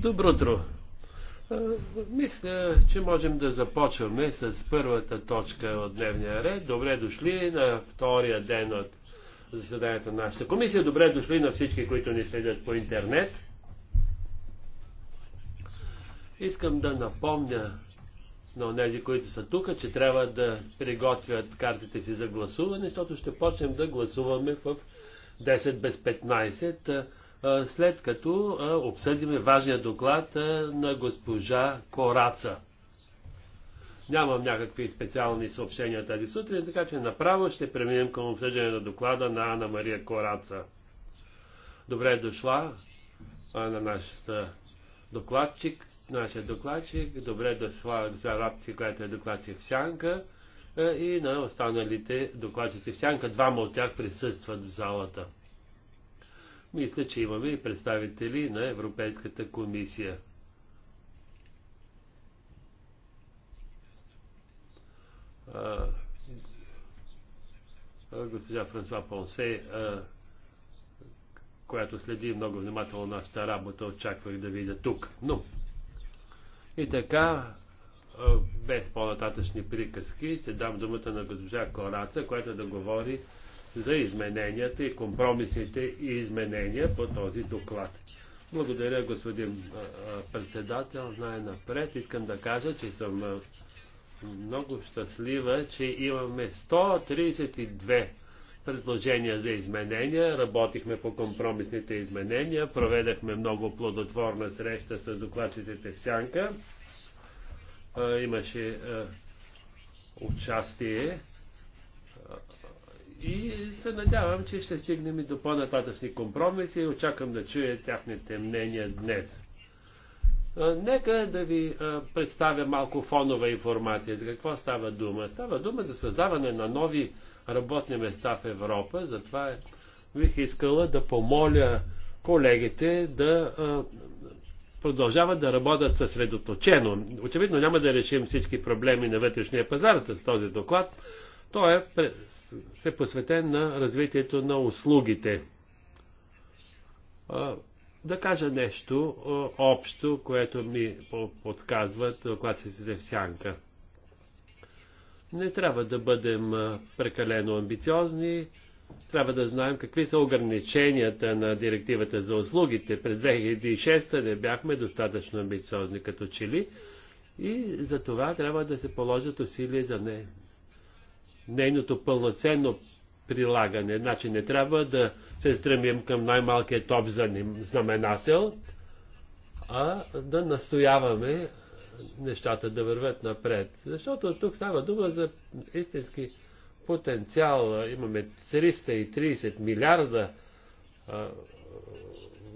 Добро утро. Мисля, че можем да започваме с първата точка от дневния ред. Добре дошли на втория ден от заседанието на нашата комисия. Добре дошли на всички, които ни следят по интернет. Искам да напомня на тези, които са тук, че трябва да приготвят картите си за гласуване, защото ще почнем да гласуваме в 10 без 15 след като обсъдиме важния доклад на госпожа Кораца. Нямам някакви специални съобщения тази сутрин, така че направо ще преминем към обсъждане на доклада на Анна Мария Кораца. Добре е дошла на нашата докладчик, нашия докладчик, добре е дошла за Рапци, която е докладчик в Сянка и на останалите докладчици в Сянка. Двама от тях присъстват в залата. Мисля, че имаме и представители на Европейската комисия. госпожа Франсуа Понсе, която следи много внимателно нашата работа, очаквах да видя тук. Но, и така, без по-нататъчни приказки, ще дам думата на госпожа Кораца, която да говори за измененията и компромисите и изменения по този доклад. Благодаря, господин председател. Най-напред искам да кажа, че съм много щастлива, че имаме 132 предложения за изменения. Работихме по компромисните изменения, проведахме много плодотворна среща с докладчиците в Сянка. Имаше участие и се надявам, че ще стигнем и до по-нататъчни компромиси и очаквам да чуя тяхните мнения днес. Нека да ви представя малко фонова информация. За какво става дума? Става дума за създаване на нови работни места в Европа. Затова бих искала да помоля колегите да продължават да работят съсредоточено. Очевидно няма да решим всички проблеми на вътрешния пазар с този доклад, той е, се посветен на развитието на услугите. Да кажа нещо общо, което ми подсказват докладците в сянка. Не трябва да бъдем прекалено амбициозни, трябва да знаем какви са ограниченията на директивата за услугите. През 2006 не бяхме достатъчно амбициозни като чили и за това трябва да се положат усилия за не, нейното пълноценно прилагане. Значи не трябва да се стремим към най-малкият топ знаменател, а да настояваме нещата да вървят напред. Защото тук става дума за истински потенциал. Имаме 330 милиарда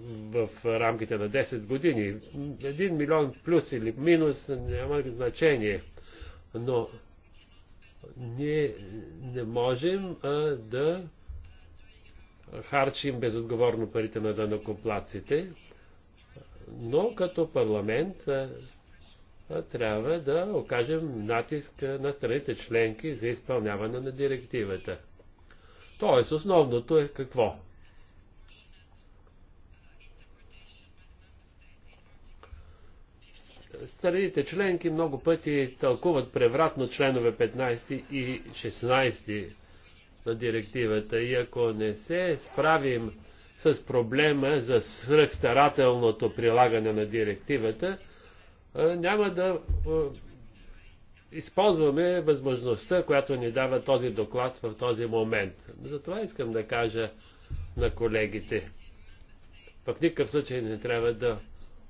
в рамките на 10 години. Един милион плюс или минус няма значение. Но ние не можем а, да харчим безотговорно парите на данокоплаците, но като парламент а, а, трябва да окажем натиск на страните членки за изпълняване на директивата. Тоест, основното е какво? Страните членки много пъти тълкуват превратно членове 15 и 16 на директивата и ако не се справим с проблема за свръхстарателното прилагане на директивата, няма да използваме възможността, която ни дава този доклад в този момент. Затова искам да кажа на колегите. В никакъв случай не трябва да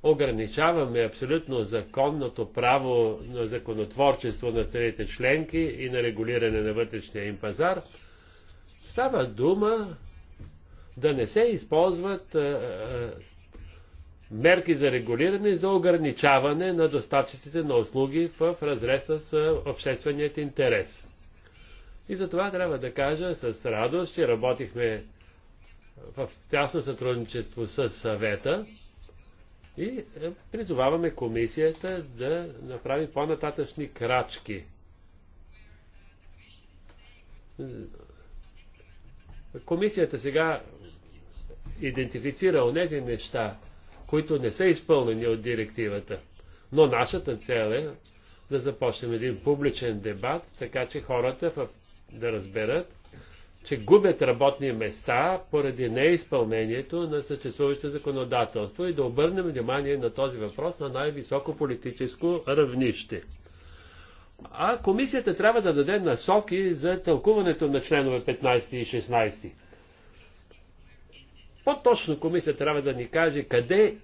ограничаваме абсолютно законното право на законотворчество на страните членки и на регулиране на вътрешния им пазар, става дума да не се използват мерки за регулиране за ограничаване на доставчиците на услуги в разрез с общественият интерес. И за това трябва да кажа с радост, че работихме в тясно сътрудничество с съвета и е, призоваваме комисията да направи по-нататъчни крачки. Комисията сега идентифицира онези неща, които не са изпълнени от директивата. Но нашата цел е да започнем един публичен дебат, така че хората да разберат че губят работни места поради неизпълнението на съществуващо законодателство и да обърнем внимание на този въпрос на най-високо политическо равнище. А комисията трябва да даде насоки за тълкуването на членове 15 и 16. По-точно комисия трябва да ни каже къде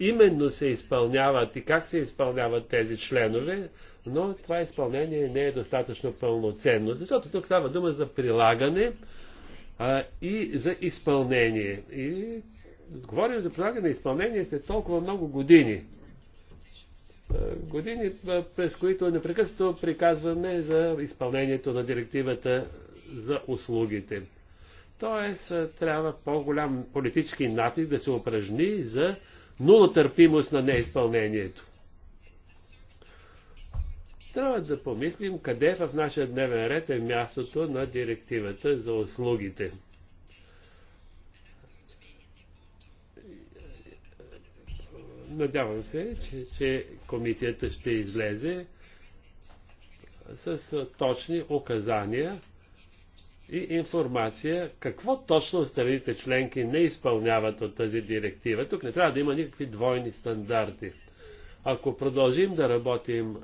именно се изпълняват и как се изпълняват тези членове, но това изпълнение не е достатъчно пълноценно, защото тук става дума за прилагане а, и за изпълнение. И говорим за прилагане и изпълнение след толкова много години. Години, през които непрекъснато приказваме за изпълнението на директивата за услугите. Тоест, трябва по-голям политически натиск да се упражни за нула търпимост на неизпълнението. Трябва да помислим къде в нашия дневен ред е мястото на директивата за услугите. Надявам се, че, че комисията ще излезе с точни указания и информация какво точно страните членки не изпълняват от тази директива. Тук не трябва да има никакви двойни стандарти. Ако продължим да работим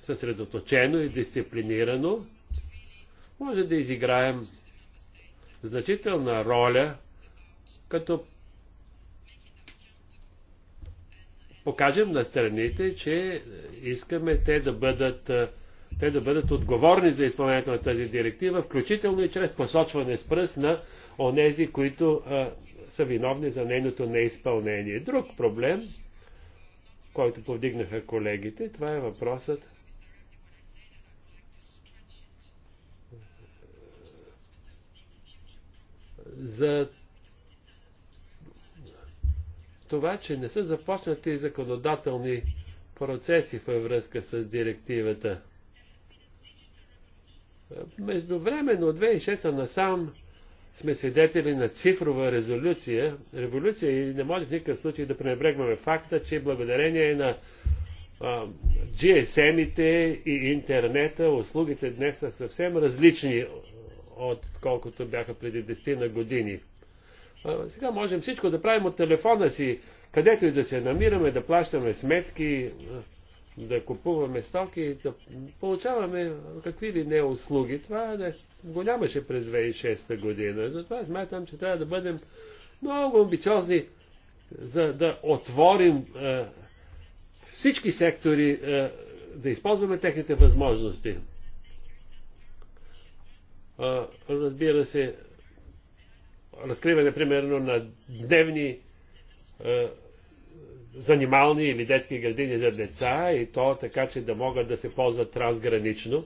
съсредоточено и дисциплинирано, може да изиграем значителна роля, като покажем на страните, че искаме те да бъдат а, те да бъдат отговорни за изпълнението на тази директива, включително и чрез посочване с пръст на онези, които а, са виновни за нейното неизпълнение. Друг проблем, който повдигнаха колегите, това е въпросът за това, че не са започнати законодателни процеси във връзка с директивата. Междувременно от 2006 насам сме свидетели на цифрова резолюция, революция и не може в никакъв случай да пренебрегваме факта, че благодарение на GSM-ите и интернета, услугите днес са съвсем различни от колкото бяха преди 10 на години. А, сега можем всичко да правим от телефона си, където и да се намираме, да плащаме сметки, да купуваме стоки и да получаваме какви ли не услуги. Това е не, го нямаше през 2006 година. Затова смятам, че трябва да бъдем много амбициозни, за да отворим е, всички сектори, е, да използваме техните възможности. Е, разбира се, разкриване примерно на дневни е, занимални или детски градини за деца и то така, че да могат да се ползват трансгранично.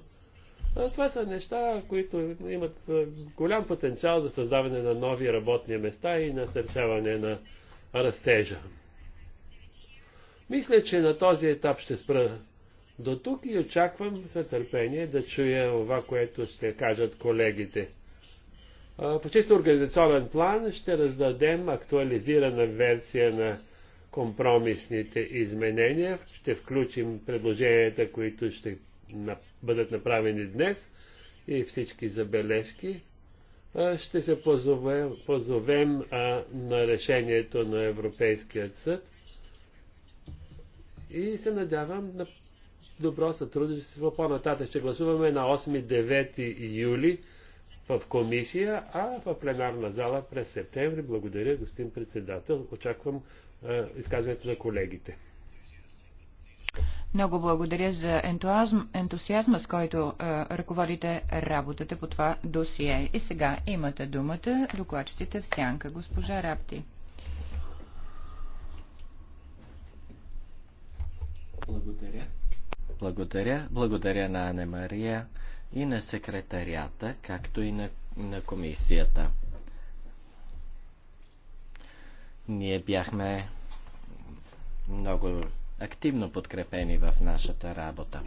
А това са неща, които имат голям потенциал за създаване на нови работни места и насърчаване на растежа. Мисля, че на този етап ще спра до тук и очаквам с търпение да чуя това, което ще кажат колегите. По чисто организационен план ще раздадем актуализирана версия на компромисните изменения. Ще включим предложенията, които ще бъдат направени днес и всички забележки. Ще се позовем, позовем а, на решението на Европейският съд и се надявам на добро сътрудничество. По-нататък ще гласуваме на 8-9 юли в комисия, а в пленарна зала през септември. Благодаря, господин председател. Очаквам изказването на колегите. Много благодаря за ентусиазма, с който е, ръководите работата по това досие. И сега имате думата докладчиците в сянка, госпожа Рапти. Благодаря. Благодаря. Благодаря на Анемария и на секретарията, както и на, на комисията. Ние бяхме много активно подкрепени в нашата работа.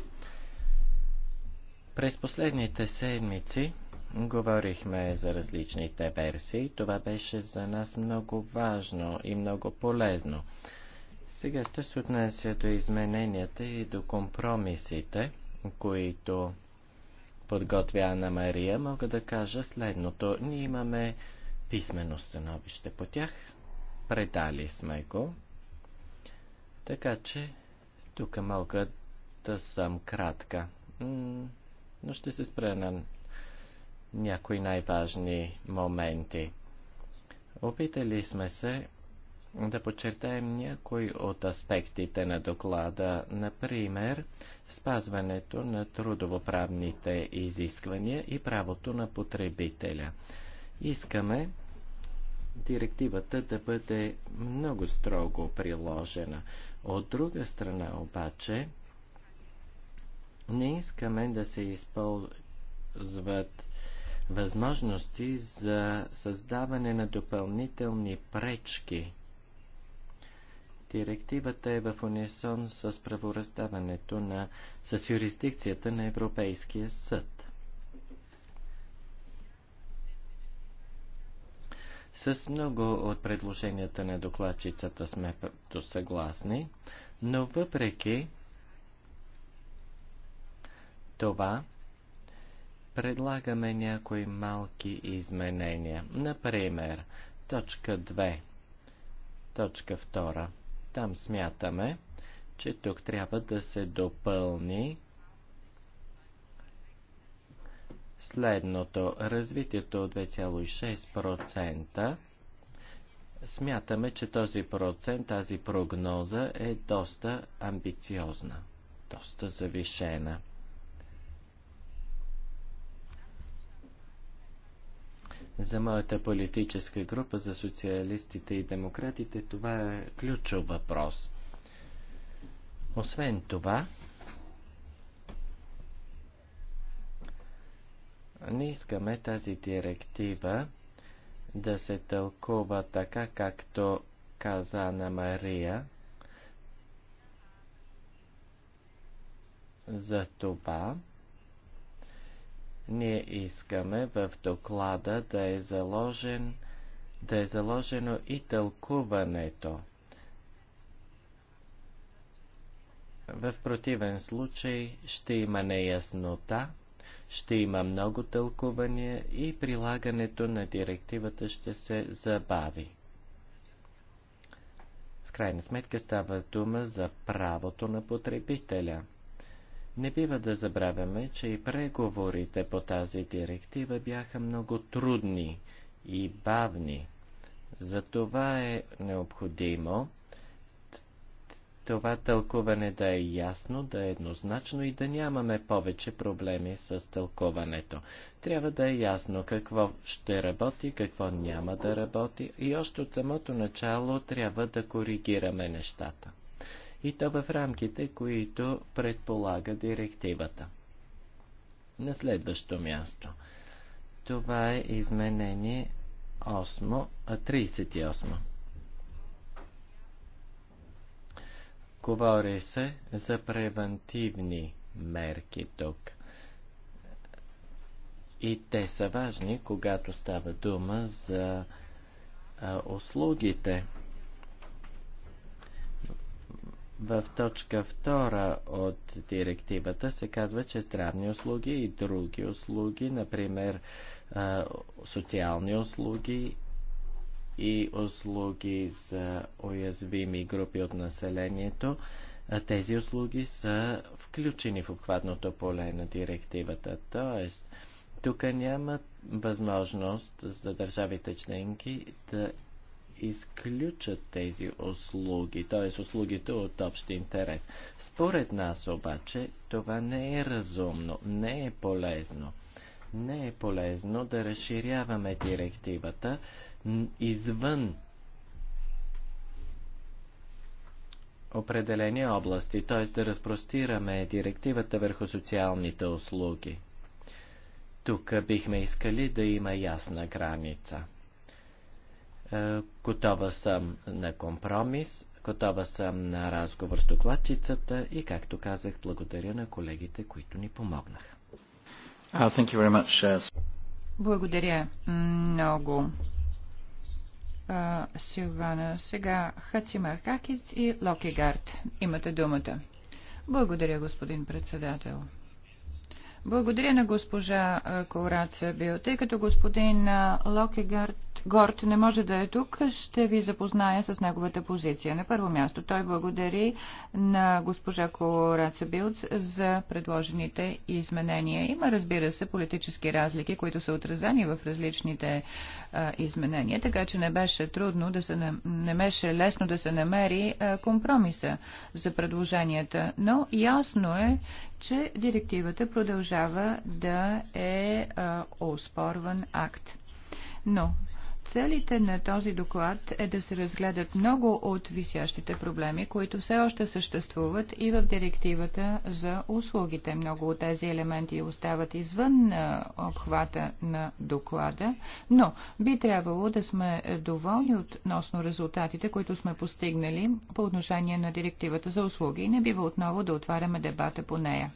През последните седмици говорихме за различните версии. Това беше за нас много важно и много полезно. Сега ще се отнася до измененията и до компромисите, които подготвя Анна Мария, мога да кажа следното. Ние имаме писмено становище по тях. Предали сме го. Така че тук мога да съм кратка. Но ще се спра на някои най-важни моменти. Опитали сме се да подчертаем някои от аспектите на доклада, например спазването на трудовоправните изисквания и правото на потребителя. Искаме директивата да бъде много строго приложена. От друга страна обаче, не искаме да се използват възможности за създаване на допълнителни пречки. Директивата е в унисон с правораздаването на, с юрисдикцията на Европейския съд. С много от предложенията на докладчицата сме съгласни, но въпреки това предлагаме някои малки изменения. Например, точка 2, точка 2. Там смятаме, че тук трябва да се допълни следното. Развитието от 2,6% смятаме, че този процент, тази прогноза е доста амбициозна, доста завишена. За моята политическа група, за социалистите и демократите, това е ключов въпрос. Освен това, Не искаме тази директива да се тълкува така, както каза на Мария. За това ние искаме в доклада да е, заложен, да е заложено и тълкуването. В противен случай ще има неяснота ще има много тълкувания и прилагането на директивата ще се забави. В крайна сметка става дума за правото на потребителя. Не бива да забравяме, че и преговорите по тази директива бяха много трудни и бавни. Затова е необходимо това тълкуване да е ясно, да е еднозначно и да нямаме повече проблеми с тълкуването. Трябва да е ясно какво ще работи, какво няма да работи и още от самото начало трябва да коригираме нещата. И то в рамките, които предполага директивата. На следващо място. Това е изменение 8, 38. Говори се за превентивни мерки тук. И те са важни, когато става дума за а, услугите. В точка 2 от директивата се казва, че здравни услуги и други услуги, например социални услуги и услуги за уязвими групи от населението. Тези услуги са включени в обхватното поле на директивата. Тоест, тук няма възможност за държавите членки да изключат тези услуги, т.е. услугите от общ интерес. Според нас обаче това не е разумно, не е полезно. Не е полезно да разширяваме директивата извън определени области, т.е. да разпростираме директивата върху социалните услуги. Тук бихме искали да има ясна граница. Е, готова съм на компромис, готова съм на разговор с докладчицата и, както казах, благодаря на колегите, които ни помогнаха. Uh, uh, благодаря много. Силвана. Сега Хацимар Какиц и Локигард. Имате думата. Благодаря, господин председател. Благодаря на госпожа Кораца Бил, тъй като господин Локегард Горд не може да е тук, ще ви запозная с неговата позиция. На първо място той благодари на госпожа Кораца Билц за предложените изменения. Има, разбира се, политически разлики, които са отразени в различните а, изменения, така че не беше трудно да се не, не беше лесно да се намери а, компромиса за предложенията. Но ясно е, че директивата продължава да е а, оспорван акт. Но Целите на този доклад е да се разгледат много от висящите проблеми, които все още съществуват и в директивата за услугите. Много от тези елементи остават извън обхвата на доклада, но би трябвало да сме доволни относно резултатите, които сме постигнали по отношение на директивата за услуги и не бива отново да отваряме дебата по нея.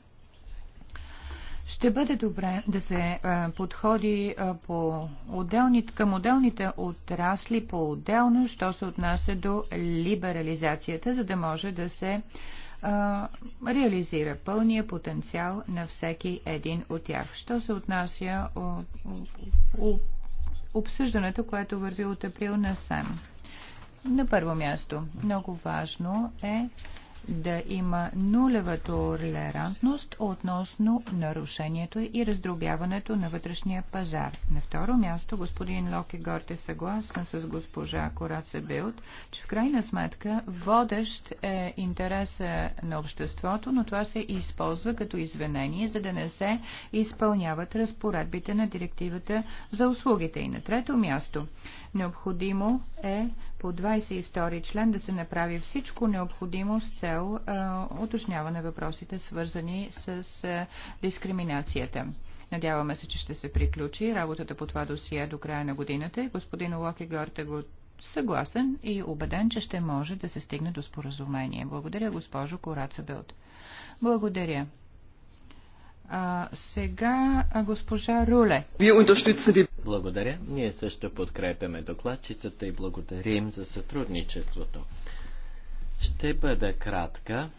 Ще бъде добре да се подходи по отделни, към отделните отрасли по-отделно, що се отнася до либерализацията, за да може да се а, реализира пълния потенциал на всеки един от тях. Що се отнася о, о, обсъждането, което върви от април насам? На първо място, много важно е да има нулева толерантност относно нарушението и раздробяването на вътрешния пазар. На второ място господин Локи Горт е съгласен с госпожа Кораца Билт, че в крайна сметка водещ е интереса на обществото, но това се използва като извинение, за да не се изпълняват разпоредбите на директивата за услугите. И на трето място Необходимо е по 22 член да се направи всичко необходимо с цел уточняване въпросите, свързани с дискриминацията. Надяваме се, че ще се приключи работата по това досие до края на годината и господин Локи е го съгласен и убеден, че ще може да се стигне до споразумение. Благодаря, госпожо Кораца Белт. Благодаря. А, сега а госпожа Руле. Благодаря. Ние също подкрепяме докладчицата и благодарим за сътрудничеството. Ще бъда кратка.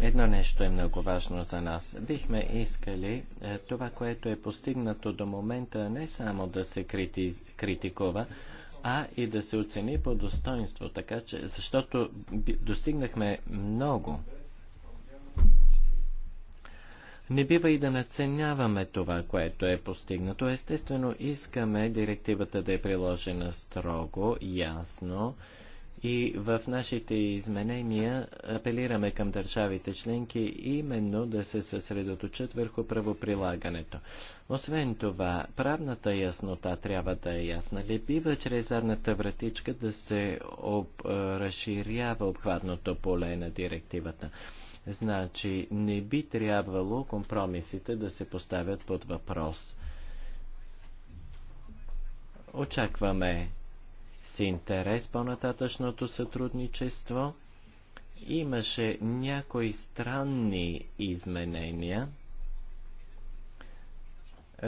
Едно нещо е много важно за нас. Бихме искали е, това, което е постигнато до момента, не само да се крити, критикува, а и да се оцени по достоинство, така че, защото достигнахме много. Не бива и да наценяваме това, което е постигнато. Естествено, искаме директивата да е приложена строго, ясно и в нашите изменения апелираме към държавите членки именно да се съсредоточат върху правоприлагането. Освен това, правната яснота трябва да е ясна. Ли бива чрез задната вратичка да се об, разширява обхватното поле на директивата. Значи не би трябвало компромисите да се поставят под въпрос. Очакваме с интерес по-нататъчното сътрудничество. Имаше някои странни изменения,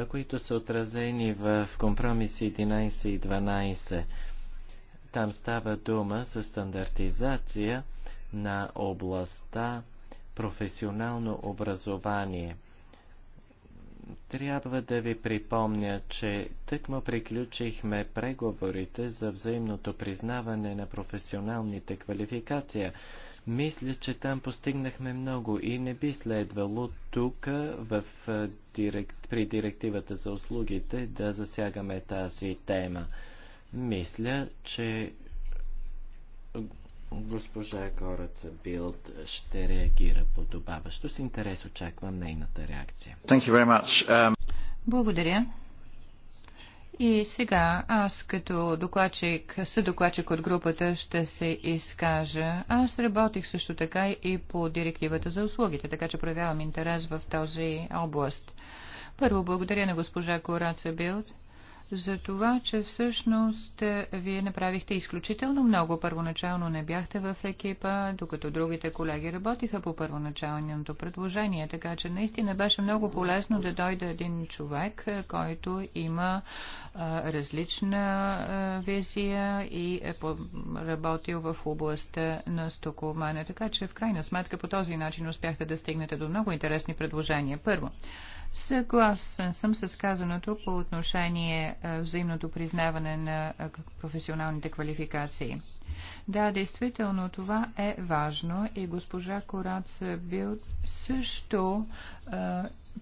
които са отразени в компромиси 11 и 12. Там става дума за стандартизация на областта професионално образование. Трябва да ви припомня, че тъкмо приключихме преговорите за взаимното признаване на професионалните квалификации. Мисля, че там постигнахме много и не би следвало тук в, директ, при директивата за услугите да засягаме тази тема. Мисля, че Госпожа Кораца Билд ще реагира подобаващо. С интерес очаквам нейната реакция. Thank you very much. Um... Благодаря. И сега аз като докладчик, съдокладчик от групата ще се изкажа. Аз работих също така и по директивата за услугите, така че проявявам интерес в този област. Първо благодаря на госпожа Кораца Билд за това, че всъщност е, вие направихте изключително много. Първоначално не бяхте в екипа, докато другите колеги работиха по първоначалното предложение. Така че наистина беше много полезно да дойде един човек, е, който има а, е, различна а, визия и е по- работил в областта на стокомане. Така че в крайна сметка по този начин успяхте да стигнете до много интересни предложения. Първо. Съгласен съм с казаното по отношение е, взаимното признаване на е, професионалните квалификации. Да, действително това е важно и госпожа Корац бил също е,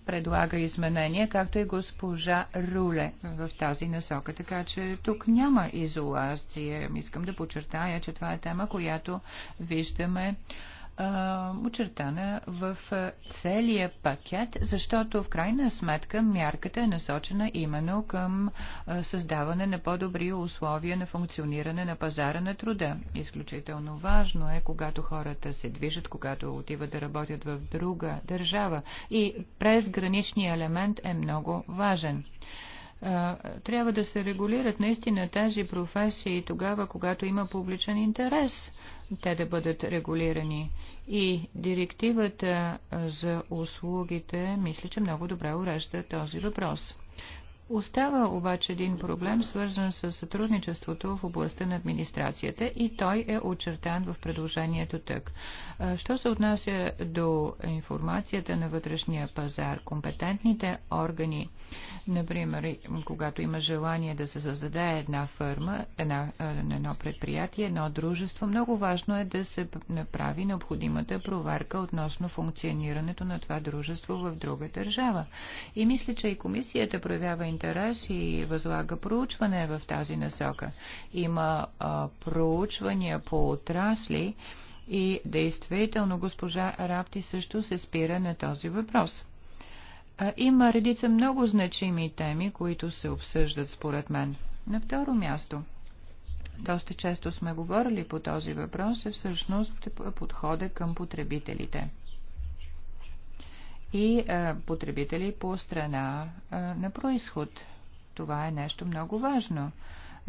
предлага изменения, както и госпожа Руле в тази насока. Така че тук няма изолация. Искам да подчертая, че това е тема, която виждаме очертана в целия пакет, защото в крайна сметка мярката е насочена именно към създаване на по-добри условия на функциониране на пазара на труда. Изключително важно е, когато хората се движат, когато отиват да работят в друга държава. И през граничния елемент е много важен трябва да се регулират наистина тази професия и тогава, когато има публичен интерес те да бъдат регулирани. И директивата за услугите, мисля, че много добре урежда този въпрос. Остава обаче един проблем, свързан с сътрудничеството в областта на администрацията и той е очертан в предложението тък. Що се отнася до информацията на вътрешния пазар, компетентните органи, например, когато има желание да се създаде една фирма, една, едно предприятие, едно дружество, много важно е да се направи необходимата проверка относно функционирането на това дружество в друга държава. И мисля, че и комисията проявява интерес и възлага проучване в тази насока. Има а, проучвания по отрасли и действително госпожа Рапти също се спира на този въпрос. А, има редица много значими теми, които се обсъждат според мен. На второ място доста често сме говорили по този въпрос, е всъщност подхода към потребителите и а, потребители по страна а, на происход. Това е нещо много важно. А,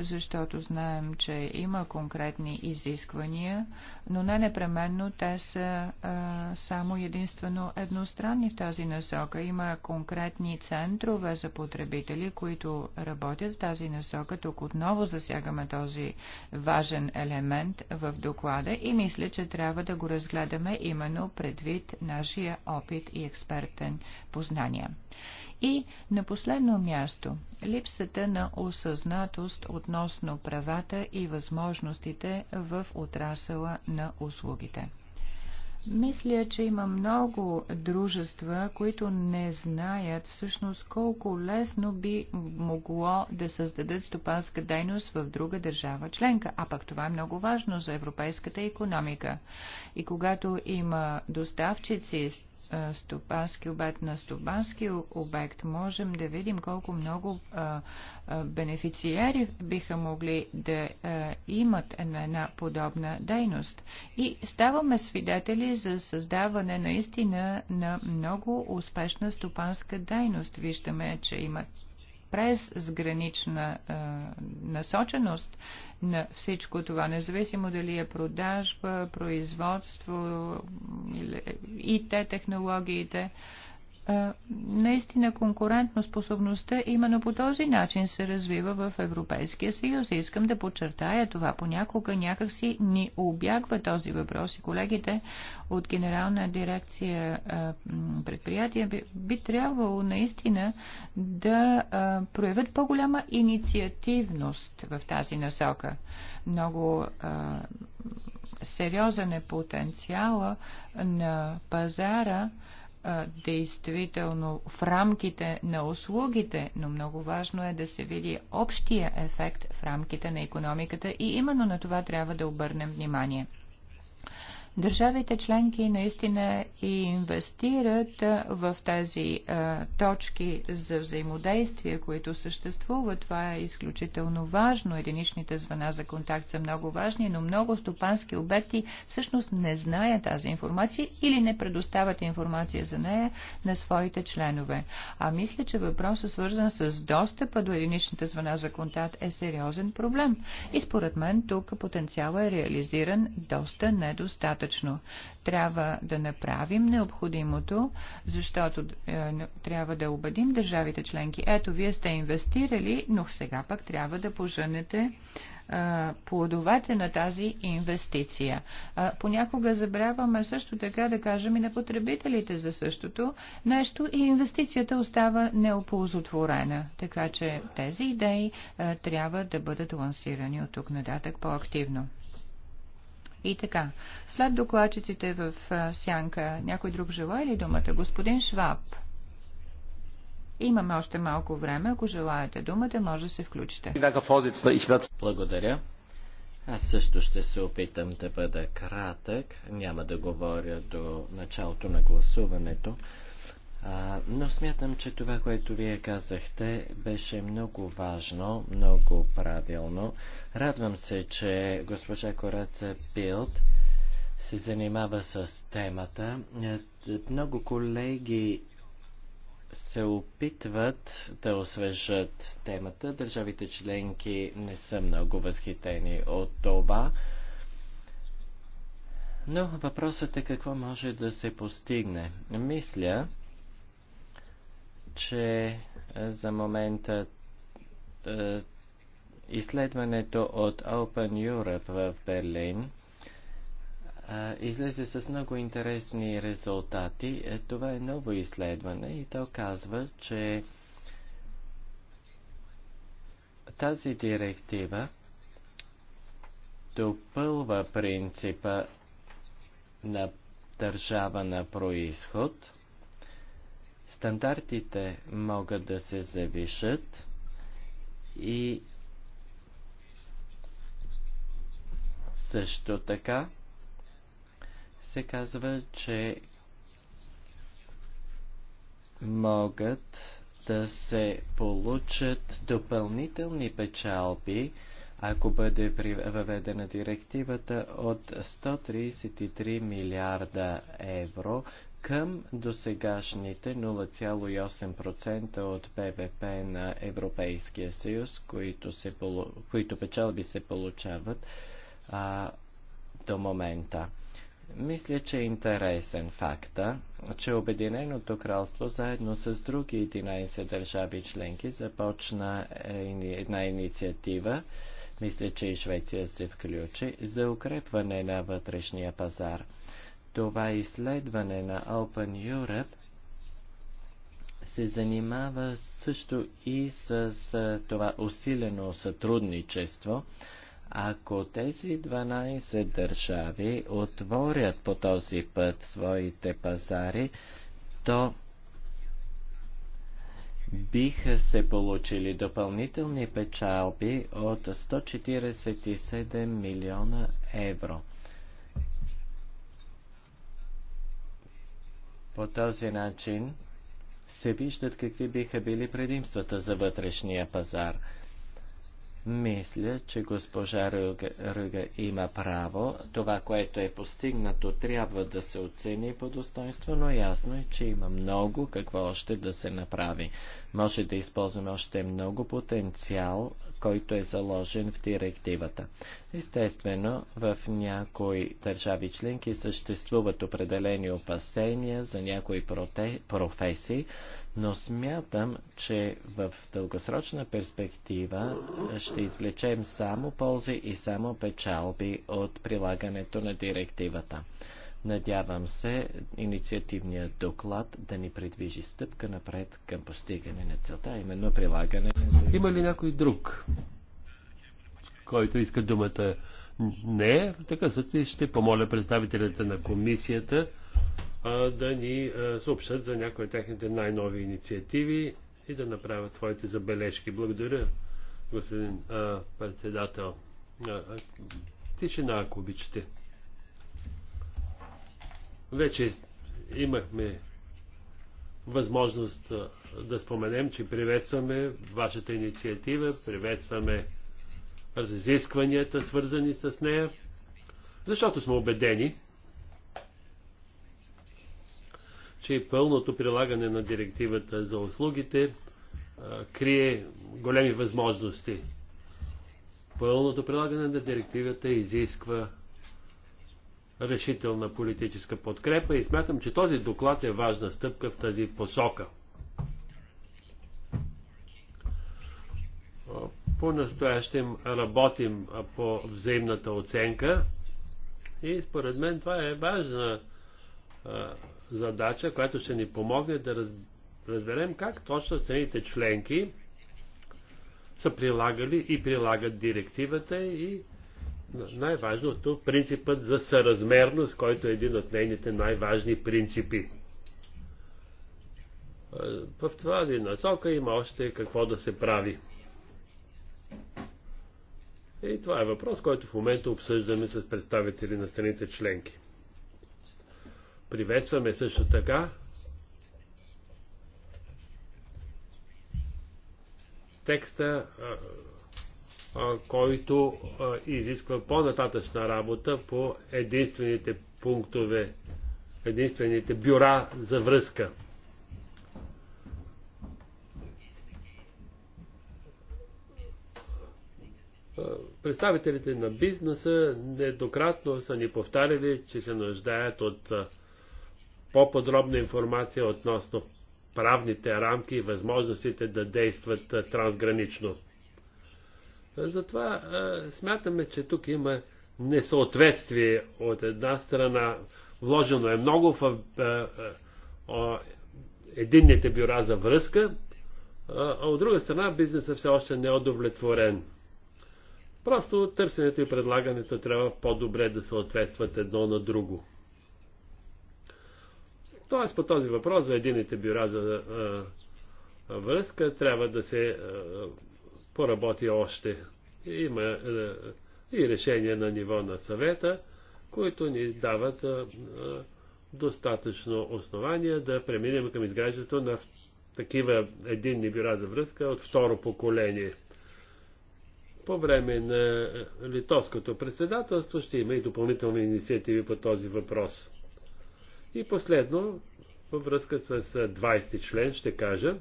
защото знаем, че има конкретни изисквания, но не непременно те са а, само единствено едностранни в тази насока. Има конкретни центрове за потребители, които работят в тази насока. Тук отново засягаме този важен елемент в доклада и мисля, че трябва да го разгледаме именно предвид нашия опит и експертен познания. И на последно място, липсата на осъзнатост относно правата и възможностите в отрасъла на услугите. Мисля, че има много дружества, които не знаят всъщност колко лесно би могло да създадат стопанска дейност в друга държава членка, а пък това е много важно за европейската економика. И когато има доставчици, стопански обект на стопански обект, можем да видим колко много бенефициери биха могли да имат на една подобна дейност. И ставаме свидетели за създаване наистина на много успешна стопанска дейност. Виждаме, че имат през гранична а, насоченост на всичко това, независимо дали е продажба, производство или те технологиите. А, наистина конкурентно способността именно по този начин се развива в Европейския съюз. И искам да подчертая това. Понякога някакси ни обягва този въпрос и колегите от Генерална дирекция предприятия би, би трябвало наистина да проявят по-голяма инициативност в тази насока. Много сериозен е потенциала на пазара а, действително в рамките на услугите, но много важно е да се види общия ефект в рамките на економиката и именно на това трябва да обърнем внимание. Държавите членки наистина и инвестират в тези точки за взаимодействие, които съществуват. Това е изключително важно. Единичните звена за контакт са много важни, но много стопански обекти всъщност не знаят тази информация или не предоставят информация за нея на своите членове. А мисля, че въпросът свързан с достъпа до единичните звена за контакт е сериозен проблем. И според мен тук потенциалът е реализиран доста недостатъчно достатъчно. Трябва да направим необходимото, защото е, трябва да убедим държавите членки. Ето, вие сте инвестирали, но сега пък трябва да поженете е, плодовете на тази инвестиция. Е, понякога забравяме също така да кажем и на потребителите за същото нещо и инвестицията остава неоползотворена. Така че тези идеи е, трябва да бъдат лансирани от тук нататък по-активно. И така, след докладчиците в сянка, някой друг желая ли думата? Господин Шваб. Имаме още малко време. Ако желаете думата, може да се включите. Благодаря. Аз също ще се опитам да бъда кратък. Няма да говоря до началото на гласуването. А, но смятам, че това, което вие казахте, беше много важно, много правилно. Радвам се, че госпожа Кораца Билд се занимава с темата. Е, много колеги се опитват да освежат темата. Държавите членки не са много възхитени от това. Но въпросът е какво може да се постигне. Мисля, че е, за момента е, изследването от Open Europe в Берлин е, излезе с много интересни резултати. Това е ново изследване и то казва, че тази директива допълва принципа на държава на происход – Стандартите могат да се завишат и също така се казва, че могат да се получат допълнителни печалби, ако бъде въведена директивата от 133 милиарда евро към досегашните 0,8% от БВП на Европейския съюз, които, се, които печалби се получават а, до момента. Мисля, че е интересен факта, че Обединеното кралство заедно с други 11 държави членки започна една инициатива, мисля, че и Швеция се включи, за укрепване на вътрешния пазар – това изследване на Open Europe се занимава също и с, с това усилено сътрудничество. Ако тези 12 държави отворят по този път своите пазари, то биха се получили допълнителни печалби от 147 милиона евро. По този начин се виждат какви биха били предимствата за вътрешния пазар – мисля, че госпожа Ръга, Ръга има право. Това, което е постигнато, трябва да се оцени по достоинство, но ясно е, че има много какво още да се направи. Може да използваме още много потенциал, който е заложен в директивата. Естествено, в някои държави членки съществуват определени опасения за някои проте... професии, но смятам, че в дългосрочна перспектива ще извлечем само ползи и само печалби от прилагането на директивата. Надявам се инициативният доклад да ни предвижи стъпка напред към постигане на целта, именно прилагане. Има ли някой друг, който иска думата? Не, така случай ще помоля представителите на комисията да ни съобщат за някои от техните най-нови инициативи и да направят твоите забележки. Благодаря, господин председател. Тишина, ако обичате. Вече имахме възможност да споменем, че приветстваме вашата инициатива, приветстваме разискванията, свързани с нея, защото сме убедени, че пълното прилагане на директивата за услугите крие големи възможности. Пълното прилагане на директивата изисква решителна политическа подкрепа и смятам, че този доклад е важна стъпка в тази посока. По-настоящем работим по взаимната оценка и според мен това е важна задача, която ще ни помогне да разберем как точно страните членки са прилагали и прилагат директивата и най-важното принципът за съразмерност, който е един от нейните най-важни принципи. Е, в тази насока има още какво да се прави. И това е въпрос, който в момента обсъждаме с представители на страните членки. Приветстваме също така текста, който изисква по-нататъчна работа по единствените пунктове, единствените бюра за връзка. Представителите на бизнеса недократно са ни повтаряли, че се нуждаят от по-подробна информация относно правните рамки и възможностите да действат трансгранично. Затова смятаме, че тук има несъответствие от една страна. Вложено е много в единните бюра за връзка, а от друга страна бизнесът все още не е удовлетворен. Просто търсенето и предлагането трябва по-добре да съответстват едно на друго. Тоест по този въпрос за едините бюра за а, връзка трябва да се а, поработи още. Има а, и решения на ниво на съвета, които ни дават а, а, достатъчно основания да преминем към изграждането на такива единни бюра за връзка от второ поколение. По време на литовското председателство ще има и допълнителни инициативи по този въпрос. И последно, във връзка с 20 член ще кажа,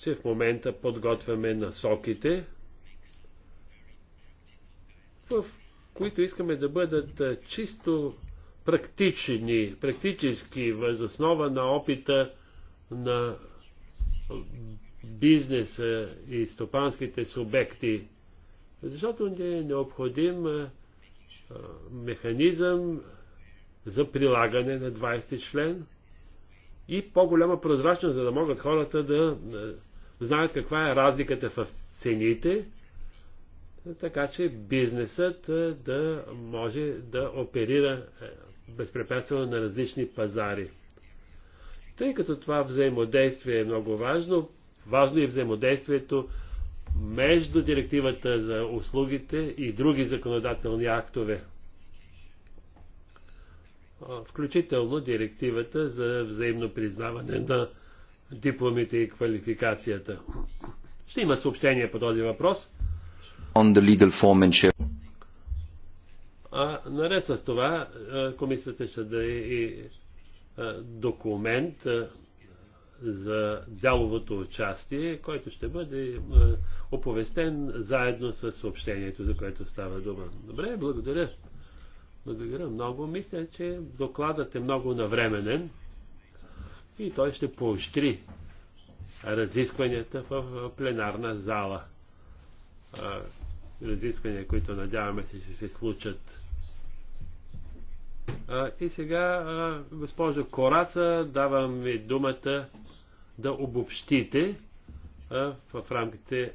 че в момента подготвяме насоките, в които искаме да бъдат чисто практични, практически, възоснова на опита на бизнеса и стопанските субекти, защото ни е необходим механизъм за прилагане на 20 член и по-голяма прозрачност, за да могат хората да знаят каква е разликата в цените, така че бизнесът да може да оперира безпрепятствено на различни пазари. Тъй като това взаимодействие е много важно, важно е взаимодействието между директивата за услугите и други законодателни актове включително директивата за взаимно признаване на дипломите и квалификацията. Ще има съобщение по този въпрос. On the legal а, наред с това, комисията ще даде и документ за дяловото участие, който ще бъде оповестен заедно с съобщението, за което става дума. Добре, благодаря. Благодаря много. Мисля, че докладът е много навременен и той ще поощри разискванията в пленарна зала. Разисквания, които надяваме се ще се случат. И сега, госпожо Кораца, давам ви думата да обобщите в рамките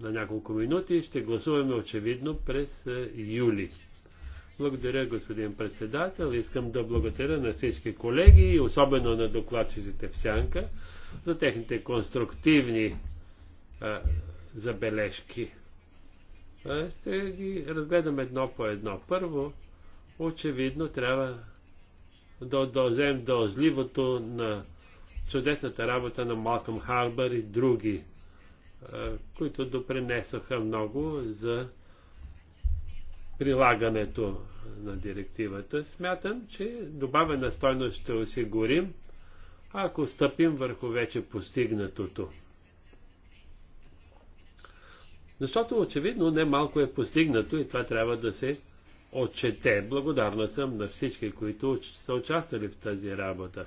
на няколко минути. Ще гласуваме очевидно през юли. Благодаря, господин председател. Искам да благодаря на всички колеги и особено на докладчиците в Сянка за техните конструктивни а, забележки. А, ще ги разгледам едно по едно. Първо, очевидно трябва да отдължем дължливото на чудесната работа на Малком Харбър и други, а, които допринесоха много за прилагането на директивата. Смятам, че добавена стойност ще осигурим, ако стъпим върху вече постигнатото. Защото очевидно не малко е постигнато и това трябва да се отчете. Благодарна съм на всички, които са участвали в тази работа.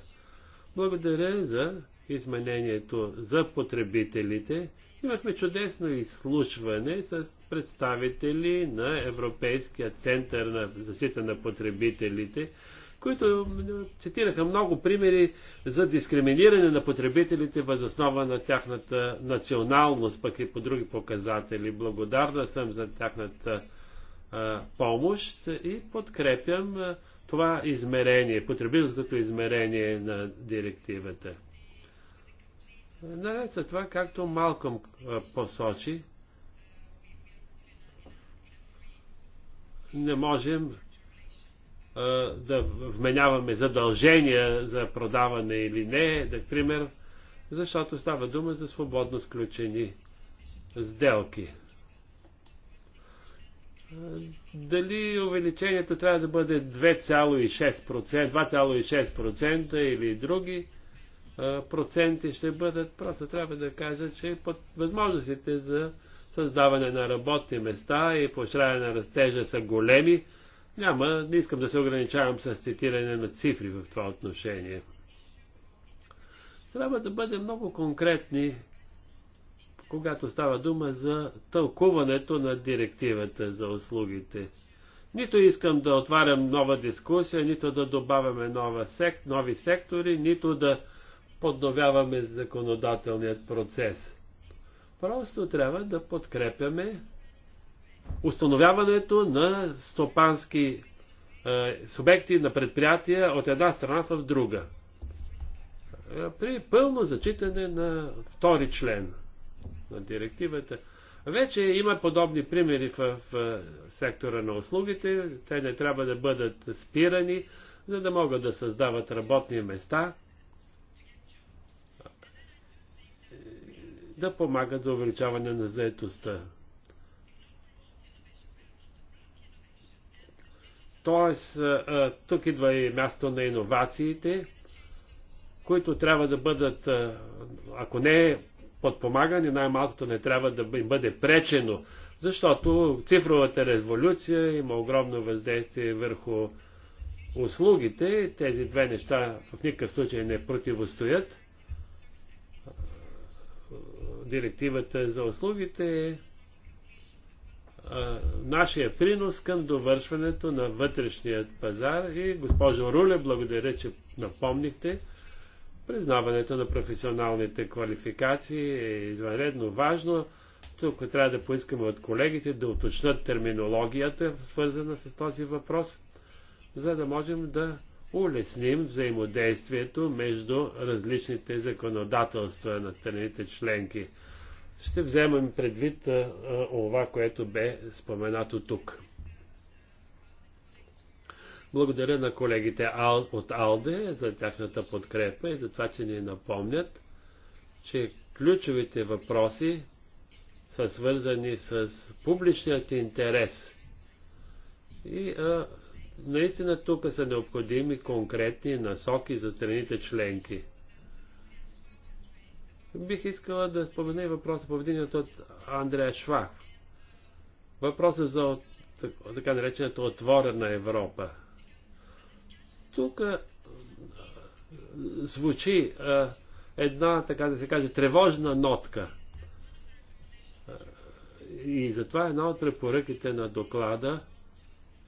Благодаря за изменението за потребителите. Имахме чудесно изслушване с представители на Европейския център на защита на потребителите, които цитираха много примери за дискриминиране на потребителите въз основа на тяхната националност, пък и по други показатели. Благодарна съм за тяхната а, помощ и подкрепям а, това измерение, потребителското измерение на директивата. Наред с това, както Малком посочи, не можем а, да вменяваме задължения за продаване или не, например, защото става дума за свободно сключени сделки. Дали увеличението трябва да бъде 2,6%, 2,6% или други проценти ще бъдат, просто трябва да кажа, че под възможностите за създаване на работни места и поощряване на растежа са големи. Няма, не искам да се ограничавам с цитиране на цифри в това отношение. Трябва да бъдем много конкретни, когато става дума за тълкуването на директивата за услугите. Нито искам да отварям нова дискусия, нито да добавяме нова сект, нови сектори, нито да подновяваме законодателният процес. Просто трябва да подкрепяме установяването на стопански е, субекти на предприятия от една страна в друга. Е, при пълно зачитане на втори член на директивата. Вече има подобни примери в, в сектора на услугите. Те не трябва да бъдат спирани, за да могат да създават работни места – да помагат за увеличаване на заетостта. Тоест, тук идва и място на иновациите, които трябва да бъдат, ако не подпомагани, най-малкото не трябва да им бъде пречено, защото цифровата революция има огромно въздействие върху услугите. Тези две неща в никакъв случай не противостоят директивата за услугите е нашия принос към довършването на вътрешният пазар и госпожо Руле, благодаря, че напомнихте. Признаването на професионалните квалификации е извънредно важно. Тук трябва да поискаме от колегите да уточнат терминологията, свързана с този въпрос, за да можем да улесним взаимодействието между различните законодателства на страните членки. Ще вземем предвид това, което бе споменато тук. Благодаря на колегите от АЛДЕ за тяхната подкрепа и за това, че ни напомнят, че ключовите въпроси са свързани с публичният интерес и а, Наистина тук са необходими конкретни насоки за страните членки. Бих искала да спомена и въпроса повдигнат от Андрея Шваб. Въпросът за така наречената отворена Европа. Тук звучи а, една, така да се каже, тревожна нотка. И затова е една от препоръките на доклада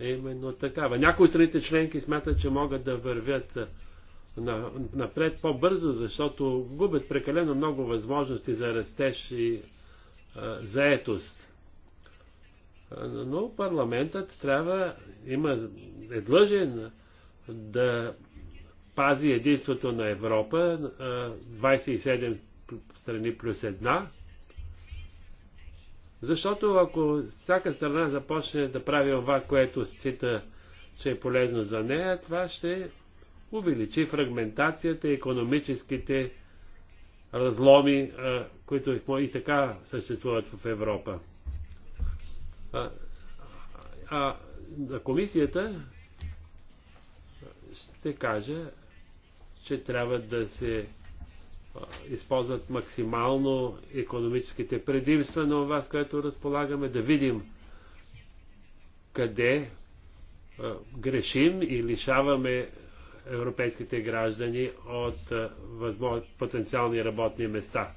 е, именно такава. Някои страните членки смятат, че могат да вървят е, на, напред по-бързо, защото губят прекалено много възможности за растеж и а, е, заетост. Но парламентът трябва, има, е длъжен да пази единството на Европа, а, 27 страни плюс една, защото ако всяка страна започне да прави това, което счита, че е полезно за нея, това ще увеличи фрагментацията и економическите разломи, които и така съществуват в Европа. А, а, комисията ще кажа, че трябва да се използват максимално економическите предимства на това, с което разполагаме, да видим къде грешим и лишаваме европейските граждани от потенциални работни места.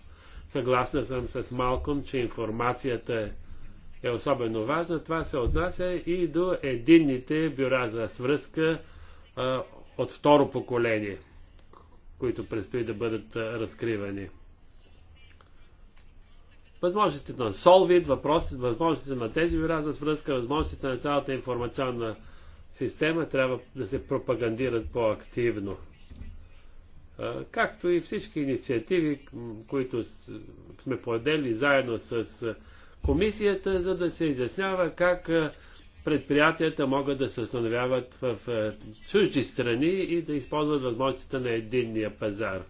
Съгласна съм с Малком, че информацията е особено важна. Това се отнася и до единните бюра за свръзка от второ поколение които предстои да бъдат разкривани. Възможностите на Solvit, въпросите, възможностите на тези бюра за свръзка, възможностите на цялата информационна система трябва да се пропагандират по-активно. Както и всички инициативи, които сме подели заедно с комисията, за да се изяснява как предприятията могат да се установяват в е, чужди страни и да използват възможностите на единния пазар.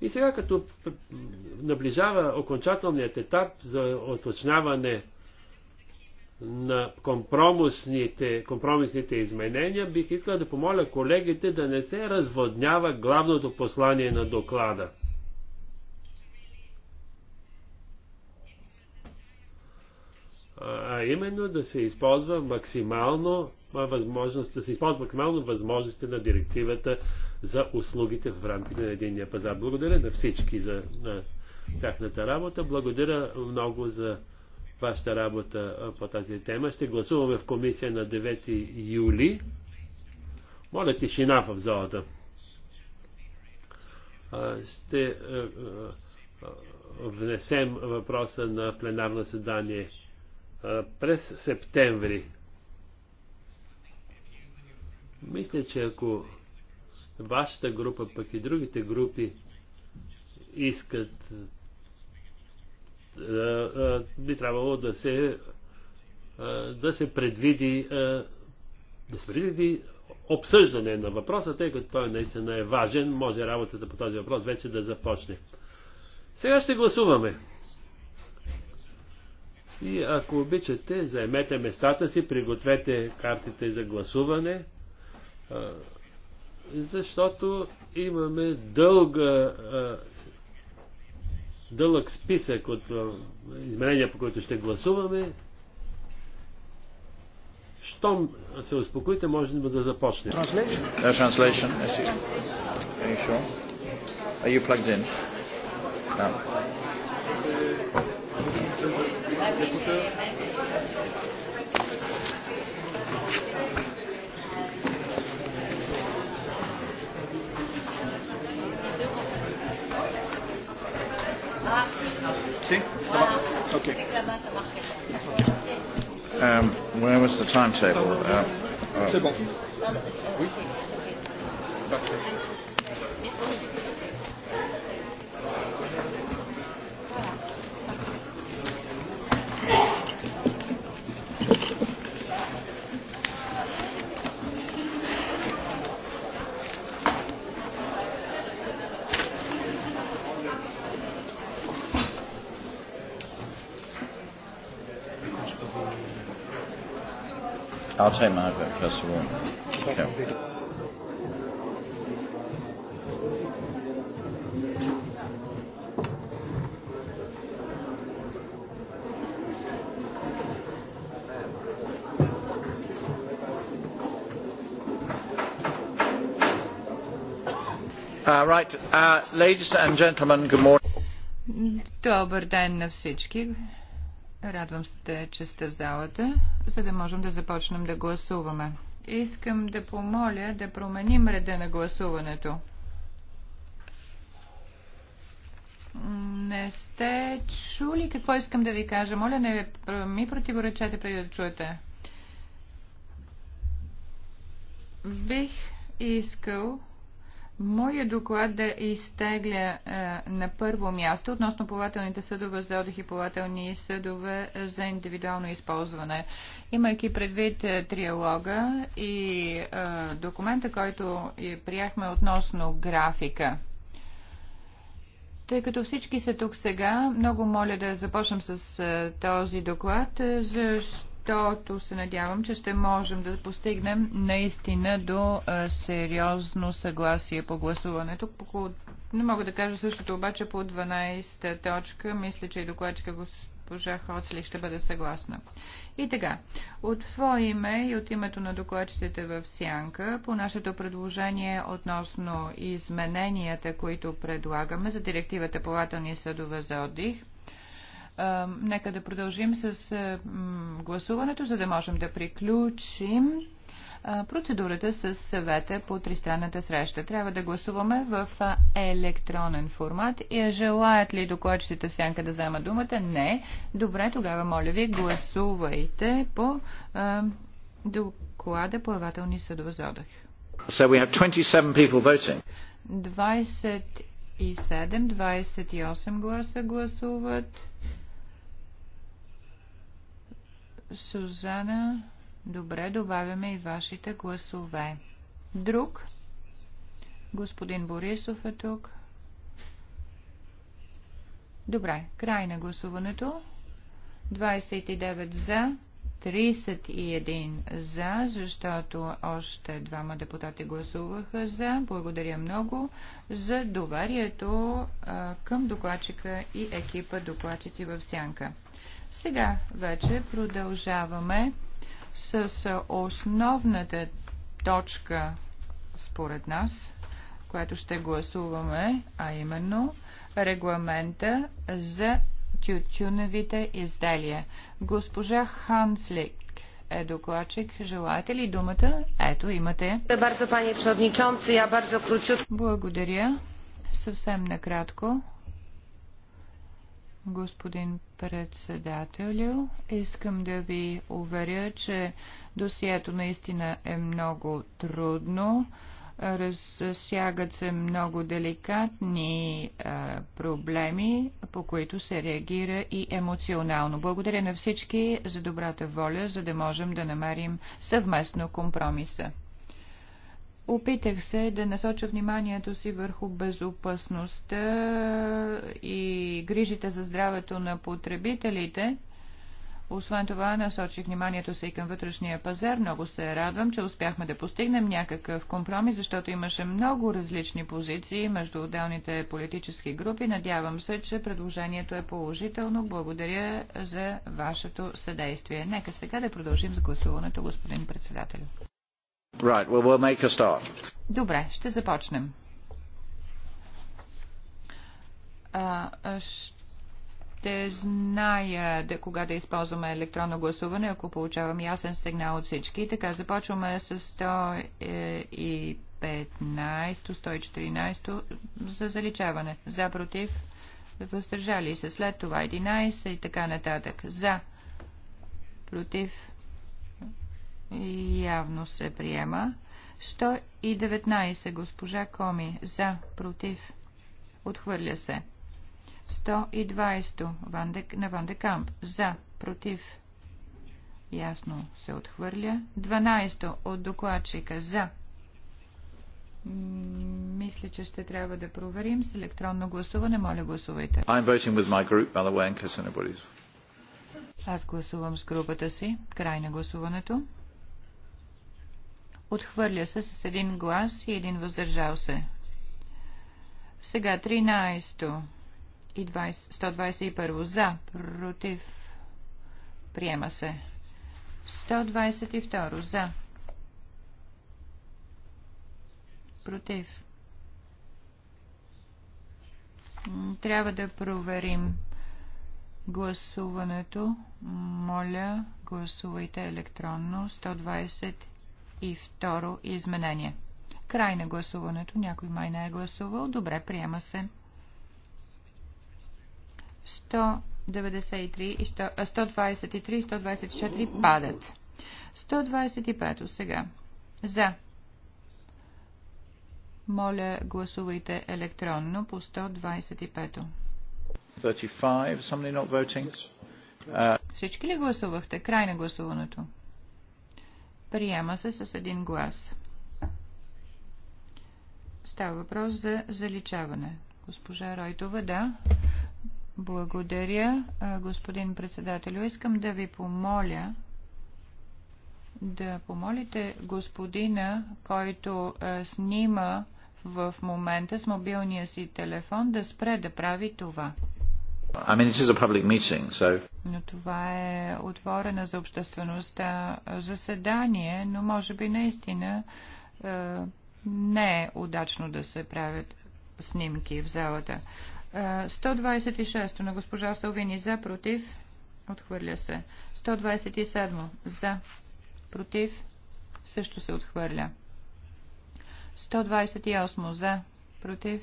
И сега, като наближава окончателният етап за оточняване на компромисните, компромисните изменения, бих искал да помоля колегите да не се разводнява главното послание на доклада – а именно да се използва максимално възможност, да се използва максимално възможности на директивата за услугите в рамките на единния пазар. Благодаря на всички за на тяхната работа. Благодаря много за вашата работа по тази тема. Ще гласуваме в комисия на 9 юли. Моля тишина в залата. Ще внесем въпроса на пленарно съдание през септември. Мисля, че ако вашата група, пък и другите групи искат, би трябвало да се, да се предвиди да се предвиди обсъждане на въпроса, тъй като той наистина е важен, може работата по този въпрос вече да започне. Сега ще гласуваме. И ако обичате, заемете местата си, пригответе картите за гласуване, защото имаме дълга, дълъг списък от изменения, по които ще гласуваме. Щом се успокоите, може да започнем. Translation? Uh, Are you plugged in? No. Si, ça va Ok. Um, where was the timetable? Uh, oh. C'est bon. Oui. Parfait. I'll take my vote first of all. Okay. Uh, right. uh, ladies and gentlemen, good morning. Добър ден на всички. Радвам се, че сте в залата, за да можем да започнем да гласуваме. Искам да помоля да променим реда на гласуването. Не сте чули какво искам да ви кажа. Моля, не ми противоречете преди да чуете. Бих искал Моя доклад да изтегля е, на първо място относно плавателните съдове за отдих и плавателни съдове за индивидуално използване. Имайки предвид е, триалога и е, документа, който приехме относно графика. Тъй като всички са тук сега, много моля да започнем с е, този доклад, е, защото защото се надявам, че ще можем да постигнем наистина до сериозно съгласие по гласуването. Не мога да кажа същото, обаче по 12-та точка, мисля, че и докладчика госпожа Хоцлих ще бъде съгласна. И така, от свое име и от името на докладчиците в Сянка, по нашето предложение относно измененията, които предлагаме за директивата плавателни съдове за отдих, Нека да продължим с гласуването, за да можем да приключим процедурата с съвета по тристранната среща. Трябва да гласуваме в електронен формат. И желаят ли докладчите в сянка да взема думата? Не. Добре, тогава моля ви, гласувайте по доклада плавателни съдове за отдъх. So we have 27 people voting. 27, 28 гласа гласуват. Сузана, добре, добавяме и вашите гласове. Друг? Господин Борисов е тук. Добре, край на гласуването. 29 за, 31 за, защото още двама депутати гласуваха за. Благодаря много за доверието към докладчика и екипа докладчици в Сянка. Сега вече продължаваме с основната точка според нас, която ще гласуваме, а именно регламента за тютюневите изделия. Госпожа Ханслик е докладчик. Желаете ли думата? Ето, имате. Благодаря. Съвсем накратко господин председателю. Искам да ви уверя, че досието наистина е много трудно. Разсягат се много деликатни а, е, проблеми, по които се реагира и емоционално. Благодаря на всички за добрата воля, за да можем да намерим съвместно компромиса. Опитах се да насоча вниманието си върху безопасността е, и грижите за здравето на потребителите. Освен това, насочих вниманието си и към вътрешния пазар. Много се радвам, че успяхме да постигнем някакъв компромис, защото имаше много различни позиции между отделните политически групи. Надявам се, че предложението е положително. Благодаря за вашето съдействие. Нека сега да продължим с гласуването, господин председател. Right, well, we'll make a start. Добре, ще започнем. Uh, ще зная да, кога да използваме електронно гласуване, ако получавам ясен сигнал от всички. Така, започваме с 115, 114 е, за заличаване. За, против, въздържали се. След това 11 и така нататък. За, против, Явно се приема. 119 госпожа Коми. За. Против. Отхвърля се. 120 на Ван де Камп. За. Против. Ясно се отхвърля. 12 от докладчика. За. Мисля, че ще трябва да проверим с електронно гласуване. Моля, гласувайте. I'm voting with my group, Аз гласувам с групата си. Край на гласуването. Отхвърля се с един глас и един въздържал се. Сега 13 и 20, 121 за, против, приема се. 122 за, против. Трябва да проверим гласуването. Моля, гласувайте електронно. 122. И второ изменение. Край на гласуването. Някой май не е гласувал. Добре, приема се. 123 и 124 падат. 125 сега. За. Моля, гласувайте електронно по 125. 35. Всички ли гласувахте? Край на гласуването. Приема се с един глас. Става въпрос за заличаване. Госпожа Ройтова, да. Благодаря, господин председател, Искам да ви помоля да помолите господина, който снима в момента с мобилния си телефон, да спре да прави това. I mean, it is a public meeting, so... Но това е отворена за обществеността заседание, но може би наистина е, не е удачно да се правят снимки в залата. Е, 126 на госпожа Салвини за, против, отхвърля се. 127 за, против, също се отхвърля. 128 за, против,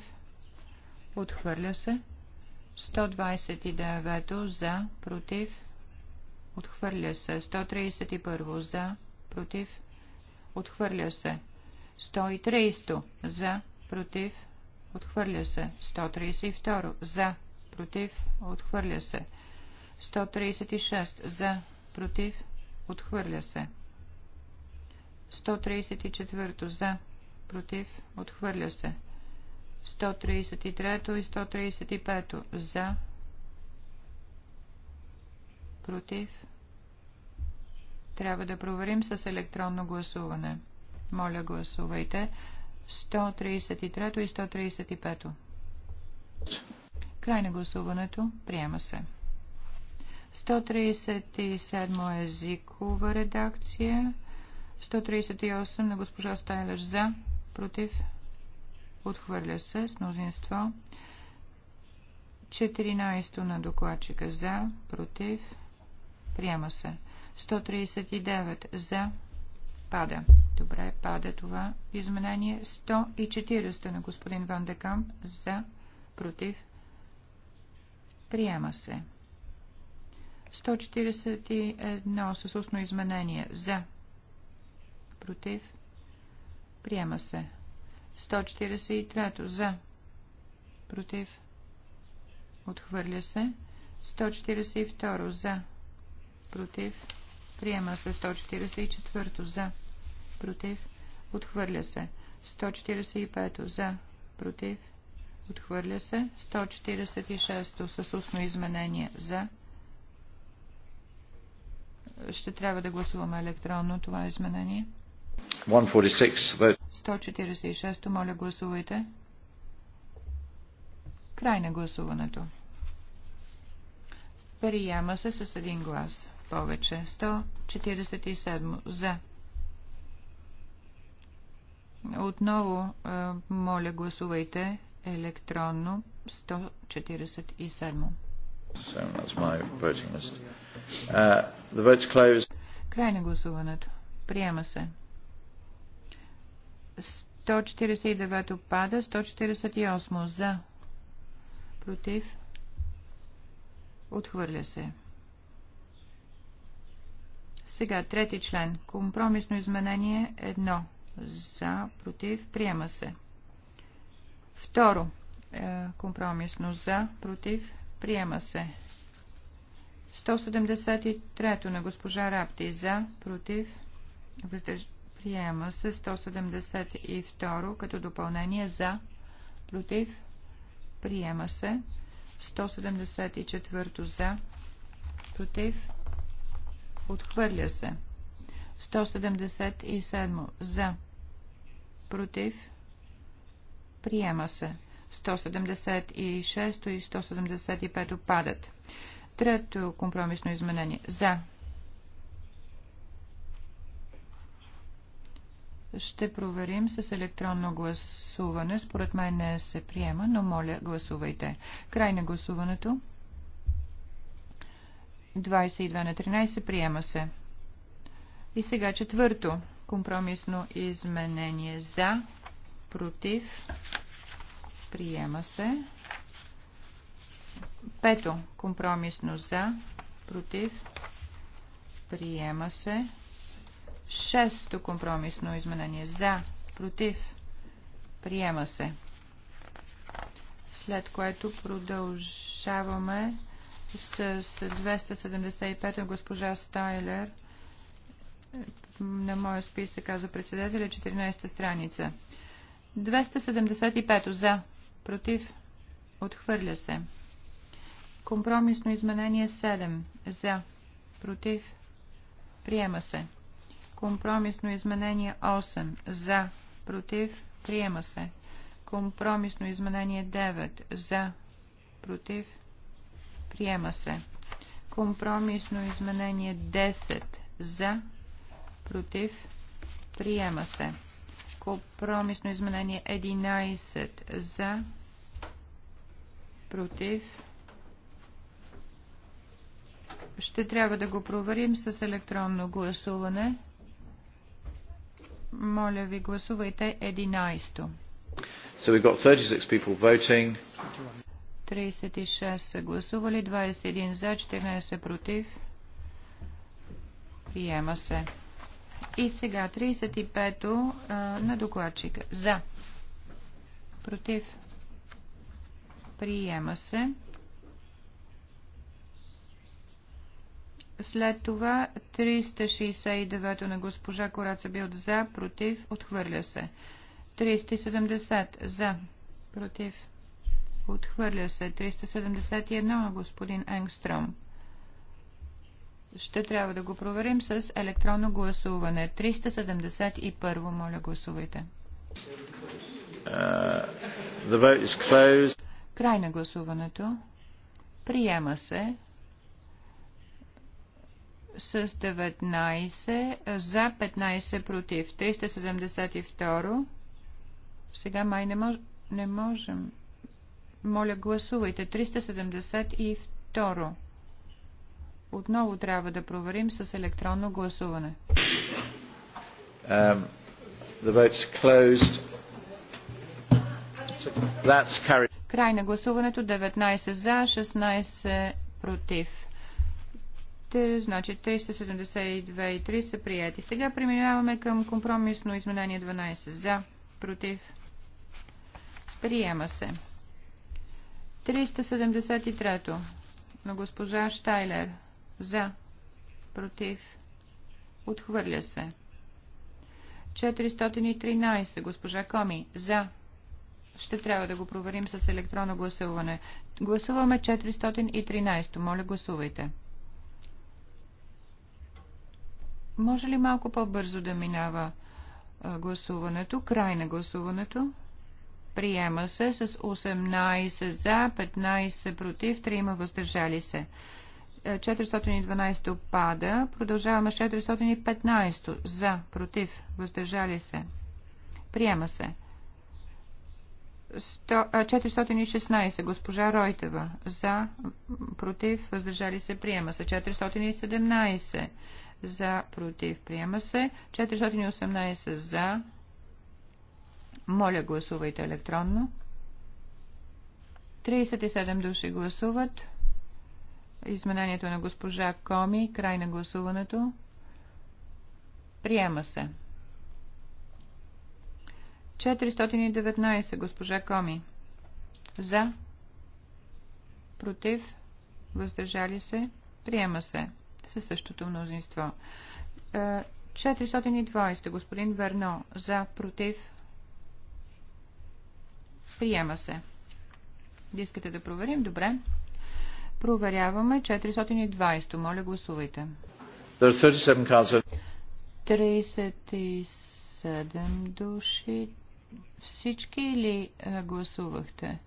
отхвърля се. 129 за, против, отхвърля се. 131 за, против, отхвърля се. 130 за, против, отхвърля се. 132 за, против, отхвърля се. 136 за, против, отхвърля се. 134 за, против, отхвърля се. 133 и 135 за, против. Трябва да проверим с електронно гласуване. Моля, гласувайте. 133 и 135. Край на гласуването. Приема се. 137 езикова редакция. 138 на госпожа Стайлер за, против. Отхвърля се с мнозинство. 14 на докладчика за, против, приема се. 139 за, пада. Добре, пада това изменение. 140 на господин Ван Декам. за, против, приема се. 141 с устно изменение за, против, приема се. 143 за. Против. Отхвърля се. 142 за. Против. Приема се 144 за. Против. Отхвърля се. 145 за. Против. Отхвърля се. 146 с устно изменение за. Ще трябва да гласуваме електронно това изменение. 146 моля гласувайте. Край на гласуването. Приема се с един глас. Повече. 147 за. Отново, моля, гласувайте електронно 147. Uh, Край на гласуването. Приема се. 149 отпада, 148 за, против, отхвърля се. Сега, трети член. Компромисно изменение 1. За, против, приема се. Второ. Е, компромисно за, против, приема се. 173 на госпожа Рапти. За, против, въздържа Приема се 172 като допълнение за, против. Приема се 174 за, против. Отхвърля се. 177 за, против. Приема се. 176 и 175 падат. Трето компромисно изменение. За. Ще проверим с електронно гласуване. Според мен не се приема, но моля гласувайте. Край на гласуването. 22 на 13 приема се. И сега четвърто компромисно изменение за, против, приема се. Пето компромисно за, против, приема се. Шесто компромисно изменение. За, против, приема се. След което продължаваме с 275 госпожа Стайлер на моя списък каза председателя 14-та е страница. 275 за, против, отхвърля се. Компромисно изменение 7 за, против, приема се. Компромисно изменение 8. За. Против. Приема се. Компромисно изменение 9. За. Против. Приема се. Компромисно изменение 10. За. Против. Приема се. Компромисно изменение 11. За. Против. Ще трябва да го проверим с електронно гласуване. Моля ви, гласувайте 11-то. So we've got 36 people voting. 36 са гласували, 21 за, 14 против. Приема се. И сега 35-то на докладчика. За. Против. Приема се. След това 369 на госпожа Кораца бил за, против, отхвърля се. 370 за, против, отхвърля се. 371 на господин Енгстром. Ще трябва да го проверим с електронно гласуване. 371, моля гласувайте. Uh, Край на гласуването. Приема се с 19 за 15 против. 372. Сега май не, мож... не можем. Моля, гласувайте. 372. Отново трябва да проверим с електронно гласуване. Um, the vote's closed. That's carried. Край на гласуването 19 за, 16 против. 4, значи 372 и 3 са прияти. Сега преминаваме към компромисно изменение 12. За, против, приема се. 373 на госпожа Штайлер. За, против, отхвърля се. 413 госпожа Коми. За, ще трябва да го проверим с електронно гласуване. Гласуваме 413. Моля, гласувайте. 413. Може ли малко по-бързо да минава гласуването? Край на гласуването. Приема се с 18 за, 15 против, 3 въздържали се. 412 е, пада. Продължаваме с 415 за, против, въздържали се. Приема се. 416 госпожа Ройтева за, против, въздържали се, приема се. 417 за, против, приема се. 418 за. Моля, гласувайте електронно. 37 души гласуват. Изменението на госпожа Коми. Край на гласуването. Приема се. 419 госпожа Коми. За. Против. Въздържали се. Приема се със същото мнозинство. 420. Е, господин Верно. За, против. Приема се. Искате да проверим? Добре. Проверяваме 420. Моля, гласувайте. 37 души. Всички или е, гласувахте?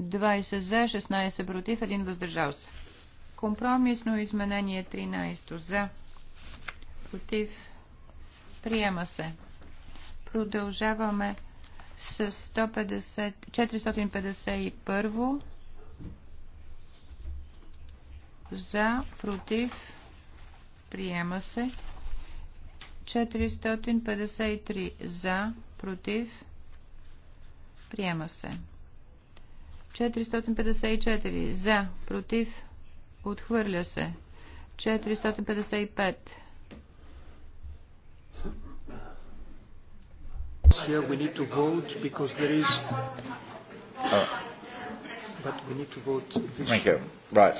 20 за, 16 против, 1 въздържал се. Компромисно изменение 13 за. Против. Приема се. Продължаваме с 150, 451 за, против, приема се. 453 за, против, приема се. 454 за, против, Отхвърля се. 455. we need to vote because there is. Oh. But we need to vote this. Thank you. Right.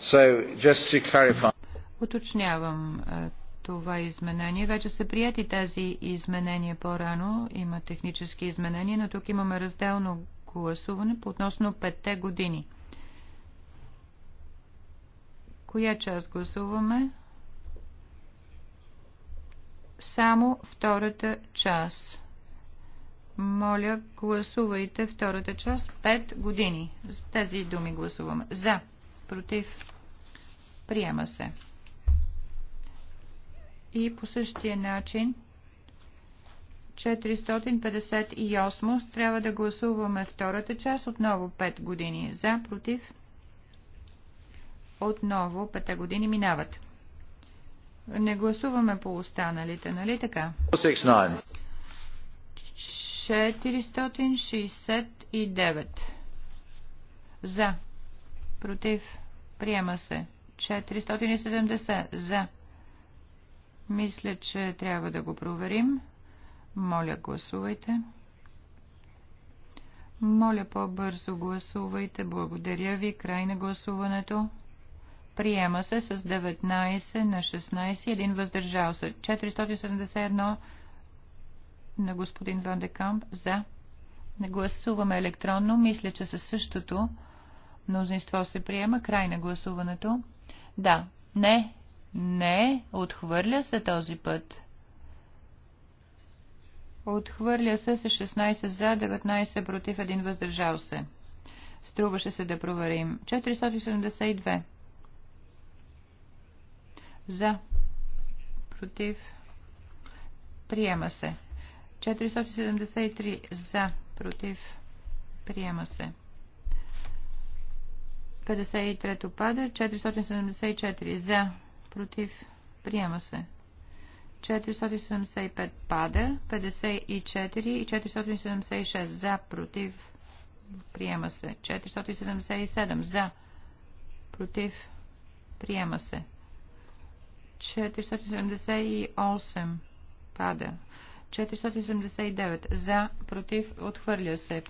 So just to clarify. Уточнявам е, това изменение. Вече са прияти тези изменения по-рано. Има технически изменения, но тук имаме разделно гласуване по относно петте години. Коя част гласуваме? Само втората част. Моля, гласувайте втората част. 5 години. С тези думи гласуваме. За. Против. Приема се. И по същия начин 458 трябва да гласуваме втората част. Отново 5 години. За. Против. Отново пете години минават. Не гласуваме по останалите, нали така? 469. За. Против. Приема се. 470. За. Мисля, че трябва да го проверим. Моля, гласувайте. Моля, по-бързо гласувайте. Благодаря ви. Край на гласуването. Приема се с 19 на 16, един въздържал се. 471 на господин Ван де Камп за. Не гласуваме електронно. Мисля, че със същото мнозинство се приема. Край на гласуването. Да. Не. Не. Отхвърля се този път. Отхвърля се с 16 за, 19 против, 1 въздържал се. Струваше се да проверим. 472. За. Против. Приема се. 473 за. Против. Приема се. 53-то пада. 474 за. Против. Приема се. 475 пада. 54 и 476 за. Против. Приема се. 477 за. Против. Приема се. 478 пада. 479 за, против, отхвърля се.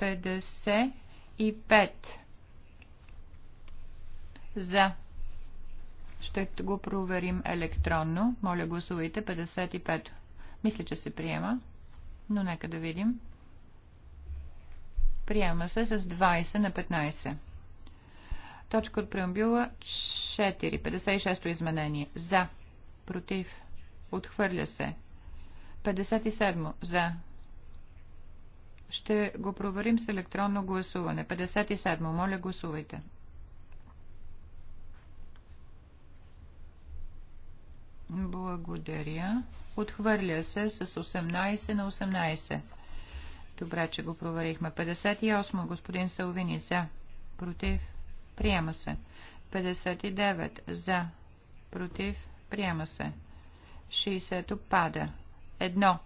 55 за. Ще го проверим електронно. Моля, гласувайте 55. Мисля, че се приема, но нека да видим. Приема се с 20 на 15. Точка от преамбюла 4. 56-то изменение. За. Против. Отхвърля се. 57. За. Ще го проверим с електронно гласуване. 57. Моля, гласувайте. Благодаря. Отхвърля се с 18 на 18. Добре, че го проверихме. 58. Господин Салвини. За. Против. Приема се. 59 за. Против. Приема се. 60 Опада. 1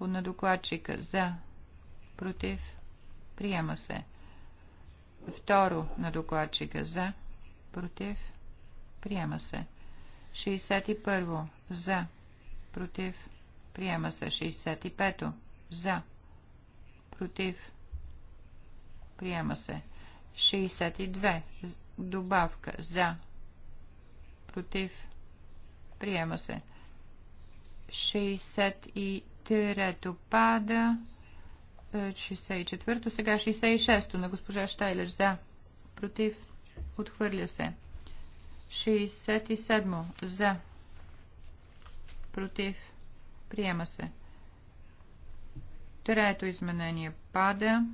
на докладчика за. Против. Приема се. Второ на докладчика за. Против. Приема се. 61 за. Против. Приема се. 65 за. Против. Приема се. 62. Добавка за. Против. Приема се. 63-то пада. 64-то. Е, Сега 66-то на госпожа Штайлер за. Против. Отхвърля се. 67 за. Против. Приема се. Трето изменение пада.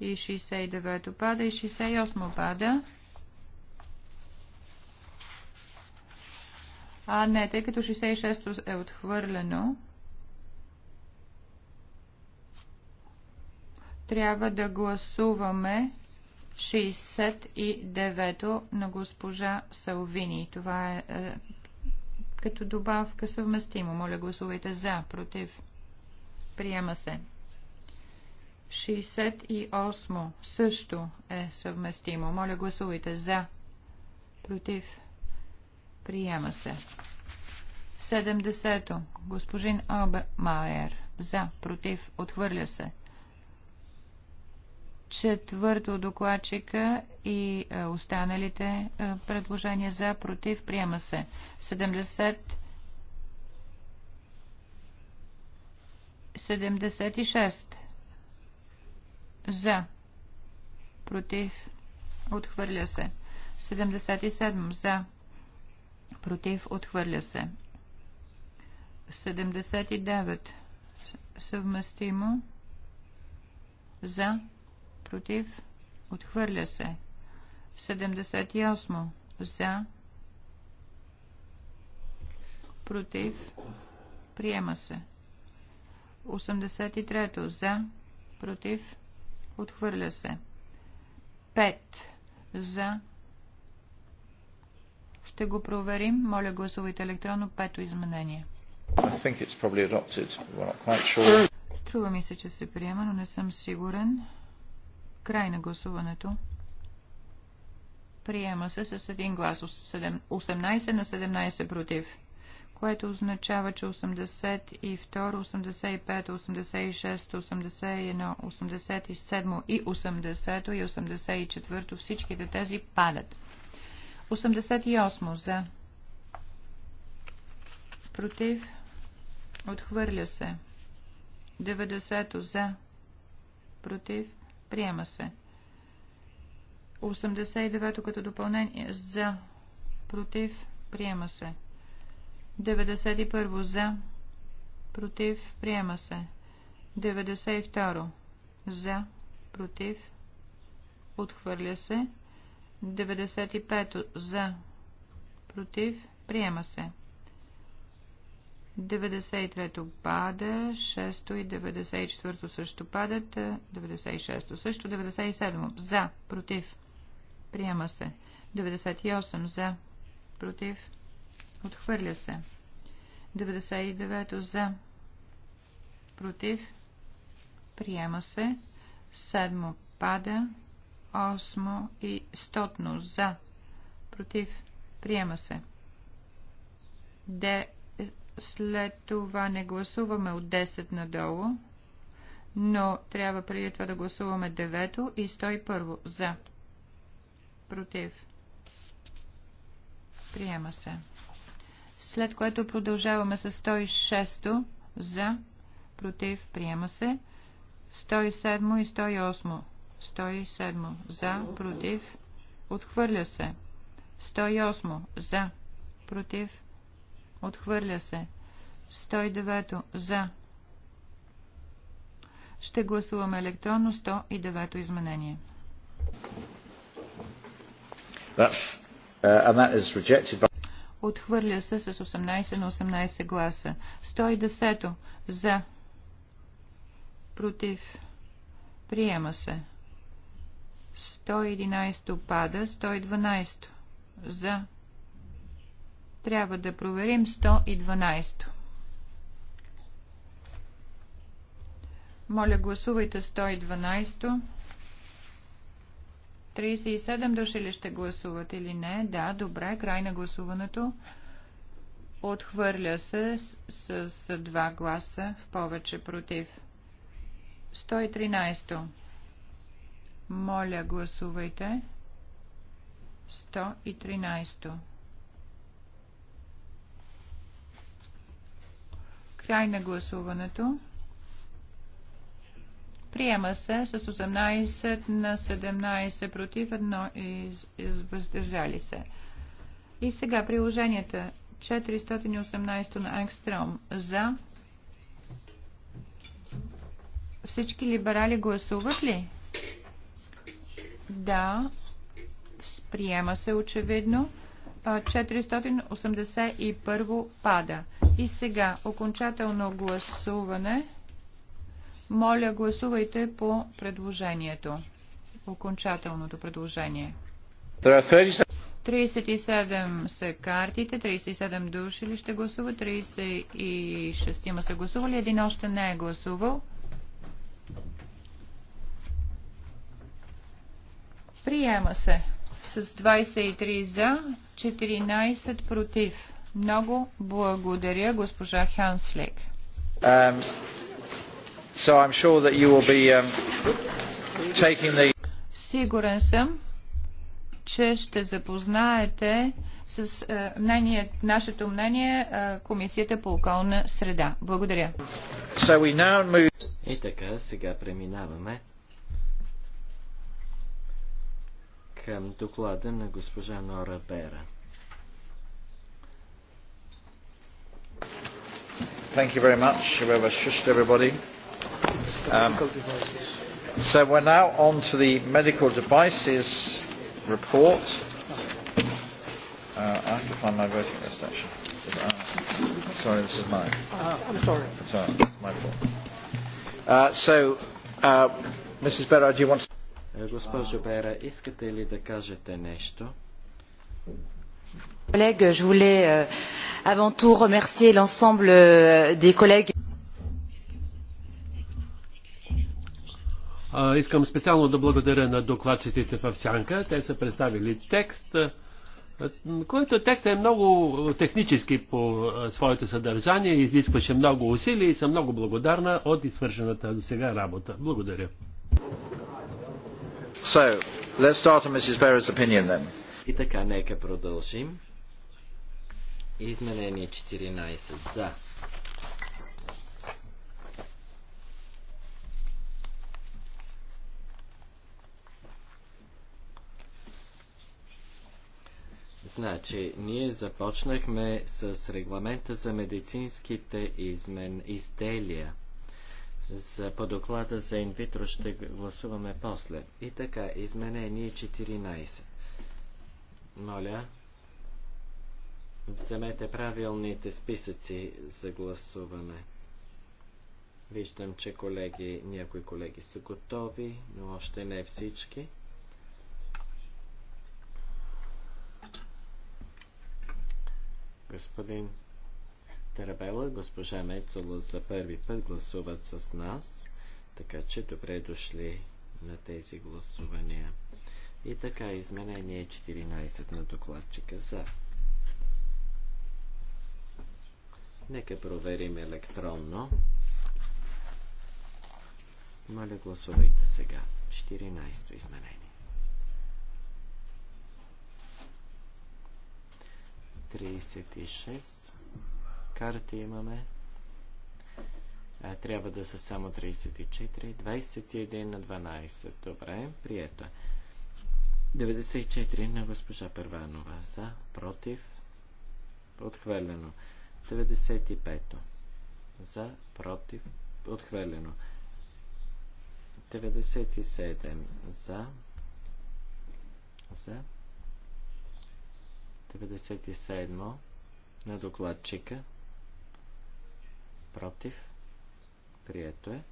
И 69 пада, и 68 пада. А, не, тъй като 66 е отхвърлено, трябва да гласуваме 69-то на госпожа Салвини. Това е, е като добавка съвместимо. Моля, гласувайте за, против. Приема се. 68 също е съвместимо. Моля гласувайте за. Против. Приема се. 70. Госпожин Майер. За. Против. Отхвърля се. Четвърто докладчика и е, останалите е, предложения за. Против. Приема се. 70. 76 за, против, отхвърля се. 77 за, против, отхвърля се. 79 съвместимо за, против, отхвърля се. 78 за, против, приема се. 83 за, против, Отхвърля се. 5 за. Ще го проверим. Моля, гласувайте електронно пето изменение. Sure. Струва ми се, че се приема, но не съм сигурен. Край на гласуването. Приема се с един глас 18 на 17 против което означава, че 82, 85, 86, 81, 87 и 80 и 84 всичките тези падат. 88 за против отхвърля се. 90 за против приема се. 89 като допълнение за против приема се. 91 за. Против. Приема се. 92 за. Против. Отхвърля се. 95 за. Против. Приема се. 93-то пада, 6-то и 94-то също падат, 96-то също, 97-то за, против, приема се, 98 за, против, Отхвърля се. 99 за. Против. Приема се. Седмо пада. Осмо и стотно за. Против. Приема се. Де след това не гласуваме от 10 надолу, но трябва преди това да гласуваме 9 и 101 за. Против. Приема се след което продължаваме с 106 за, против, приема се, 107 и 108, 107 за, против, отхвърля се, 108 за, против, отхвърля се, 109 за. Ще гласуваме електронно 109 изменение. That's, uh, and that is rejected by... Отхвърля се с 18 на 18 гласа. 110 за. Против. Приема се. 111 пада. 112 за. Трябва да проверим 112. Моля, гласувайте 112. 37 души ли ще гласуват или не? Да, добре, край на гласуването. Отхвърля се с, с, с два гласа в повече против. 113. Моля, гласувайте. 113. Край на гласуването. Приема се с 18 на 17 против 1 и из въздържали се. И сега приложенията 418 на Ангстром за. Всички либерали гласуват ли? Да. Приема се очевидно. 481 пада. И сега окончателно гласуване. Моля, гласувайте по предложението. Окончателното предложение. 37 са картите, 37 души ли ще гласуват, 36 има са гласували, един още не е гласувал. Приема се с 23 за, 14 против. Много благодаря, госпожа Ханслик. Um... So I'm sure that you will be um, taking the... Сигурен съм, че ще запознаете с е, мнение, нашето мнение е, Комисията по околна среда. Благодаря. So we now move... И така, сега преминаваме към доклада на госпожа Нора Бера. Thank you very much, whoever shushed everybody. Um, so we're now on to the medical devices report. Uh, I have to find my voting list actually. Uh, sorry, this is mine. Uh, I'm sorry. Sorry, it's my fault. Uh, so, uh, Mrs. Berra, do you want to... Госпожо Бера, искате ли да кажете нещо? Collègues, je voulais avant tout remercier l'ensemble des collègues. искам специално да благодаря на докладчиците в Сянка. Те са представили текст, който текст е много технически по своето съдържание, изискваше много усилия и съм много благодарна от извършената до сега работа. Благодаря. So, let's start on Mrs. opinion then. И така, нека продължим. Изменение 14 за Значи, ние започнахме с регламента за медицинските измен, изделия. За, по доклада за инвитро ще гласуваме после. И така, изменение 14. Моля, вземете правилните списъци за гласуване. Виждам, че колеги, някои колеги са готови, но още не всички. Господин Тарабела, госпожа Мецола за първи път гласуват с нас, така че добре дошли на тези гласувания. И така, изменение 14 на докладчика за. Нека проверим електронно. Моля, гласувайте сега. 14 изменение. 36 карти имаме. трябва да са само 34. 21 на 12. Добре, прието. 94 е. на госпожа Първанова. За, против, отхвърлено. 95. За, против, отхвърлено. 97. За, за, 97 на докладчика. Против. Прието е.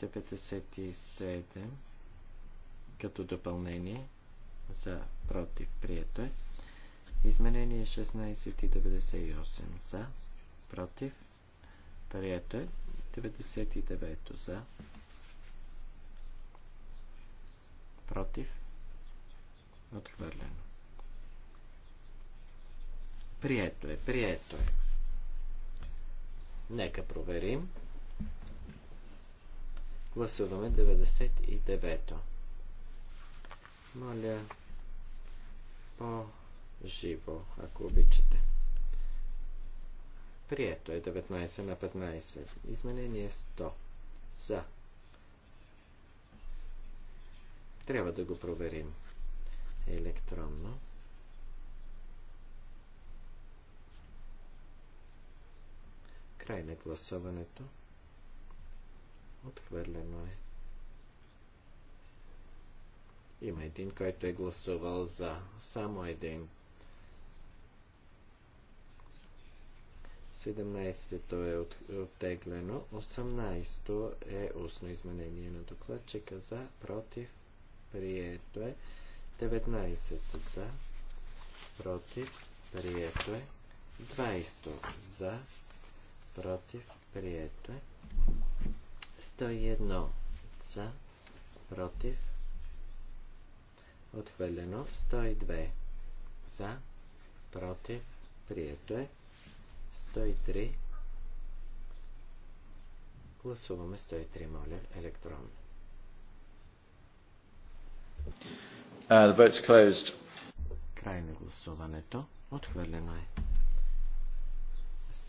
97 като допълнение за против. Прието е. Изменение 16,98 за против. Прието е. 99 за против. Отхвърлено. Прието е, прието е. Нека проверим. Гласуваме 99-то. Моля, по-живо, ако обичате. Прието е 19 на 15. Изменение 100. За. Трябва да го проверим електронно. Край на гласуването. Отхвърлено е. Има един, който е гласувал за. Само един. 17-то е оттеглено, 18-то е устно изменение на докладчика за, против, прието е. 19 за, против, прието е. 20 за, против, прието е. 101 за, против, отхвърлено. 102 за, против, прието е. 103 Гласуваме 103, моля, електронно. Uh, the vote's closed. Край на гласуването. Отхвърлено е.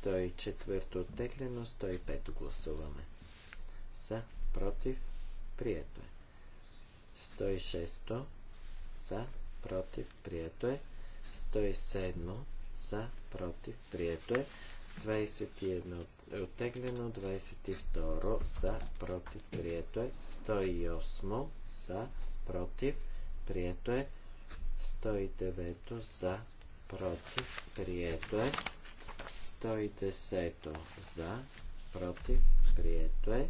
104 оттеглено, 105 гласуваме. За, против, прието е. 106 за, против, прието е. 107 за, против, прието е. 21 оттеглено, 22 за, против, прието е. 108 за, против, прието е. 109 за, против, прието е. 110 за, против, прието е.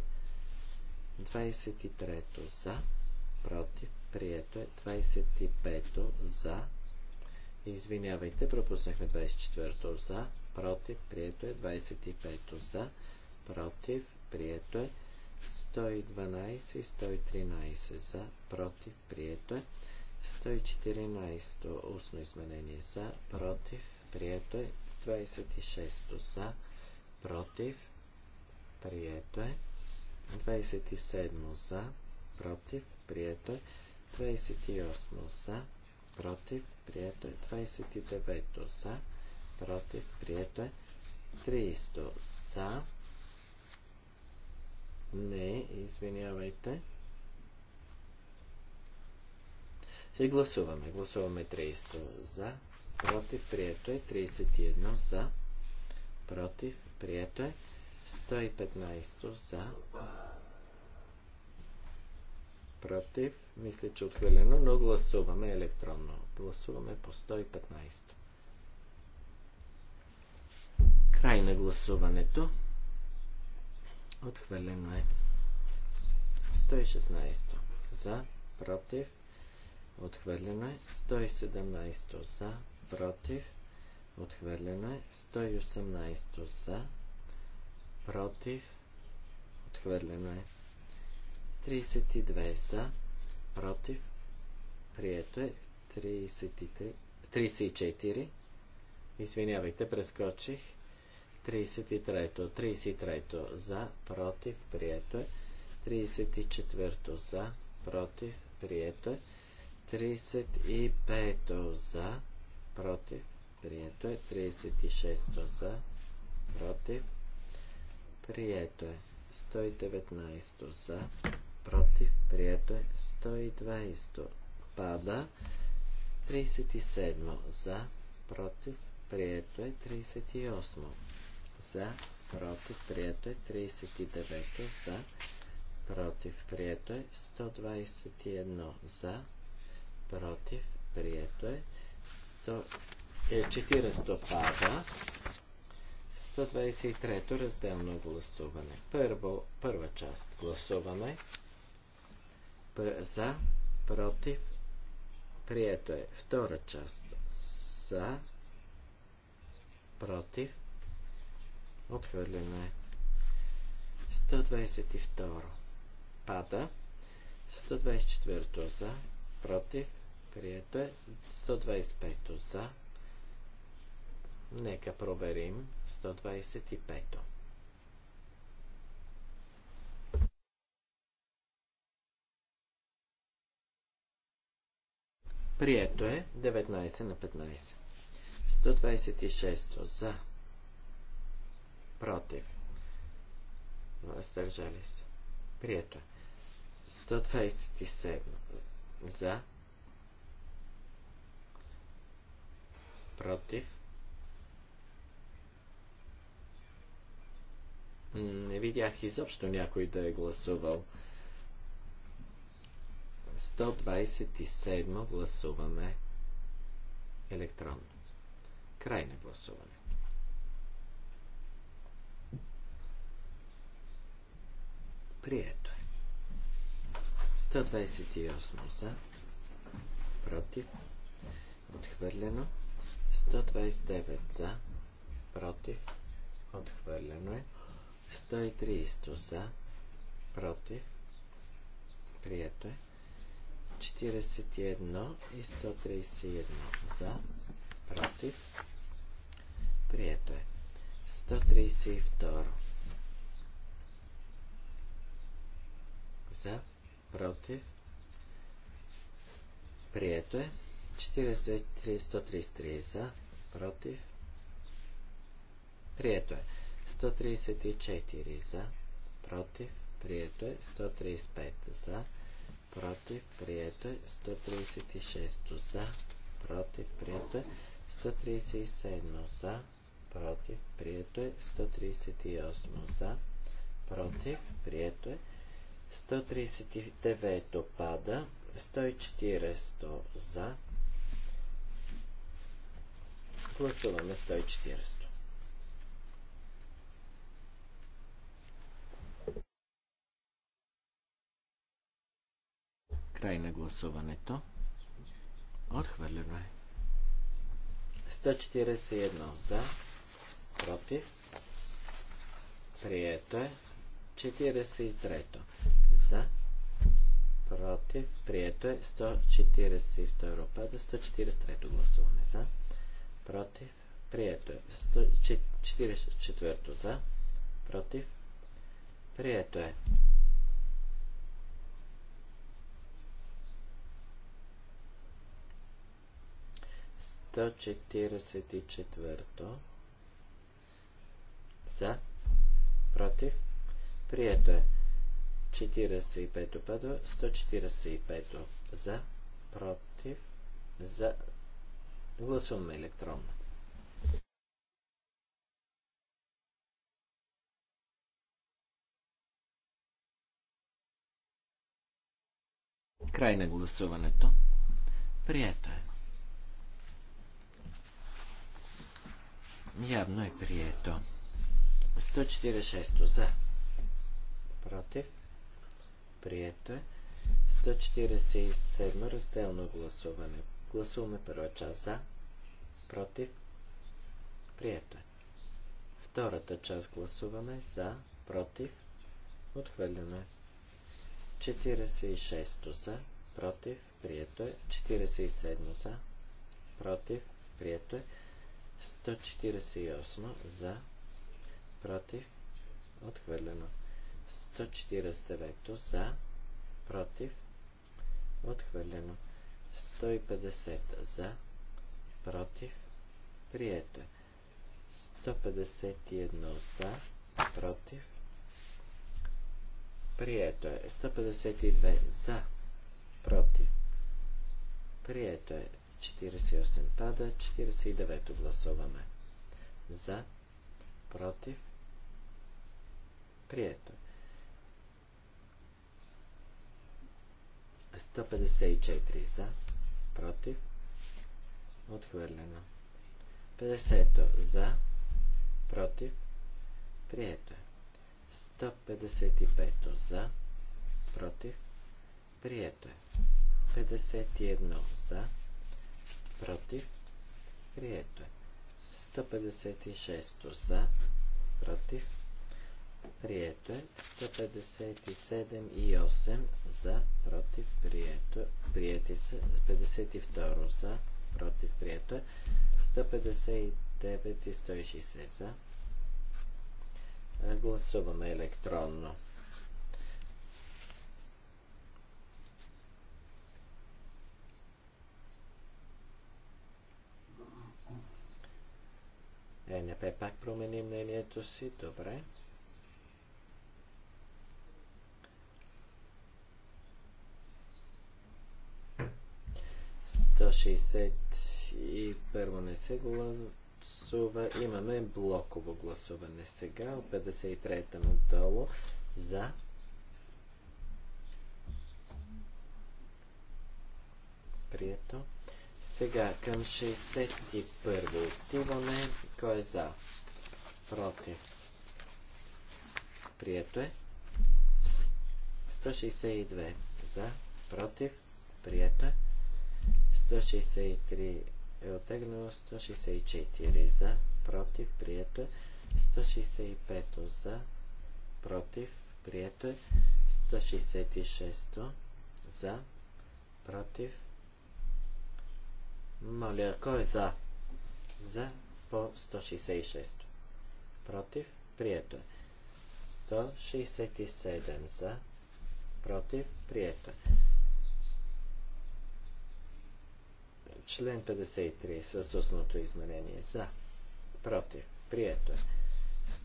23 за, против, прието е. 25 за, извинявайте, пропуснахме 24 за, против, прието е. 25 за, против, прието е. 112 и 113 за, против, прието е. 114 устно изменение за, против, прието е. 26 за, против, прието е. 27 за, против, прието е. 28 за, против, прието е. 29 за, против, прието е. 30 за, не, извинявайте. Ще гласуваме. Гласуваме 30 за, против, прието е. 31 за, против, прието е. 115 за, против. Мисля, че отхвърлено, но гласуваме електронно. Гласуваме по 115. Край на гласуването. Отхвърлено е. 116. За, против, Отхвърлено е 117 за, против. Отхвърлено е 118 за, против. Отхвърлено е 32 за, против. Прието е 33, 34. Извинявайте, прескочих. 33-то, 33-то за, против, прието е. 34-то за, против, прието е. 35 за, против, прието е. 36 за, против, прието е. 119 за, против, прието е. 120 пада. 37 за, против, прието е. 38 за, против, прието е. 39 за, против, прието е. 121 за, против, прието е. 400 е, пада. 123 разделно гласуване. Първо, първа част гласуваме. За, против, прието е. Втора част за, против, отхвърлено е. 122 пада. 124 за, против, Прието е 125 за. Нека проверим 125. Прието е 19 на 15. 126 за. Против. Въздържали се. Прието е. 127 за. против. Не видях изобщо някой да е гласувал. 127 гласуваме електронно. Край на гласуване. Прието е. 128 за. Против. Отхвърлено. 1. 129 за, против, отхвърлено е. 130 за, против, прието е. 41 и 131 за, против, прието е. 132 за, против, прието е. 43 133 за, против. Прието е. 134 за, против. Прието е. 135 за, против. Прието е. 136 за, против. Прието е. 137 за, против. Прието е. 138 за, против. Прието е. 139 пада. 140 за, Гласуваме 140. Край на гласуването. Отхвърлено е. 141 за, против, прието е. 43 за, против, прието е. 142 пада, 143 гласуваме за против, прието е. 44 за, против, прието е. Сто четиридесет и четвърто за, против, прието е. 45 и 145 за, против, за, Гласуваме електронно. Край на гласуването. Прието е. Явно е прието. 146 за. Против. Прието е. 147 разделно гласуване. Гласуваме първа част за против, прието е. Втората част гласуваме за, против, отхвърляме. 46 46 за, против, прието е. 47 за, против, прието е. 148 за, против, отхвърлено. 149 за, против, отхвърлено. 150 за, против, прието е. 151 за, против, прието е. 152 за, против, прието е. 48 пада, 49 гласуваме. За, против, прието е. 154 за, против, Отхвърлено. 50 за. Против. Прието е. 155 за. Против. Прието е. 51 за. Против. Прието е. 156 за. Против. Прието е 157 и 8 за, против, прието, приети са 52 за, против, прието е. 159 и 160 за. Гласуваме електронно. ЕНП пак промени мнението си. Добре. 161 не се гласува. Имаме блоково гласуване сега от 53-та надолу за прието. Сега към 61 отиваме. Кой е за? Против. Прието е. 162 за. Против. Прието е. 163 е оттеглено, 164 за, против, прието е, 165 за, против, прието е, 166 за, против. Моля, кой е за? За по 166. Против, прието е. 167 за, против, прието е. Член 53 с устното изменение. За. Против. Прието е.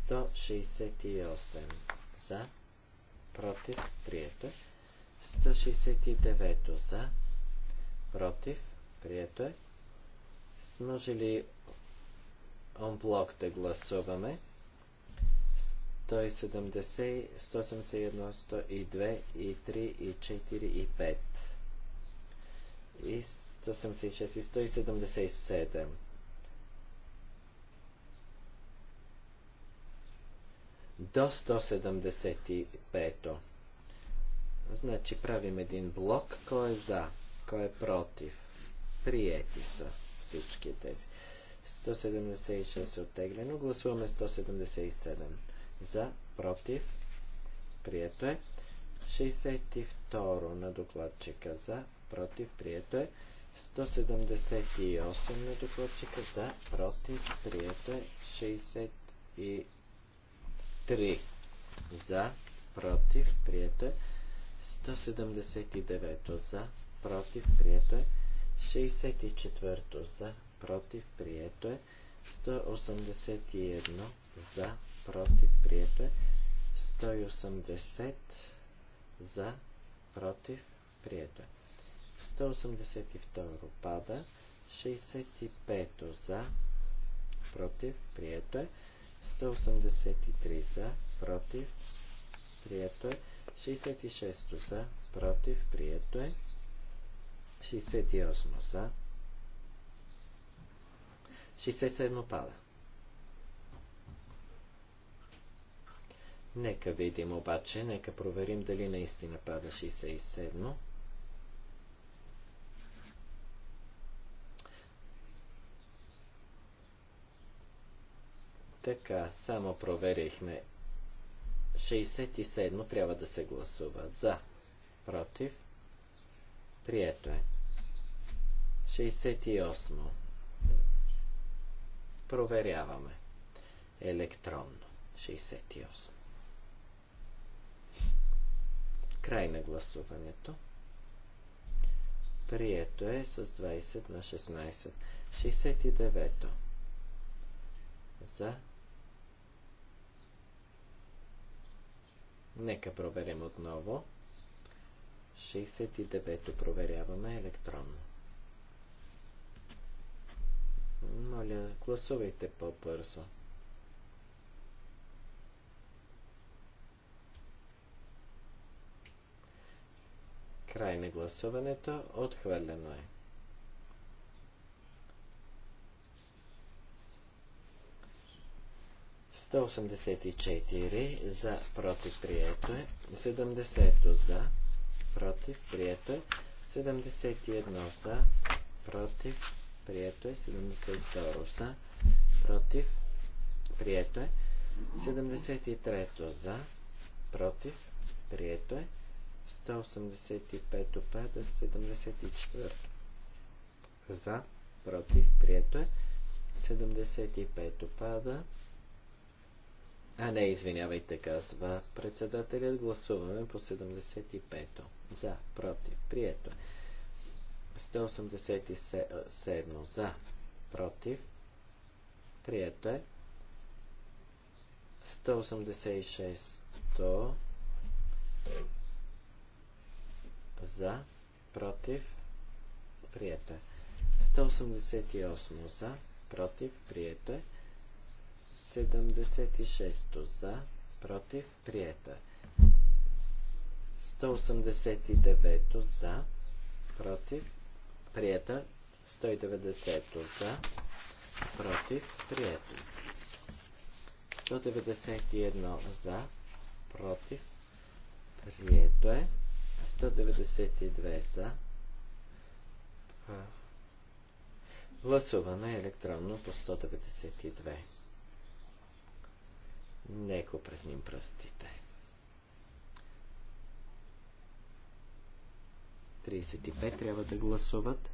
168. За. Против. Прието е. 169. За. Против. Прието е. Сможе ли онблок да гласуваме? 170, 181, 102 и 3 и 4 и 5. И 186 и 177. До 175. Значи правим един блок, кой е за, кой е против. Приети са всички тези. 176 е оттеглено, гласуваме 177. За, против, прието е. 62 на докладчика за, против, прието е. 178 на докладчика за, против, прието е 63 за, против, прието е 179 за, против, прието е 64 за, против, прието е 181 за, против, прието е 180 за, против, прието е 182 пада. 65 за. Против. Прието е. 183 за. Против. Прието е. 66 за. Против. Прието е. 68 за. 67 пада. Нека видим обаче, нека проверим дали наистина пада 67. Така, само проверихме. 67 трябва да се гласува. За. Против. Прието е. 68. Проверяваме. Електронно. 68. Край на гласуването. Прието е с 20 на 16. 69. За Нека проверим отново. 69-то проверяваме електронно. Моля, гласувайте по-бързо. Край на гласуването отхвърлено е. 184 за против прието е. 70 за против прието е. 71 за против прието е. 72 за против прието е. 73 за против прието е. 185 пада 74 за против прието е. 75 пада а не, извинявайте, казва председателят. Гласуваме по 75-то. За, против, прието. 187 за, против, прието е. 186 за, против, прието е. 188 за, против, прието е. 189 76 за, против, приета. 189 за, против, приета. 190 за, против, приета. 191 за, против, прието е. 192 за. Гласуваме електронно по 192. Неко пресним пръстите. 35 трябва да гласуват.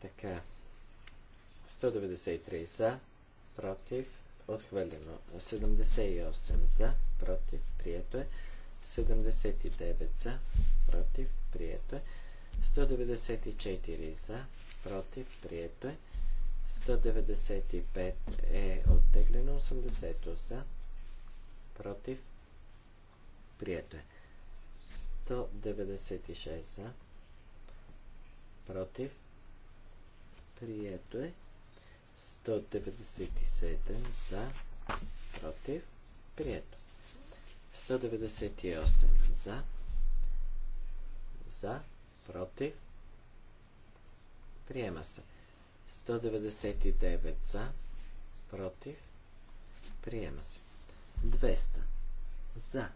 Така. 193 за, против Отхвърлено. 78 за, против, прието е. 79 за, против, прието е. 194 за, против, прието е. 195 е оттеглено. 80 за, против, прието е. 196 за, против, прието е. 197 за, против, прието. 198 за, за, против, приема се. 199 за, против, приема се. 200 за.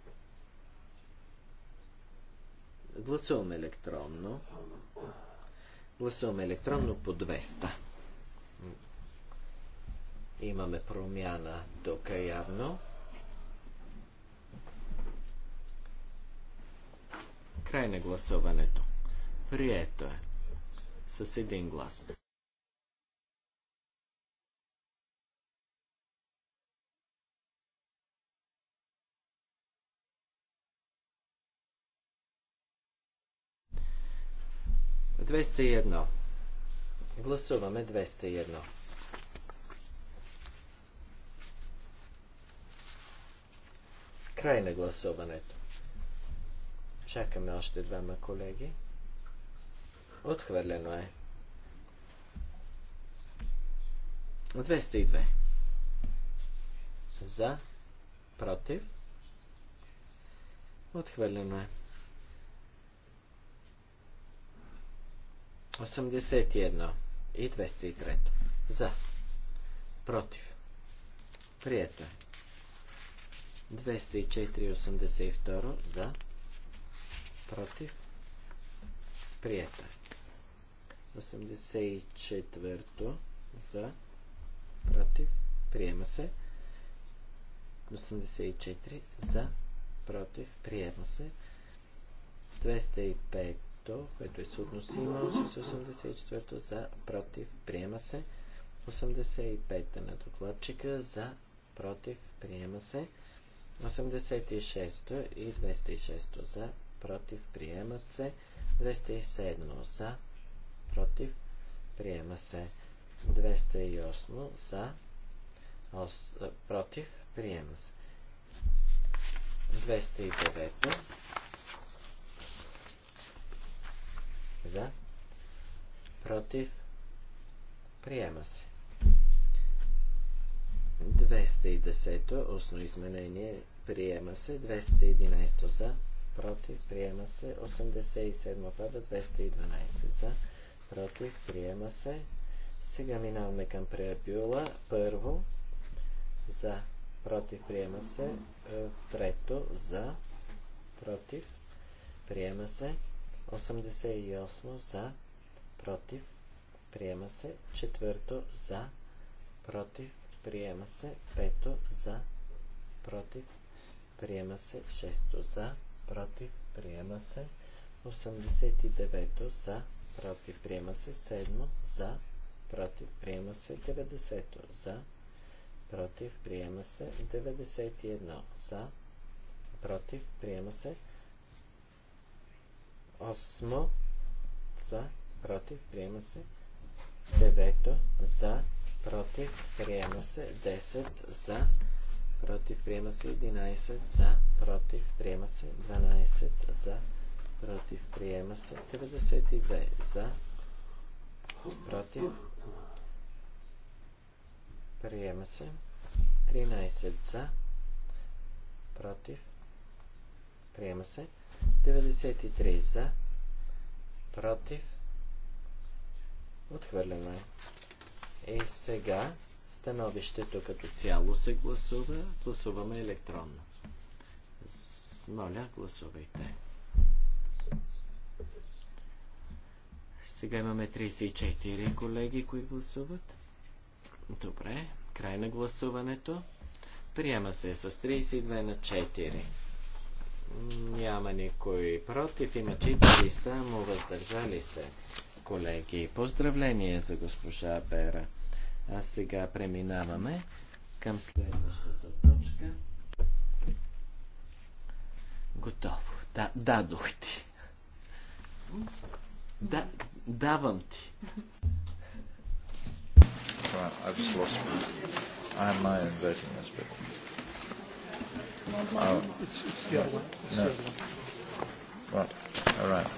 Гласуваме електронно. Гласуваме електронно по 200. Имаме промяна тук явно. Край на гласуването. Прието е. С един глас. Двеста и едно. Гласуваме и едно. Край на гласуването. Чакаме още двама колеги. Отхвърлено е. 202. За. Против. Отхвърлено е. 81 и 203. За. Против. Прието е. 204,82 за, против, прието 84 е. за, против, приема се. 84 за, против, приема се. 205, което е съотносимо с 84 за, против, приема се. 85 на докладчика за, против, приема се. 86 и 206 за, против, приемат се. 207 за, против, приема се. 208 за, против, приема се. 209 за, против, приема се. 210 основно изменение приема се 211 за, против, приема се 87 пада 212 за, против, приема се. Сега минаваме към преабюла. Първо, за, против, приема се. Е, трето, за, против, приема се. 88 за, против, приема се. Четвърто, за, против, приема се. Пето, за, против, приема се. 6 за, против, приема се. 89 за, против, приема се. 7 за, против, приема се. 90 за, против, приема се. 91 за, против, приема се. 8 за, против, приема се. 9 за, против, приема се. 10 за, против, приема се 11 за, против, приема се 12 за, против, приема се 92 за, против, приема се 13 за, против, приема се 93 за, против, отхвърляме. И сега Становището като цяло се гласува. Гласуваме електронно. Моля, гласувайте. Сега имаме 34 колеги, които гласуват. Добре, край на гласуването. Приема се с 32 на 4. Няма никой против, има 4 само въздържали се. Колеги, поздравление за госпожа Бера. А сега преминаваме към следващата точка. Готово. Да, дадох ти. Да, давам ти. I've just lost my, I have my own voting this bit. Oh, it's, it's the other one. It's no. the other one. Right. All right.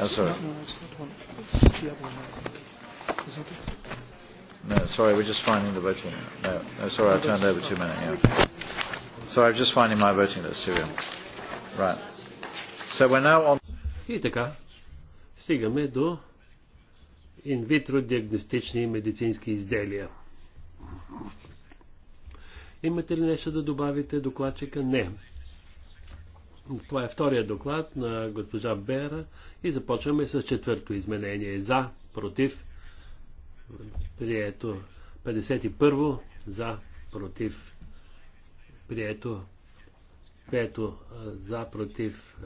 Oh, sorry. No, no, it's that one. It's the other one, I think. Isn't it? No, sorry, we're just finding the voting. No, no sorry, I turned over too many. Yeah. Sorry, I'm just finding my voting list. Here we are. Right. So we're now on... И така, стигаме до инвитро диагностични медицински изделия. Имате ли нещо да добавите докладчика? Не. Това е втория доклад на госпожа Бера и започваме с четвърто изменение. За, против, Прието. 51 за, против. Прието. Пето за, против.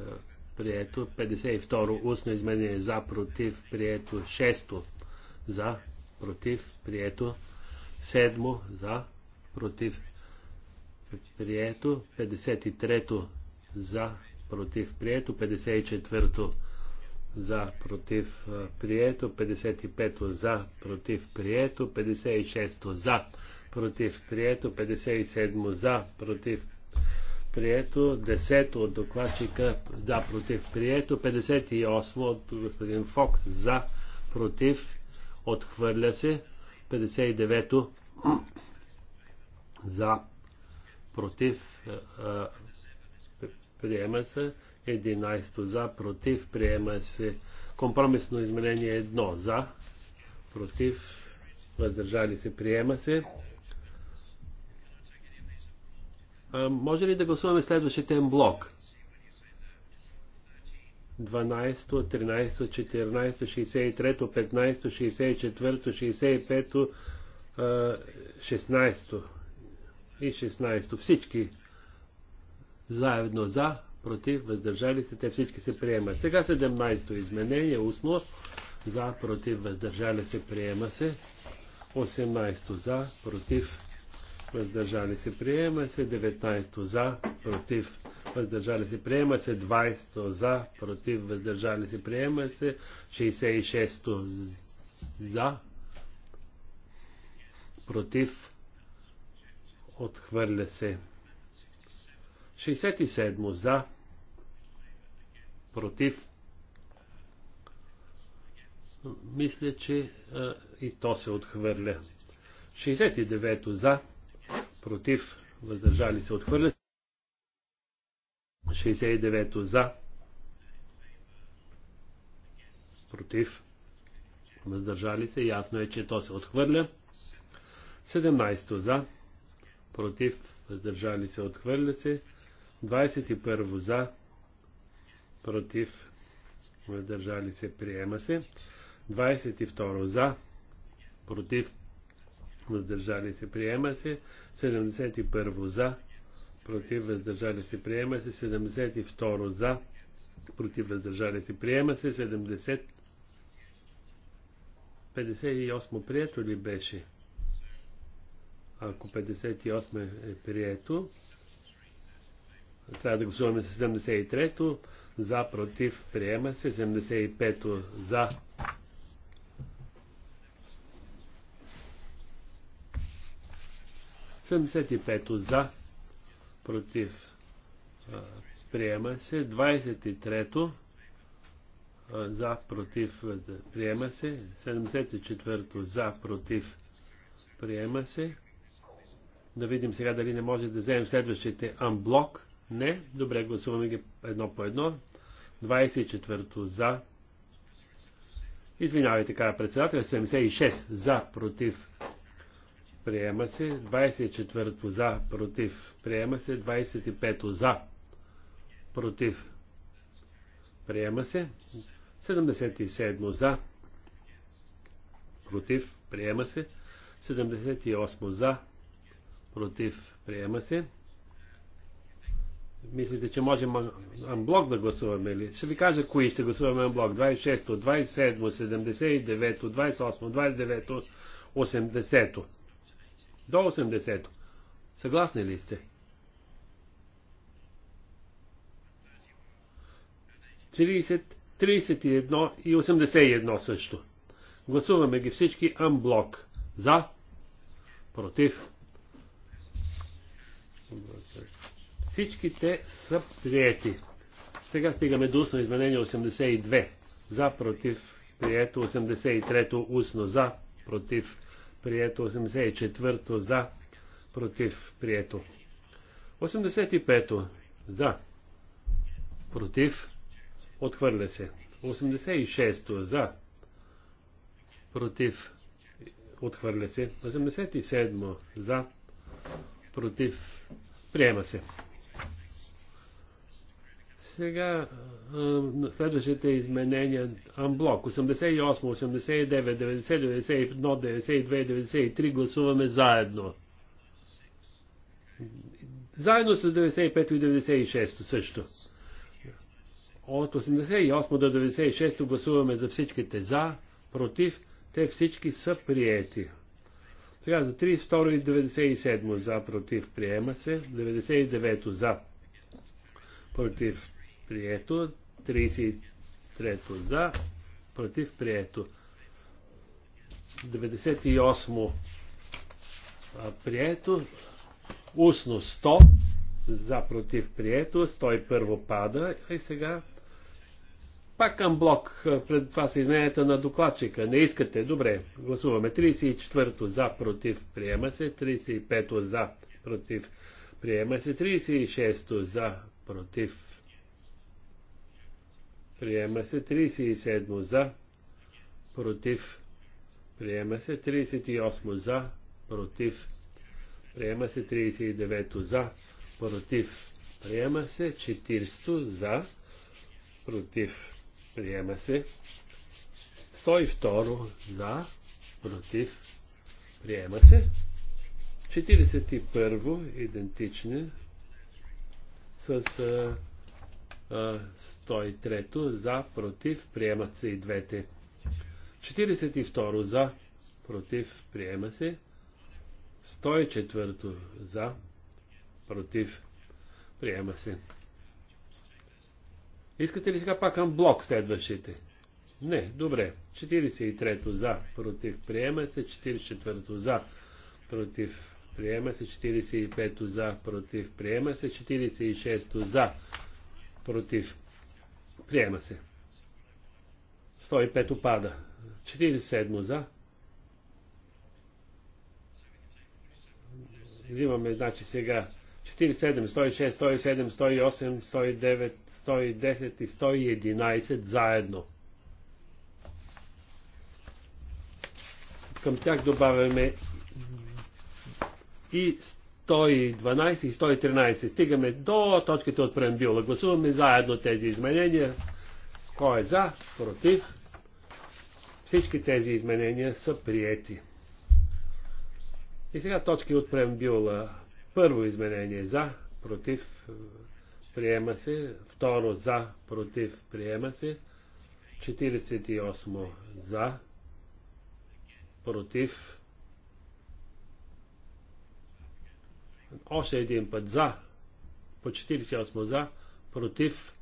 Прието. 52 устно изменение за, против. Прието. 6 за, против. Прието. 7 за, против. Прието. 53 за, против. Прието. 54 за, против, прието, 55 за, против, прието, 56 за, против, прието, 57 за, против, прието, 10 от докладчика за, против, прието, 58 от господин Фокс за, против, отхвърля се, 59 за, против, приема се, 11 за, против, приема се компромисно изменение 1 за, против, въздържали се, приема се. А, може ли да гласуваме следващите блок? 12, 13, 14, 63, 15, 64, 65, 16 и 16. Всички заедно за, против, въздържали се, те всички се приемат. Сега 17-то изменение, устно, за, против, въздържали се, приема се. 18-то за, против, въздържали се, приема се. 19-то за, против, въздържали се, приема се. 20-то за, против, въздържали се, приема се. 66-то за, против, отхвърля се. 67 за, против. Мисля, че а, и то се отхвърля. 69 за, против, въздържали се, отхвърля. 69 за, против, въздържали се, ясно е, че то се отхвърля. 17 за, против, въздържали се, отхвърля се. 21 за, против, въздържали се, приема се. 22 за, против, въздържали се, приема се. 71 за, против, въздържали се, приема се. 72 за, против, въздържали се, приема се. 70 58 прието ли беше? Ако 58 е прието, трябва да гласуваме 73-то. За, против, приема се. 75-то за. Седемдесет за, против, приема се. 23-то за, против, приема се. 74-то за, против, приема се. Да видим сега дали не може да вземем следващите анблок. Не. Добре, гласуваме ги едно по едно. 24-то за. Извинявайте, кара председател. 76 за, против. Приема се. 24-то за, против. Приема се. 25-то за, против. Приема се. 77 за. Против. Приема се. 78 за. Против. Приема се. Мислите, че можем анблок да гласуваме ли? Ще ви кажа кои ще гласуваме анблок. 26-то, 27-то, 79-то, 28-то, 29-то, 80-то. До 80-то. Съгласни ли сте? Тридесет 31 и 81 също. Гласуваме ги всички амблок. За, против, Всичките са приети. Сега стигаме до устно изменение 82. За, против, прието 83-то устно. За, против, прието 84-то. За, против, прието. 85-то. За, против, отхвърля се. 86-то. За, против, отхвърля се. 87-то. За, против, приема се. Сега следващите изменения Амблок 88, 89, 90, 91, 92, 93 гласуваме заедно. Заедно с 95 и 96 също. От 88 до 96 гласуваме за всичките за, против, те всички са приети. Сега за 32 и 97 за, против, приема се, 99 за, против, прието. 33-то за, против, прието. 98 прието. Устно 100 за, против, прието. 101 пада. И сега пак към блок. Пред това са изменята на докладчика. Не искате? Добре. Гласуваме. 34-то за, против, приема се. 35-то за, против, приема се. 36-то за, против, Приема се 37 за, против. Приема се 38 за, против. Приема се 39 за, против. Приема се 400 за, против. Приема се 102 за, против. Приема се 41 идентични с 103 за, против, приемат се и двете. 42 за, против, приема се. 104 за, против, приема се. Искате ли сега пак блок следващите? Не, добре. 43 за, против, приема се. 44 за, против, приема се. 45 за, против, приема се. 46 за, против. Приема се. 105 опада. 47 за. Взимаме, значи сега 47, 106, 107, 108, 109, 110 и 111 заедно. Към тях добавяме и 112 и 113. Стигаме до точките от преамбюла. Гласуваме заедно тези изменения. Кой е за? Против? Всички тези изменения са приети. И сега точки от преамбюла. Първо изменение за, против, приема се. Второ за, против, приема се. 48 за, против, Още един път за. По 48 за. Против.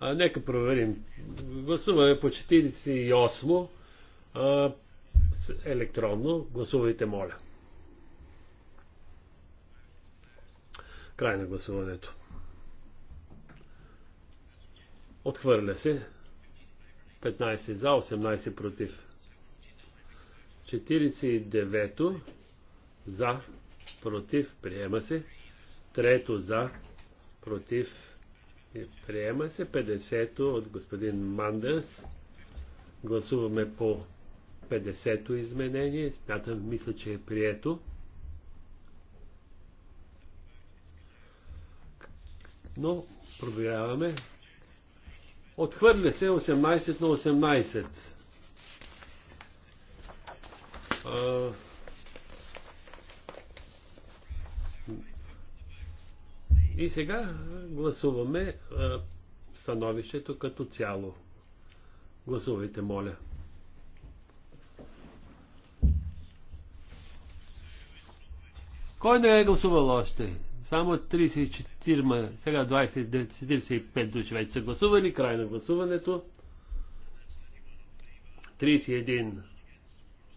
А, нека проверим. Гласуваме по 48 а, електронно. Гласувайте, моля. Край на гласуването. Отхвърля се. 15 за, 18 против. 49-то за, против, приема се. Трето за, против, е, приема се. 50-то от господин Мандърс. Гласуваме по 50-то изменение. Смятам, мисля, че е прието. Но проверяваме. Отхвърля се 18 на 18. И сега гласуваме а, е, становището като цяло. Гласувайте, моля. Кой не е гласувал още? Само 34, сега 20, 45 души вече са гласували, край на гласуването. 31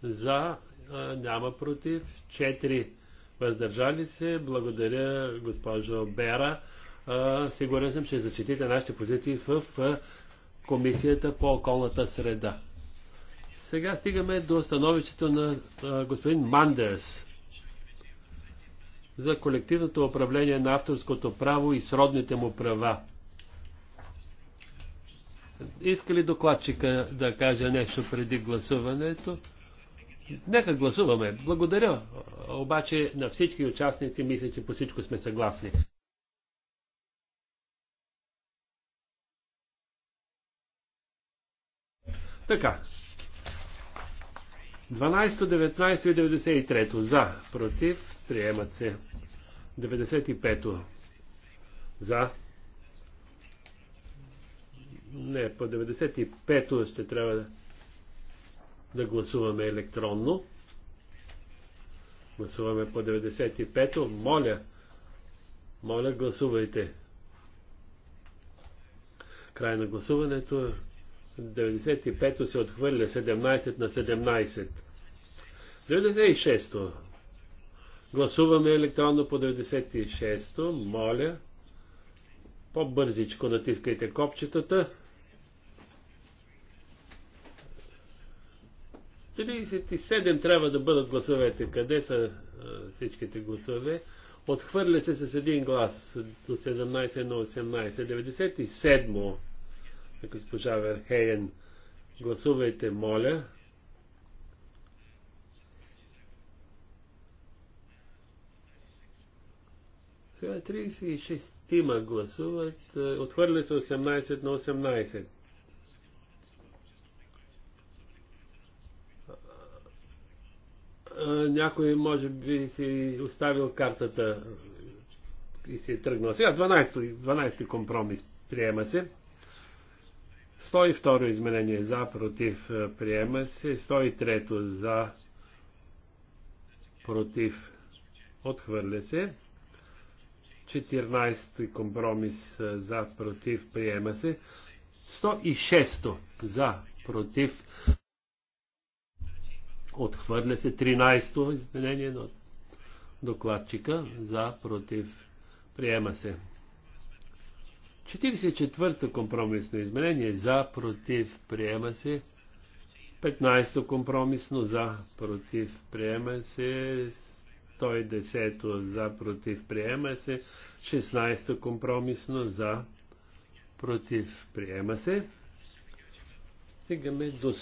за, е, няма против, 4 въздържали се. Благодаря, госпожо Бера. Сигурен съм, че защитите нашите позиции в Комисията по околната среда. Сега стигаме до становището на господин Мандерс за колективното управление на авторското право и сродните му права. Иска ли докладчика да каже нещо преди гласуването? Нека гласуваме. Благодаря. Обаче на всички участници мисля, че по всичко сме съгласни. Така. 12, 19 и 93. За. Против. Приемат се. 95. За. Не, по 95 ще трябва да да гласуваме електронно. Гласуваме по 95-то. Моля, моля, гласувайте. Край на гласуването. 95-то се отхвърля 17 на 17. 96-то. Гласуваме електронно по 96-то. Моля, по-бързичко натискайте копчетата. 37 трябва да бъдат гласовете. Къде са всичките гласове? Отхвърля се с един глас до 17 на 18. 97 госпожа Верхейен. Гласувайте, моля. Сега 36 тима гласуват. Отхвърля се 18 на 18. някой може би си оставил картата и си е тръгнал. Сега 12-ти 12 компромис приема се. 102 изменение за, против, приема се. 103 за, против, отхвърля се. 14 ти компромис за, против, приема се. 106 за, против, Отхвърля се 13-то изменение на докладчика за против. Приема се. 44-то компромисно изменение за против. Приема се. 15-то компромисно за против. Приема се. 110-то за против. Приема се. 16-то компромисно за против. Приема се. Стигаме до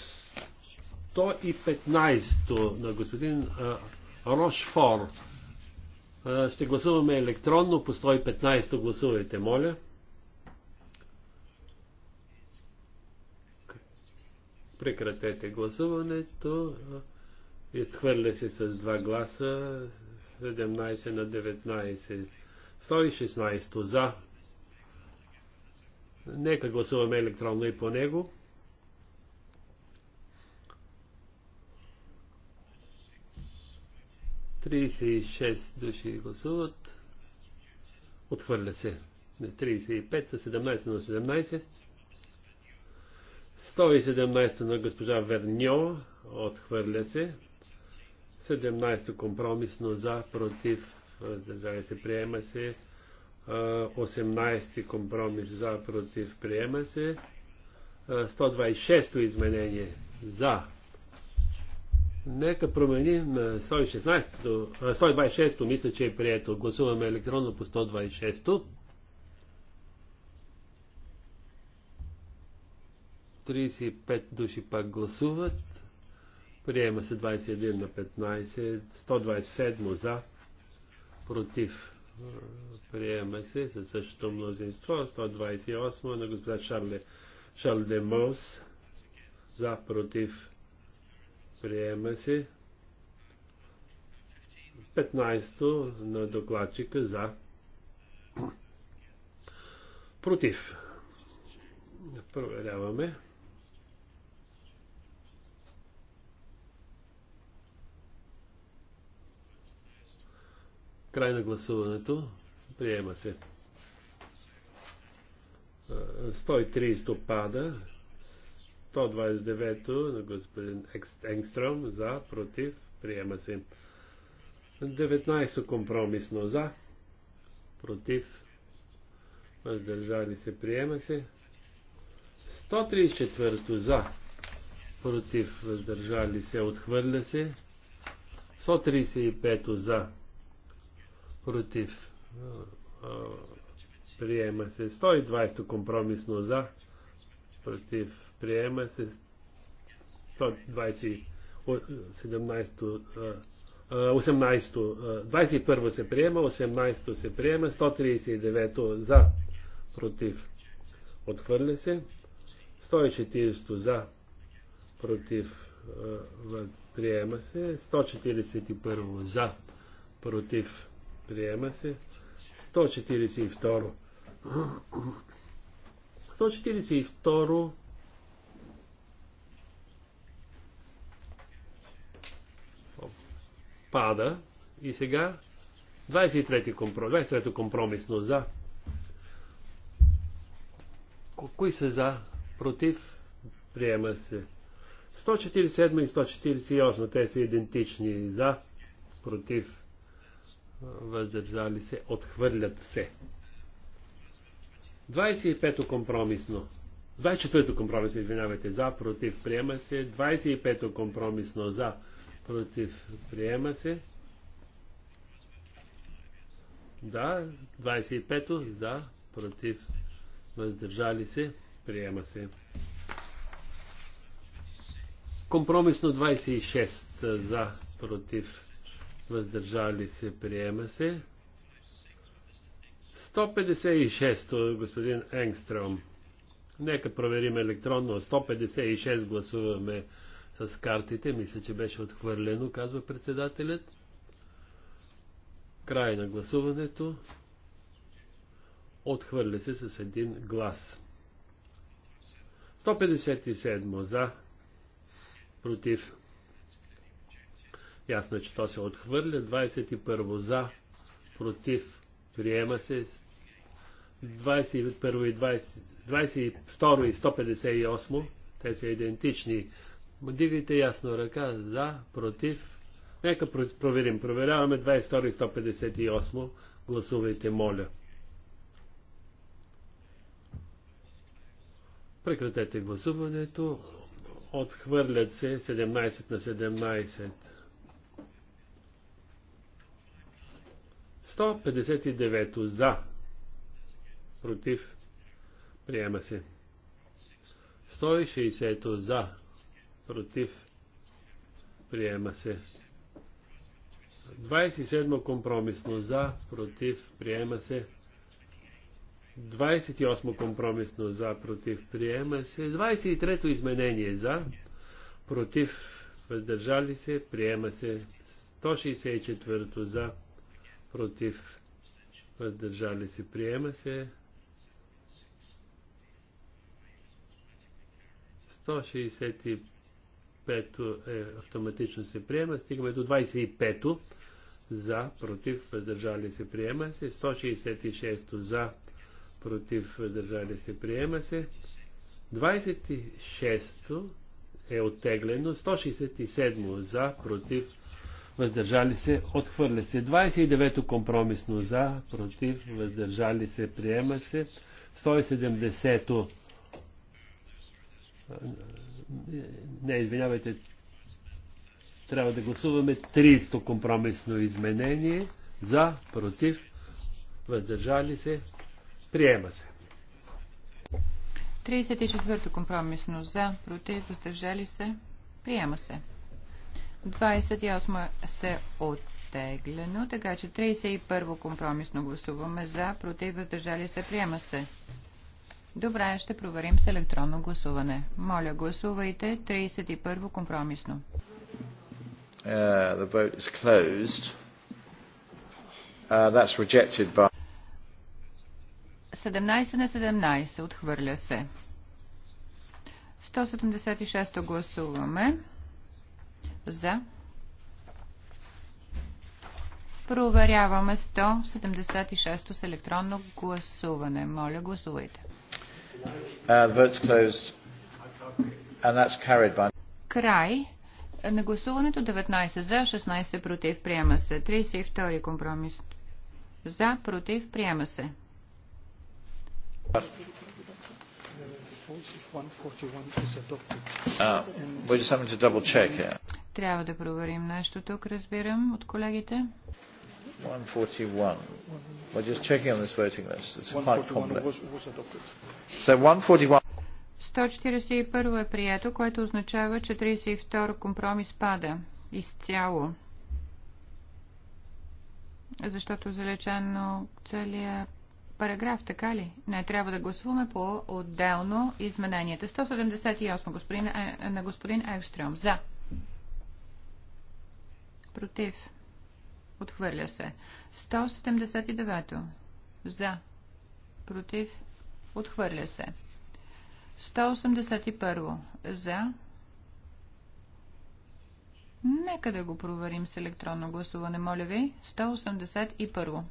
115 на господин Рошфор. Ще гласуваме електронно по 115. Гласувайте, моля. Прекратете гласуването. Изхвърля се с два гласа. 17 на 19. 116 за. Нека гласуваме електронно и по него. 36 души гласуват. Отхвърля се. 35 са 17 на 17. 117 на госпожа Верньо. Отхвърля се. 17 компромисно за, против, въздържали се, приема се. 18 компромис за, против, приема се. 126 изменение за, Нека променим 116-то, 126-то, мисля, че е прието. Гласуваме електронно по 126-то. 35 души пак гласуват. Приема се 21 на 15, 127 за, против. Приема се със същото мнозинство, 128 на господа Шарле, Шарль Демос, за, против Приема се 15-то на докладчика за. Против. Проверяваме. Край на гласуването. Приема се. 130 пада. 129 на господин Енгстром за, против, приема се. 19 компромисно за, против, въздържали се, приема се. 134 за, против, въздържали се, отхвърля се. 135 за, против, приема се. 120 компромисно за, против, Приема се 120, то 18, 21 се приема, 18 се приема, 139 за, против. Отхвърля се. 140 за, против. Приема се. 141 за, против. Приема се. 142. 142 пада. И сега 23-ти компромис, 23 компромисно за. Кои са за? Против? Приема се. 147 и 148, те са идентични за, против, въздържали се, отхвърлят се. 25-то компромисно. 24-то компромисно, извинявайте, за, против, приема се. 25-то компромисно за, против, приема се. Да, 25-то, да, против, въздържали се, приема се. Компромисно 26 за, против, въздържали се, приема се. 156-то, господин Енгстром. Нека проверим електронно. 156 гласуваме с картите. Мисля, че беше отхвърлено, казва председателят. Край на гласуването. Отхвърля се с един глас. 157 за, против. Ясно, е, че то се отхвърля. 21 за, против. Приема се. 21 и 20, 22 и 158. Те са идентични. Дигайте ясно ръка. За, против. Нека проверим. Проверяваме 22 158. Гласувайте, моля. Прекратете гласуването. Отхвърлят се 17 на 17. 159 за. Против. Приема се. 160 за против, приема се. 27 компромисно за, против, приема се. 28 компромисно за, против, приема се. 23 изменение за, против, въздържали се, приема се. 164 за, против, въздържали се, приема се. 165 пето е, автоматично се приема. Стигаме до 25 за, против, въздържали се, приема се. 166 за, против, въздържали се, приема се. 26 е оттеглено. 167 за, против, въздържали се, отхвърля се. 29 компромисно за, против, въздържали се, приема се. 170 -то не, извинявайте, трябва да гласуваме 300 компромисно изменение за, против, въздържали се, приема се. 34-то компромисно за, против, въздържали се, приема се. 28 се оттеглено, така че 31 компромисно гласуваме за, против, въздържали се, приема се. Добре, ще проверим с електронно гласуване. Моля, гласувайте 31 компромисно. Uh, the vote is Uh, that's by... 17 на 17 отхвърля се. 176 гласуваме. За. Проверяваме 176 с електронно гласуване. Моля, гласувайте. Uh, votes closed. And that's carried by... Край на гласуването 19 за, 16 против, приема се. 32 компромис. За, против, приема се. Uh, Трябва да проверим нещо тук, разбирам, от колегите. 141. We're just checking on this voting list. It's quite complex. So 141. 141 е прието, което означава, че 32 компромис пада изцяло. Защото залечено целият параграф, така ли? Не, трябва да гласуваме по отделно измененията. 178 господин, е, на господин Екстрем. За. Против. Отхвърля се. 179. За. Против. Отхвърля се. 181. За. Нека да го проверим с електронно гласуване, моля ви. 181.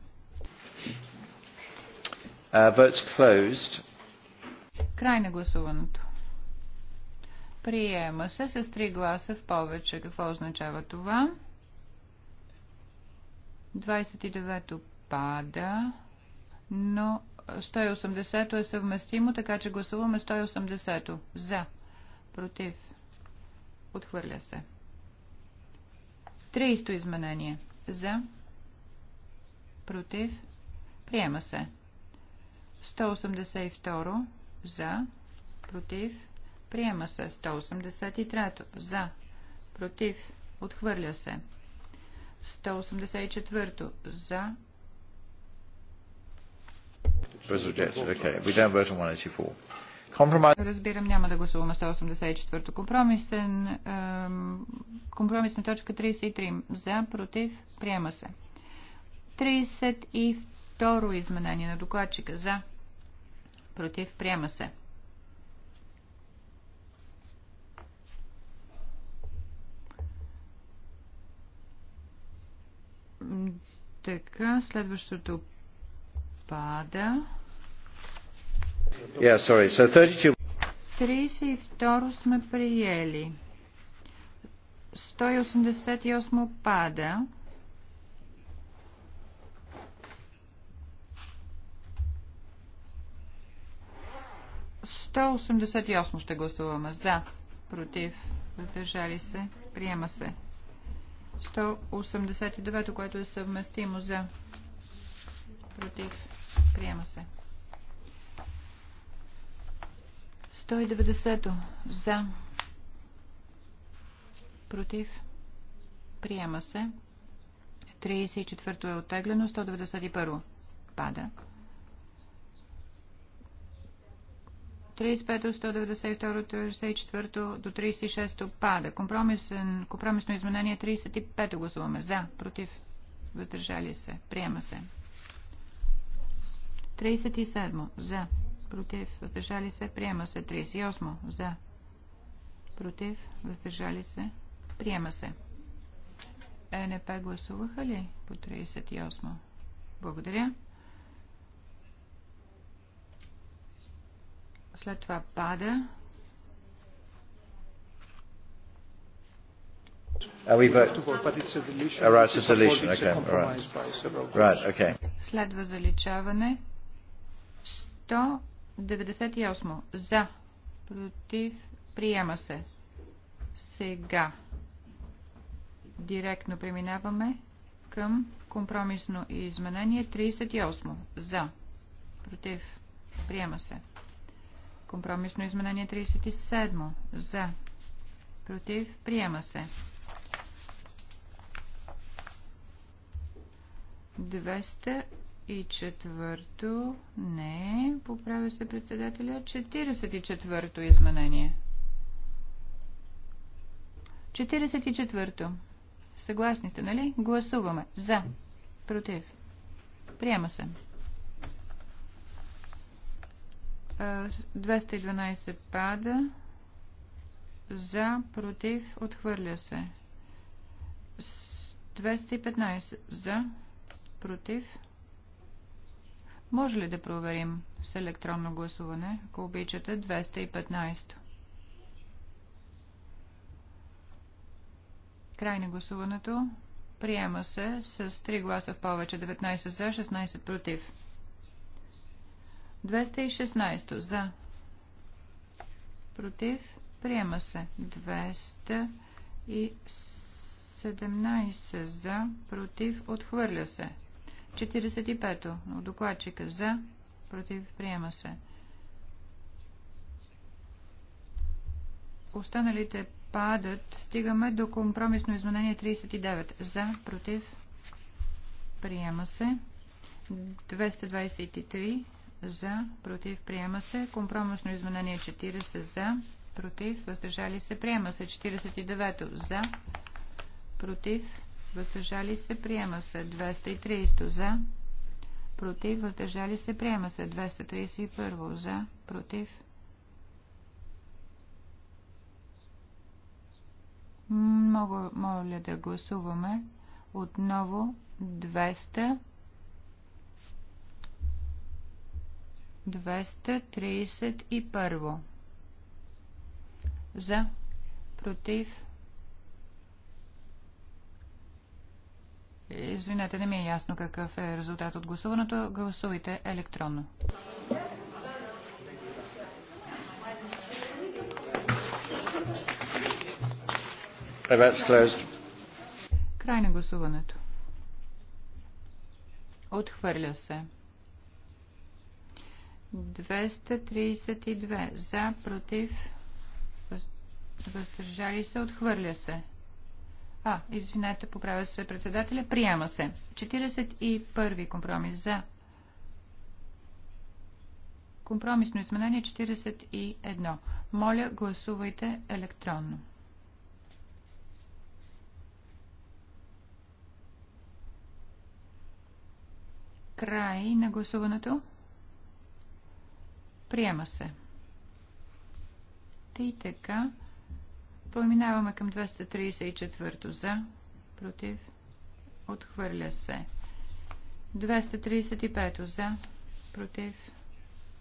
Uh, Край на гласуването. Приема се с 3 гласа в повече. Какво означава това? 29-то пада, но 180-то е съвместимо, така че гласуваме 180-то. За. Против. Отхвърля се. 30-то изменение. За. Против. Приема се. 182 за, против, приема се 183 за, против, отхвърля се 184 за. Разбирам, няма да гласуваме 184-то. Компромисен, компромисна точка 33. За, против, приема се. 32 изменение на докладчика. За, против, приема се. Така, следващото пада. Yeah, sorry. So 32... 32 сме приели. 188 пада. Сто ще гласуваме за, против, задържали се, приема се. 189, което е съвместимо за против. Приема се. 190 за против. Приема се. 34 е оттеглено. 191 пада. 35 192 94 до 36 пада. Компромисен, компромисно изменение 35 гласуваме. За, против, въздържали се. Приема се. 37. За. Против. Въздържали се. Приема се. 38. За. Против. Въздържали се. Приема се. ЕНП гласуваха ли по 38? Благодаря. След това пада. Следва заличаване. 198. За. Против. Приема се. Сега. Директно преминаваме към компромисно изменение 38. За. Против. Приема се. Компромисно изменение 37. За. Против. Приема се. 204. Не. Поправя се председателя. 44-то изменение. 44-то. Съгласни сте, нали? Гласуваме. За. Против. Приема се. 212 пада. За, против, отхвърля се. 215 за, против. Може ли да проверим с електронно гласуване, ако обичате 215? Край на гласуването. Приема се с 3 гласа в повече, 19 за, 16 против. 216 за. Против. Приема се. 217 за. Против. Отхвърля се. 45 от докладчика за. Против. Приема се. Останалите падат. Стигаме до компромисно изменение 39. За. Против. Приема се. 223 за, против, приема се. Компромисно изменение 40 за, против, въздържали се, приема се. 49 за, против, въздържали се, приема се. 230 за, против, въздържали се, приема се. 231 за, против. Мога, моля да гласуваме отново 200 231. За. Против. Извинете, не ми е ясно какъв е резултат от гласуването. Гласувайте електронно. Край на гласуването. Отхвърля се. 232 за, против, въздържали се, отхвърля се. А, извинете, поправя се председателя, приема се. 41 компромис за. Компромисно изменение 41. Моля, гласувайте електронно. Край на гласуването. Приема се. Тъй така. Поминаваме към 234 за. Против. Отхвърля се. 235 за. Против.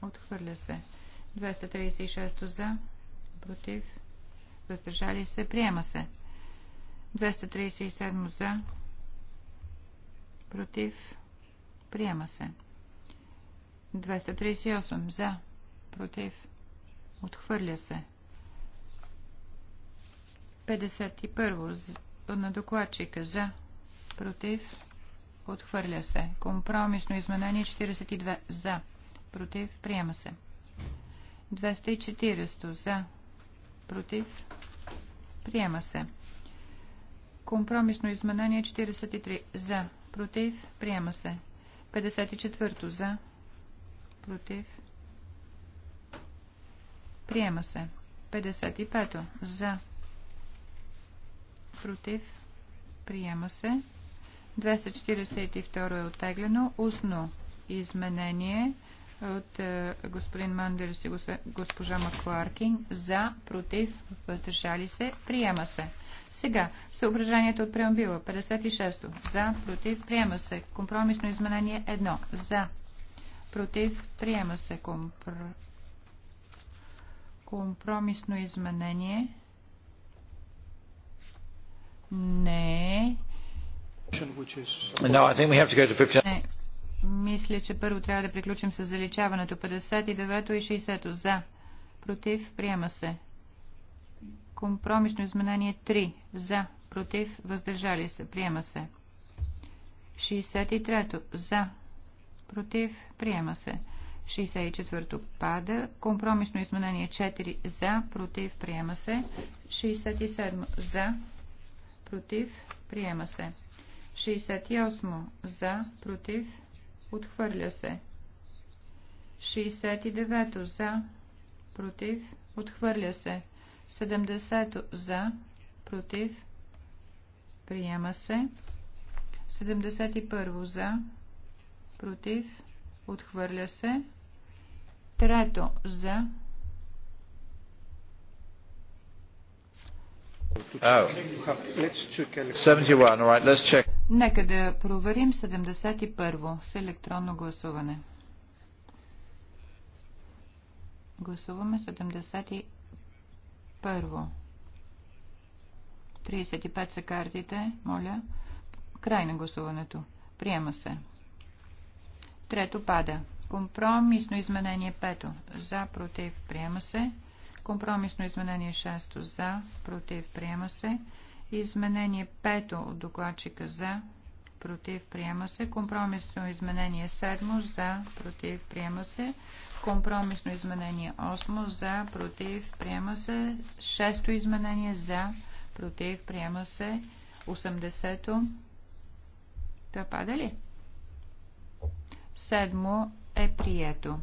Отхвърля се. 236 за. Против. Въздържали се. Приема се. 237 за. Против. Приема се. 238 за против, отхвърля се. 51 на докладчика за, против, отхвърля се. Компромисно изменение 42 за, против, приема се. 240 за, против, приема се. Компромисно изменение 43 за, против, приема се. 54 за, против, Приема се. 55. За. Против. Приема се. 242 е оттеглено. Устно изменение от е, господин Мандерс и госпожа Макларкин. За, против, въздържали се. Приема се. Сега, съображението от преамбила. 56 За, против, приема се. Компромисно изменение 1. За, против, приема се. Компромисно Компромисно изменение не Не. Мисля, че първо трябва да приключим с заличаването. 59 и 60 за. Против. Приема се. Компромисно изменение 3. За. Против. Въздържали се. Приема се. 63. За. Против. Приема се. 64-то пада. Компромисно изменение 4 за, против, приема се. 67 за, против, приема се. 68 за, против, отхвърля се. 69 за, против, отхвърля се. 70 за, против, приема се. 71 за, против, Отхвърля се. Трето за. Oh. 71. Right, let's check. Нека да проверим 71 с електронно гласуване. Гласуваме 71. 35 са картите, моля. Край на гласуването. Приема се. Трето пада. Компромисно изменение пето За, против, приема се. Компромисно изменение 6. За, против, приема се. Изменение пето от докладчика за, против, приема се. Компромисно изменение 7 за, против, приема се. Компромисно изменение 8 за, против, приема се. Шесто изменение за, против, приема се. 80 Това пада ли? Седмо е прието.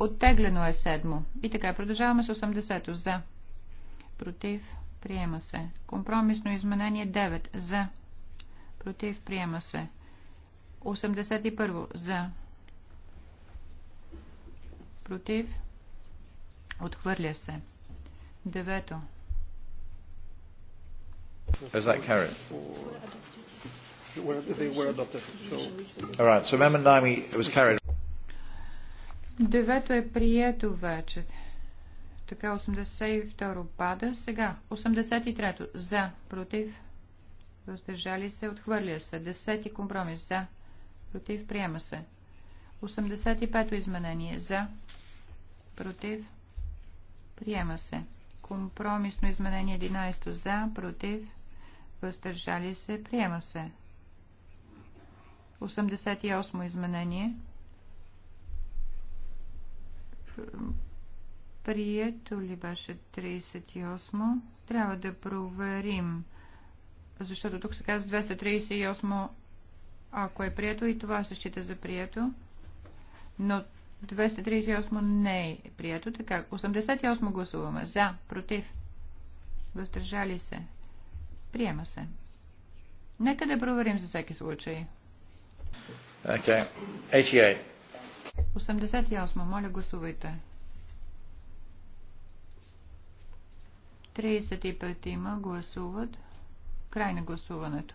Оттеглено е седмо. И така, продължаваме с 80-то. За. Против. Приема се. Компромисно изменение 9. За. Против. Приема се. 81. За. Против. Отхвърля се. Девето. Is that carrot? Девето е прието вече. Така 82 пада. Сега 83 за, против, въздържали се, отхвърля се. Десети компромис за, против, приема се. 85 то изменение за, против, приема се. Компромисно изменение 11 за, против, въздържали се, приема се. 88 изменение. Прието ли беше 38? Трябва да проверим, защото тук се казва 238, ако е прието и това се счита за прието. Но 238 не е прието. Така, 88 гласуваме. За, против, въздържали се. Приема се. Нека да проверим за всеки случай. 88. Моля, гласувайте. 35 има гласуват. Край на гласуването.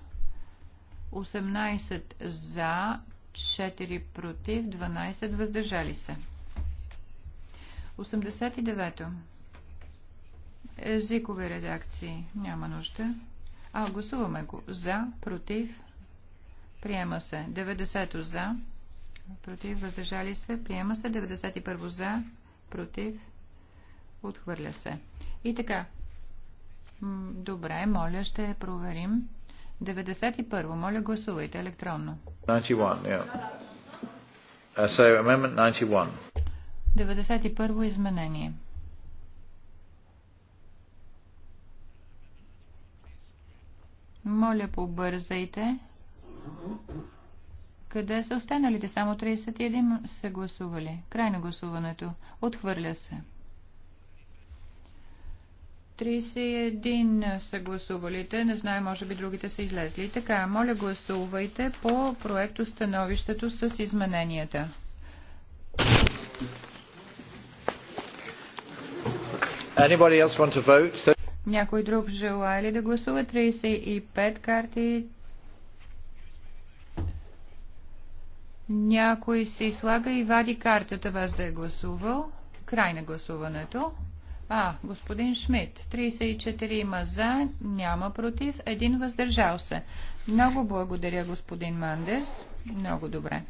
18 за, 4 против, 12 въздържали се. 89 Езикови редакции. Няма нужда. А, гласуваме го. За, против, Приема се. 90 за. Против. Въздържали се. Приема се. 91 за. Против. Отхвърля се. И така. Добре, моля, ще проверим. 91. Моля, гласувайте електронно. 91, yeah. Uh, so, amendment 91. 91 изменение. Моля, побързайте. Къде са останалите? Само 31 са гласували. Край на гласуването. Отхвърля се. 31 са гласувалите. Не знае, може би другите са излезли. Така, моля гласувайте по проекто становището с измененията. Някой друг желая ли да гласува? 35 карти, Някой се излага и вади картата, вас да е гласувал. Край на гласуването. А, господин Шмидт, 34 има за, няма против, един въздържал се. Много благодаря, господин Мандерс. Много добре.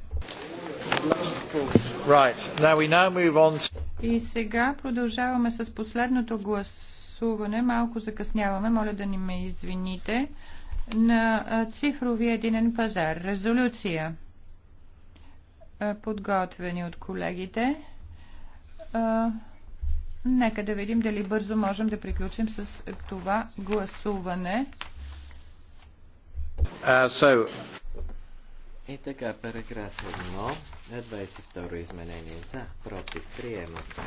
Right. Now we now move on to... И сега продължаваме с последното гласуване. Малко закъсняваме, моля да ни ме извините. На цифровия единен пазар. Резолюция. Е, подготвени от колегите. Е, нека да видим дали бързо можем да приключим с това гласуване. И така, параграф 1, 22 е, изменение за, против, приема се.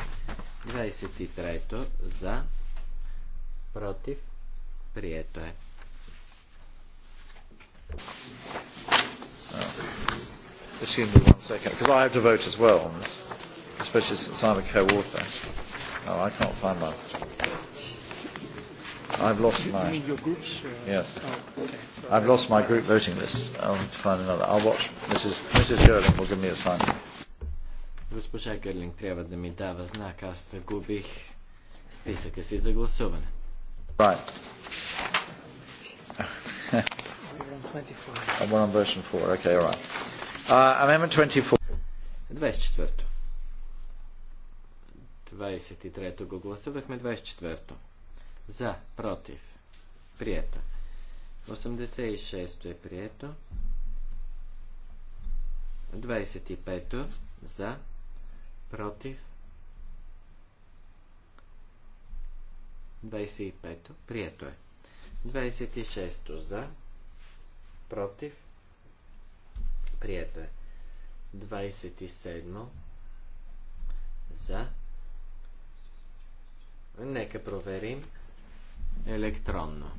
23 за, против, прието е assume me one second, because I have to vote as well on this, especially since I'm a co-author. Oh, I can't find my... I've lost my... You mean your groups? Uh, yes. Oh, okay. I've lost my group voting list. I'll need to find another. I'll watch. Mrs. Mrs. Gerling will give me a sign. Госпожа Гърлинг трябва да ми дава знак. Аз загубих списъка си за гласуване. Right. I'm on version 4. Okay, all right. 24. Uh, 23-то го гласувахме, 24-то. За, против. Прието. 86-то е прието. 25-то. За, против. 25-то. Прието е. 26-то. За, против. 26 Прието е. 27 за. Нека проверим електронно.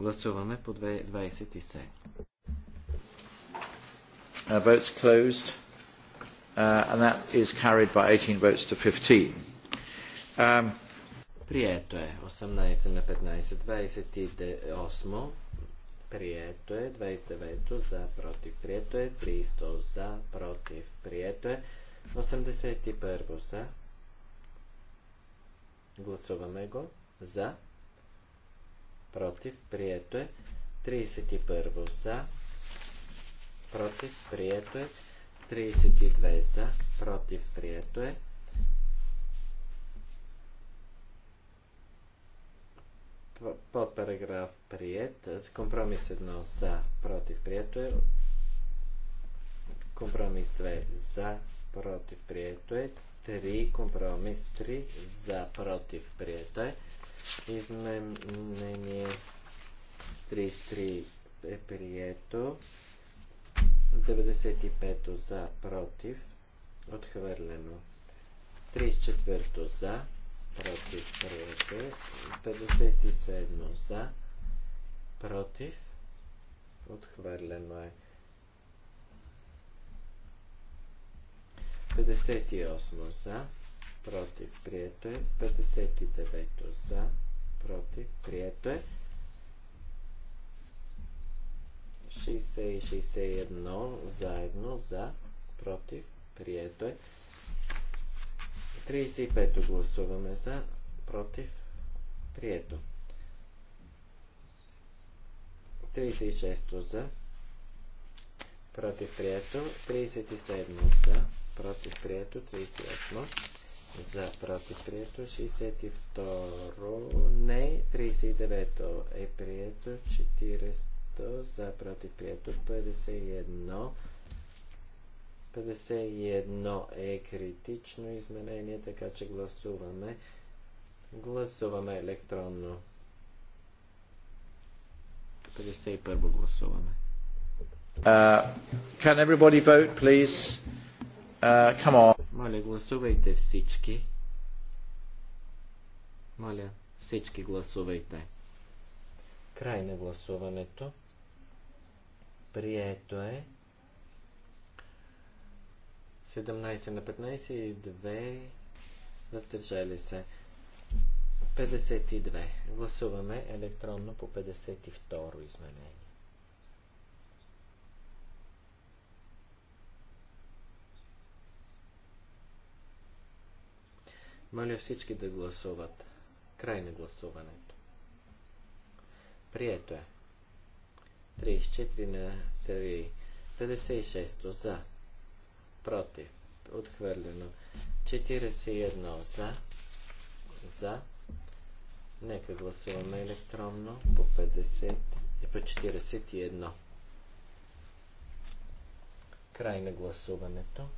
Гласуваме по 27. Uh, votes closed. Uh, and that is carried by 18 votes to 15. Um, Прието е 18 на 15, 28 прието е, 29 за, против, прието е, 300 за, против, прието е, 81 за, гласуваме го, за, против, прието е, 31 за, против, прието е, 32 за, против, прието е, подпараграф прият, компромис 1 за, против прието е, компромис 2 за, против прието е, 3 компромис 3 за, против прието е, изменение 33 е прието, 95 за, против, отхвърлено, 34 за, против, прието. 57 е. за, против, отхвърлено е. 58 за, против, прието е. 59 за, против, прието е. 60 и 61 заедно за, против, прието е. 35-то гласуваме за, против, прието. 36-то за, против, прието. 37-то за, против, прието. 38-то за, против, прието. 62-то не, 39-то е прието. 40-то за, против, прието. 51-то 51 е критично изменение, така че гласуваме. Гласуваме електронно. 51 гласуваме. Uh, can everybody vote, please? Uh, come on. Моля, гласувайте всички. Моля, всички гласувайте. Край на гласуването. Прието е. 17 на 15 и 2 въздържали се. 52. Гласуваме електронно по 52 изменение. Моля всички да гласуват. Край на гласуването. Прието е. 34 на 3. 56 за против, отхвърлено. 41 за, за. Нека гласуваме електронно по 50 и по 41. Край на гласуването.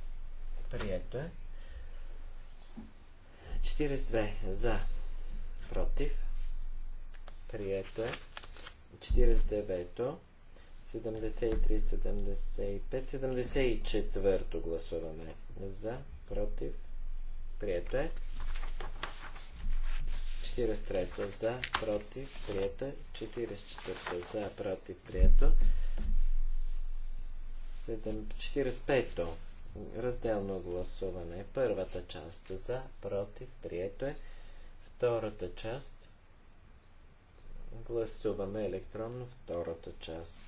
Прието е. 42 за, против. Прието е. 49 73, 75, 74 гласуваме. За, против, прието е. 43 за, против, прието е. 44 за, против, прието. 45 то разделно гласуване. Първата част за, против, прието е. Втората част гласуваме електронно втората част.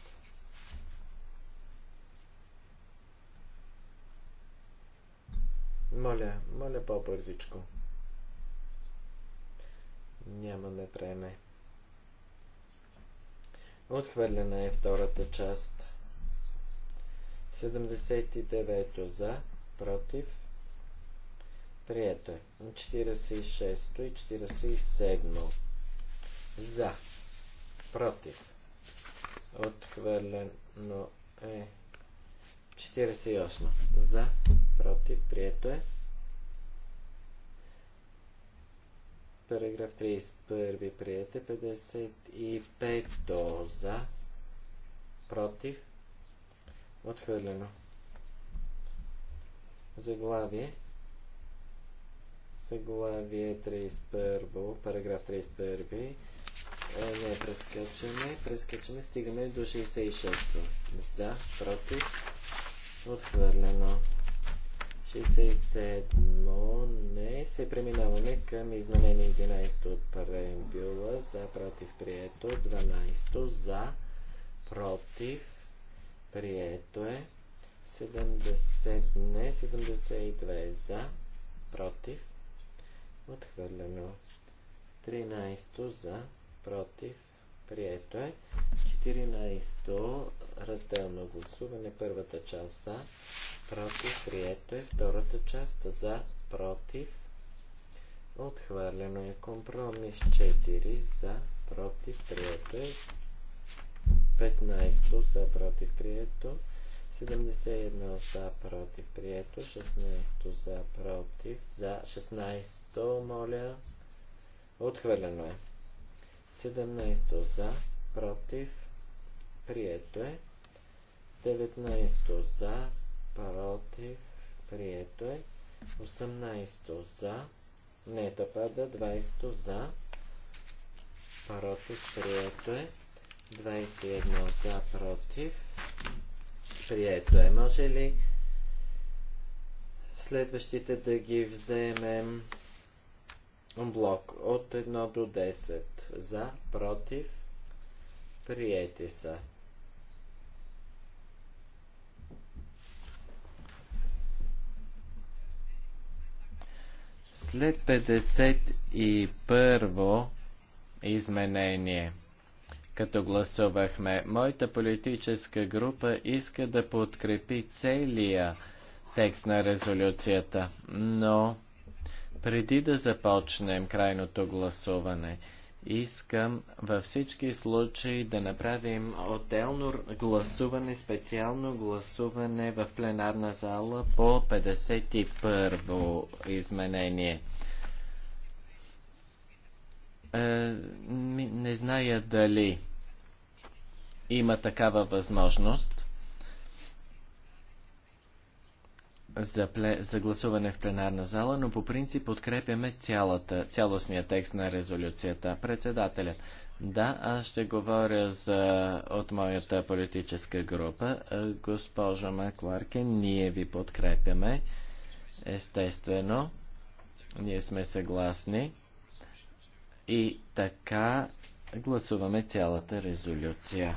Моля, моля по-бързичко. Нямаме време. Отхвърлена е втората част. 79 за, против, прието е. 46 и 47 за, против, отхвърлено е. 48 за, против, прието е. Параграф 31 приете, 55 за, против, отхвърлено. Заглавие. Заглавие 31, параграф 31 е, не прескачаме, прескачаме, стигаме до 66 За, против, отхвърлено. 67 не. Се преминаваме към изменение 11 от преамбюла за против прието, 12 за против прието е, 70 не, 72 за против отхвърлено, 13 за против прието е, 14 разделно гласуване, първата част за против, прието е. Втората част за, против, отхвърлено е. Компромис 4 за, против, прието е. 15 за, против, прието. 71 за, против, прието. 16 за, против, за, 16 моля, отхвърлено е. 17 за, против, прието е. 19 за, против, прието е. 18 за, не, то пада, 20 за, против, прието е. 21 за, против, прието е. Може ли следващите да ги вземем блок от 1 до 10 за, против, приети са. След 51 изменение, като гласувахме, моята политическа група иска да подкрепи целия текст на резолюцията, но преди да започнем крайното гласуване, Искам във всички случаи да направим отделно гласуване, специално гласуване в пленарна зала по 51-во изменение. Е, не зная дали има такава възможност. за, пле, за гласуване в пленарна зала, но по принцип подкрепяме цялата, цялостния текст на резолюцията. Председателят. Да, аз ще говоря за, от моята политическа група. Е, Госпожа Макларкен, ние ви подкрепяме. Естествено, ние сме съгласни. И така гласуваме цялата резолюция.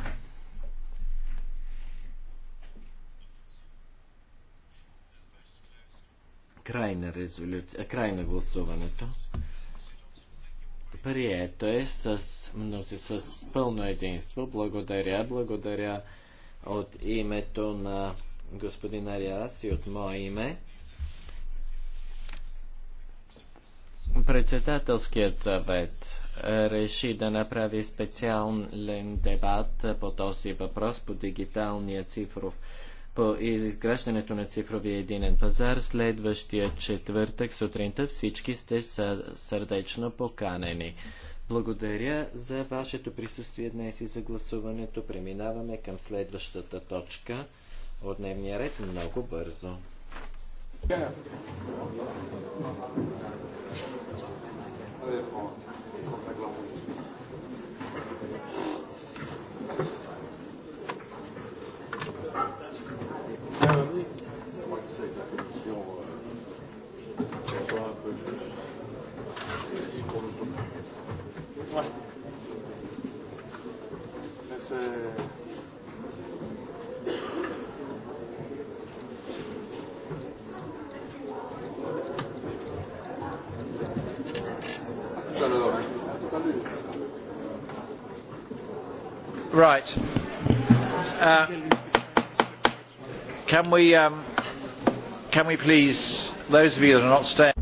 Край на, резолюци... край на гласуването. Прието е с, мнози, с пълно единство. Благодаря, благодаря от името на господин Ариас и от мое име. Председателският съвет реши да направи специален дебат по този въпрос по дигиталния цифров по изграждането на цифровия единен пазар следващия четвъртък сутринта всички сте сърдечно поканени. Благодаря за вашето присъствие днес и за гласуването. Преминаваме към следващата точка от дневния ред много бързо. Yeah. Right. Uh, can we um, can we please those of you that are not staying?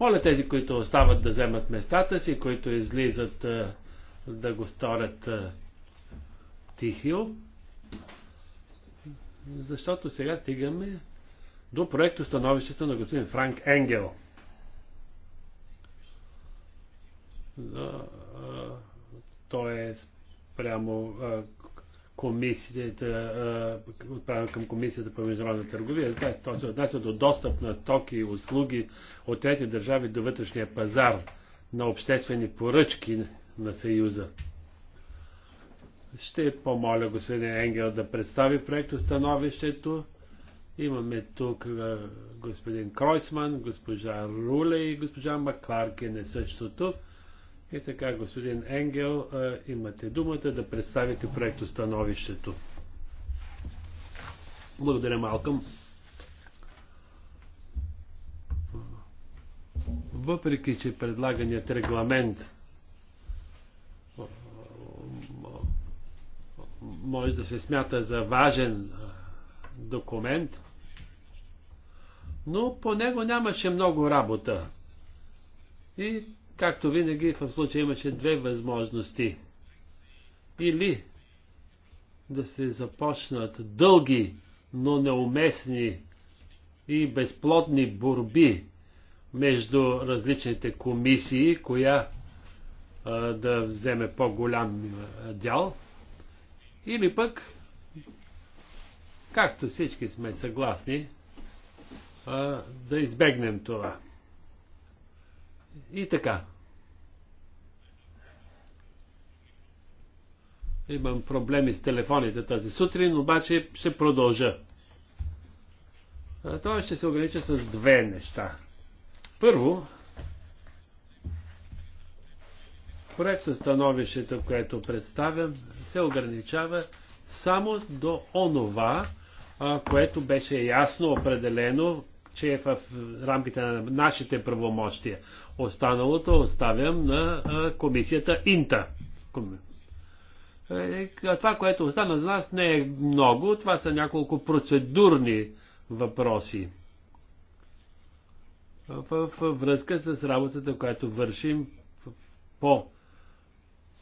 Моля тези, които остават да вземат местата си, които излизат uh, да го сторят uh, Тихио, защото сега стигаме до проекто становището на господин Франк Енгел. Да, а, той е прямо а, комисията, отправен към комисията по международна търговия. Е, То се отнася до достъп на стоки и услуги от трети държави до вътрешния пазар на обществени поръчки на Съюза. Ще помоля господин Енгел да представи проекто становището. Имаме тук е, господин Кройсман, госпожа Руле и госпожа Макларкин е също тук. И така, господин Енгел, е, имате думата да представите проекто становището. Благодаря, Малкам. Въпреки, че предлаганият регламент може да се смята за важен документ, но по него нямаше много работа. И, както винаги, в случая имаше две възможности. Или да се започнат дълги, но неуместни и безплодни борби между различните комисии, коя а, да вземе по-голям дял – или пък, както всички сме съгласни, а, да избегнем това. И така. Имам проблеми с телефоните тази сутрин, обаче ще продължа. А, това ще се огранича с две неща. Първо, Проекто становището, което представям, се ограничава само до онова, което беше ясно определено, че е в рамките на нашите правомощия. Останалото оставям на комисията Инта. Е, това, което остана за нас, не е много. Това са няколко процедурни въпроси в връзка с работата, която вършим по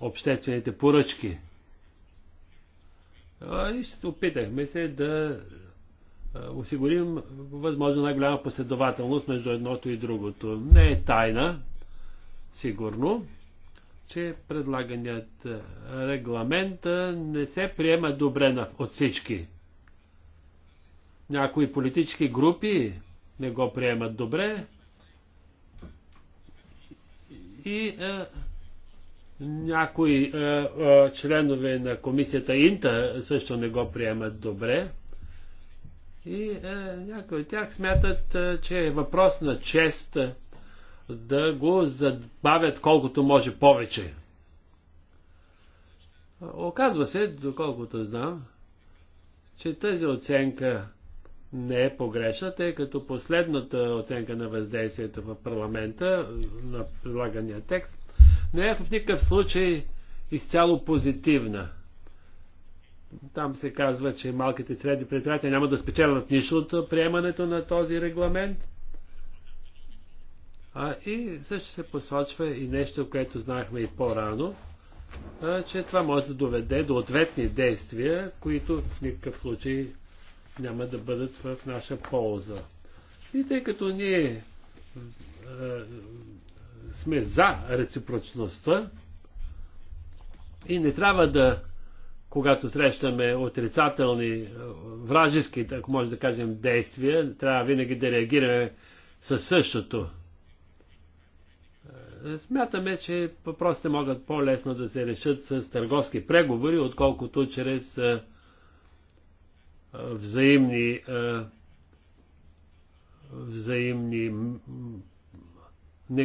обществените поръчки. И се опитахме се да осигурим възможно най-голяма последователност между едното и другото. Не е тайна, сигурно, че предлаганият регламент не се приема добре от всички. Някои политически групи не го приемат добре и някои е, е, членове на комисията Инта също не го приемат добре. И е, някои от тях смятат, е, че е въпрос на чест е, да го забавят колкото може повече. Оказва се, доколкото знам, че тази оценка не е погрешна, тъй като последната оценка на въздействието в парламента на предлагания текст не е в никакъв случай изцяло позитивна. Там се казва, че малките и средни предприятия няма да спечелят нищо от приемането на този регламент. А, и също се посочва и нещо, което знаехме и по-рано, че това може да доведе до ответни действия, които в никакъв случай няма да бъдат в наша полза. И тъй като ние сме за реципрочността и не трябва да, когато срещаме отрицателни, е, вражески, ако може да кажем, действия, трябва винаги да реагираме със същото. Е, смятаме, че въпросите могат по-лесно да се решат с търговски преговори, отколкото чрез е, взаимни взаимни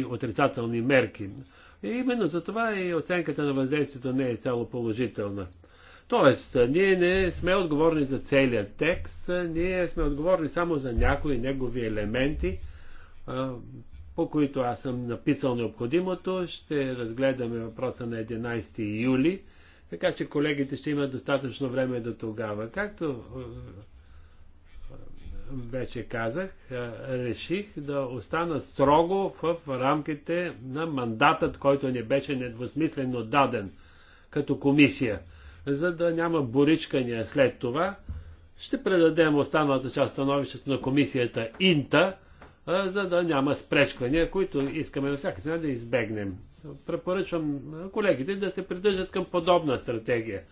отрицателни мерки. И именно затова и оценката на въздействието не е цяло положителна. Тоест, ние не сме отговорни за целият текст, ние сме отговорни само за някои негови елементи, по които аз съм написал необходимото. Ще разгледаме въпроса на 11 юли, така че колегите ще имат достатъчно време до тогава. Както вече казах, реших да остана строго в рамките на мандатът, който ни беше недвусмислено даден като комисия. За да няма боричкания след това, ще предадем останалата част становището на комисията Инта, за да няма спречквания, които искаме на всяка цена да избегнем. Препоръчвам колегите да се придържат към подобна стратегия.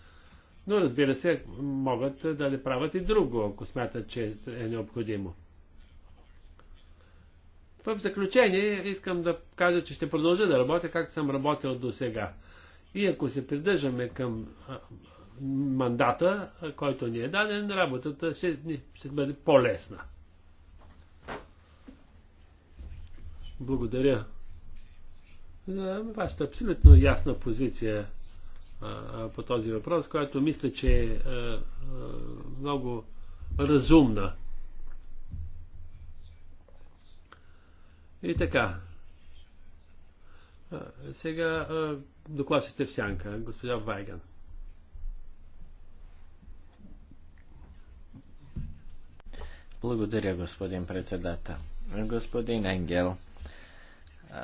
Но разбира се, могат да не правят и друго, ако смятат, че е необходимо. В заключение искам да кажа, че ще продължа да работя както съм работил до сега. И ако се придържаме към мандата, който ни е даден, работата ще, ще бъде по-лесна. Благодаря за вашата абсолютно ясна позиция по този въпрос, която мисля, че е, е много разумна. И така. Сега докласите в сянка, господин Вайган. Благодаря, господин председател. Господин Енгел,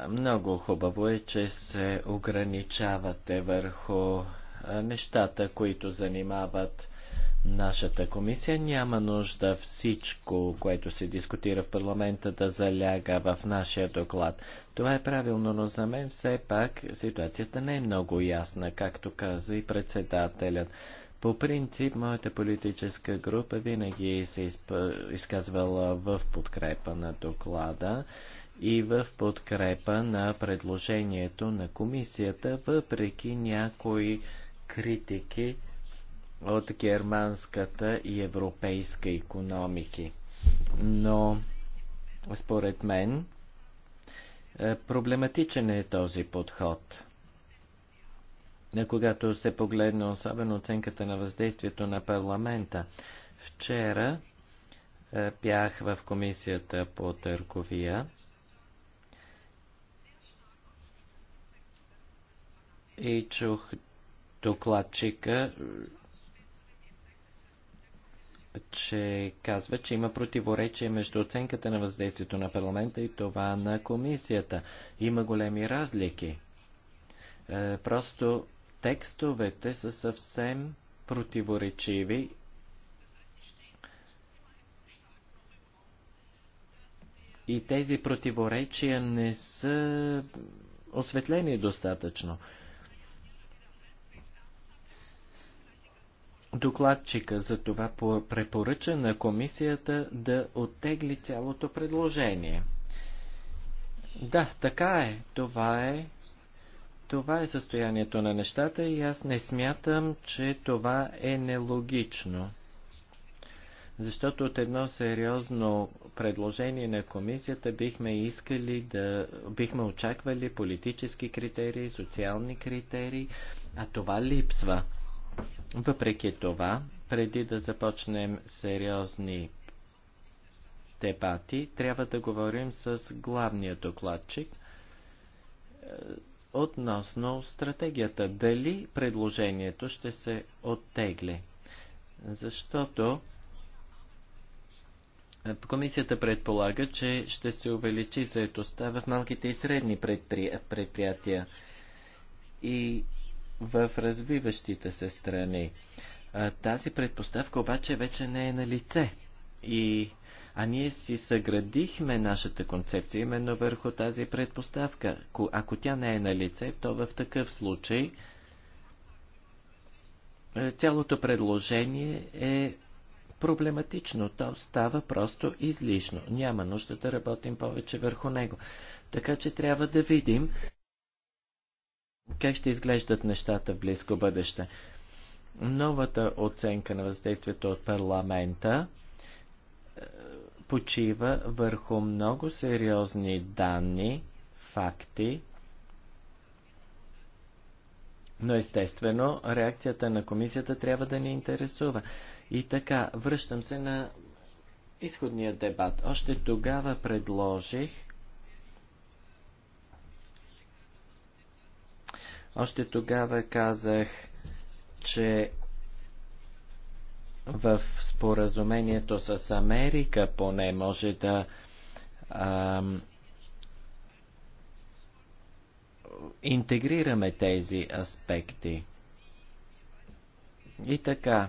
много хубаво е, че се ограничавате върху нещата, които занимават нашата комисия. Няма нужда всичко, което се дискутира в парламента, да заляга в нашия доклад. Това е правилно, но за мен все пак ситуацията не е много ясна, както каза и председателят. По принцип, моята политическа група винаги се изказвала в подкрепа на доклада и в подкрепа на предложението на комисията, въпреки някои критики от германската и европейска економики. Но, според мен, е, проблематичен е този подход. Когато се погледне особено оценката на въздействието на парламента, вчера е, бях в комисията по търговия и чух докладчика, че казва, че има противоречие между оценката на въздействието на парламента и това на комисията. Има големи разлики. Е, просто текстовете са съвсем противоречиви. И тези противоречия не са осветлени достатъчно. докладчика за това препоръча на комисията да оттегли цялото предложение. Да, така е. Това е. Това е състоянието на нещата и аз не смятам, че това е нелогично. Защото от едно сериозно предложение на комисията бихме искали да, бихме очаквали политически критерии, социални критерии, а това липсва. Въпреки това, преди да започнем сериозни дебати, трябва да говорим с главния докладчик е, относно стратегията. Дали предложението ще се оттегли? Защото е, Комисията предполага, че ще се увеличи заетостта в малките и средни предприятия. И в развиващите се страни. Тази предпоставка обаче вече не е на лице. И, а ние си съградихме нашата концепция именно върху тази предпоставка. Ако тя не е на лице, то в такъв случай е, цялото предложение е проблематично. То става просто излишно. Няма нужда да работим повече върху него. Така че трябва да видим как ще изглеждат нещата в близко бъдеще. Новата оценка на въздействието от парламента е, почива върху много сериозни данни, факти, но естествено, реакцията на комисията трябва да ни интересува. И така, връщам се на изходния дебат. Още тогава предложих Още тогава казах, че в споразумението с Америка поне може да ам, интегрираме тези аспекти. И така,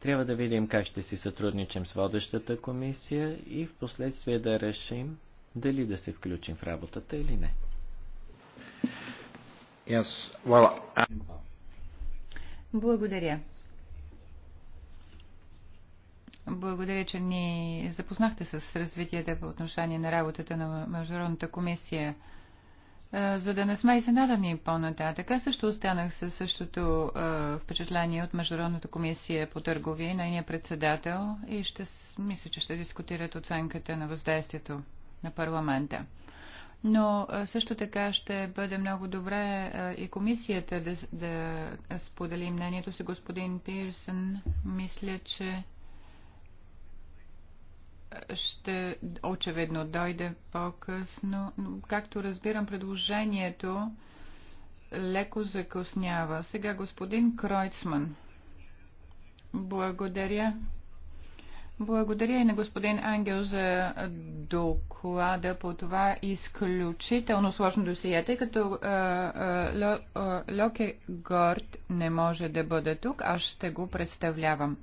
трябва да видим как ще си сътрудничим с водещата комисия и в последствие да решим дали да се включим в работата или не. Yes, well, uh, Благодаря. Благодаря, че ни запознахте с развитията по отношение на работата на Международната комисия. Е, за да не сме изненадани по-нататък, аз също останах със същото е, впечатление от Международната комисия по търговия и нейния председател и ще, мисля, че ще дискутират оценката на въздействието на парламента но също така ще бъде много добре и комисията да, да сподели мнението си. Господин Пирсън, мисля, че ще очевидно дойде по-късно. Както разбирам, предложението леко закъснява. Сега господин Кройцман. Благодаря. Благодаря и на господин Ангел за доклада по това изключително сложно досие, тъй като Локе Горд не може да бъде тук, аз ще го представлявам.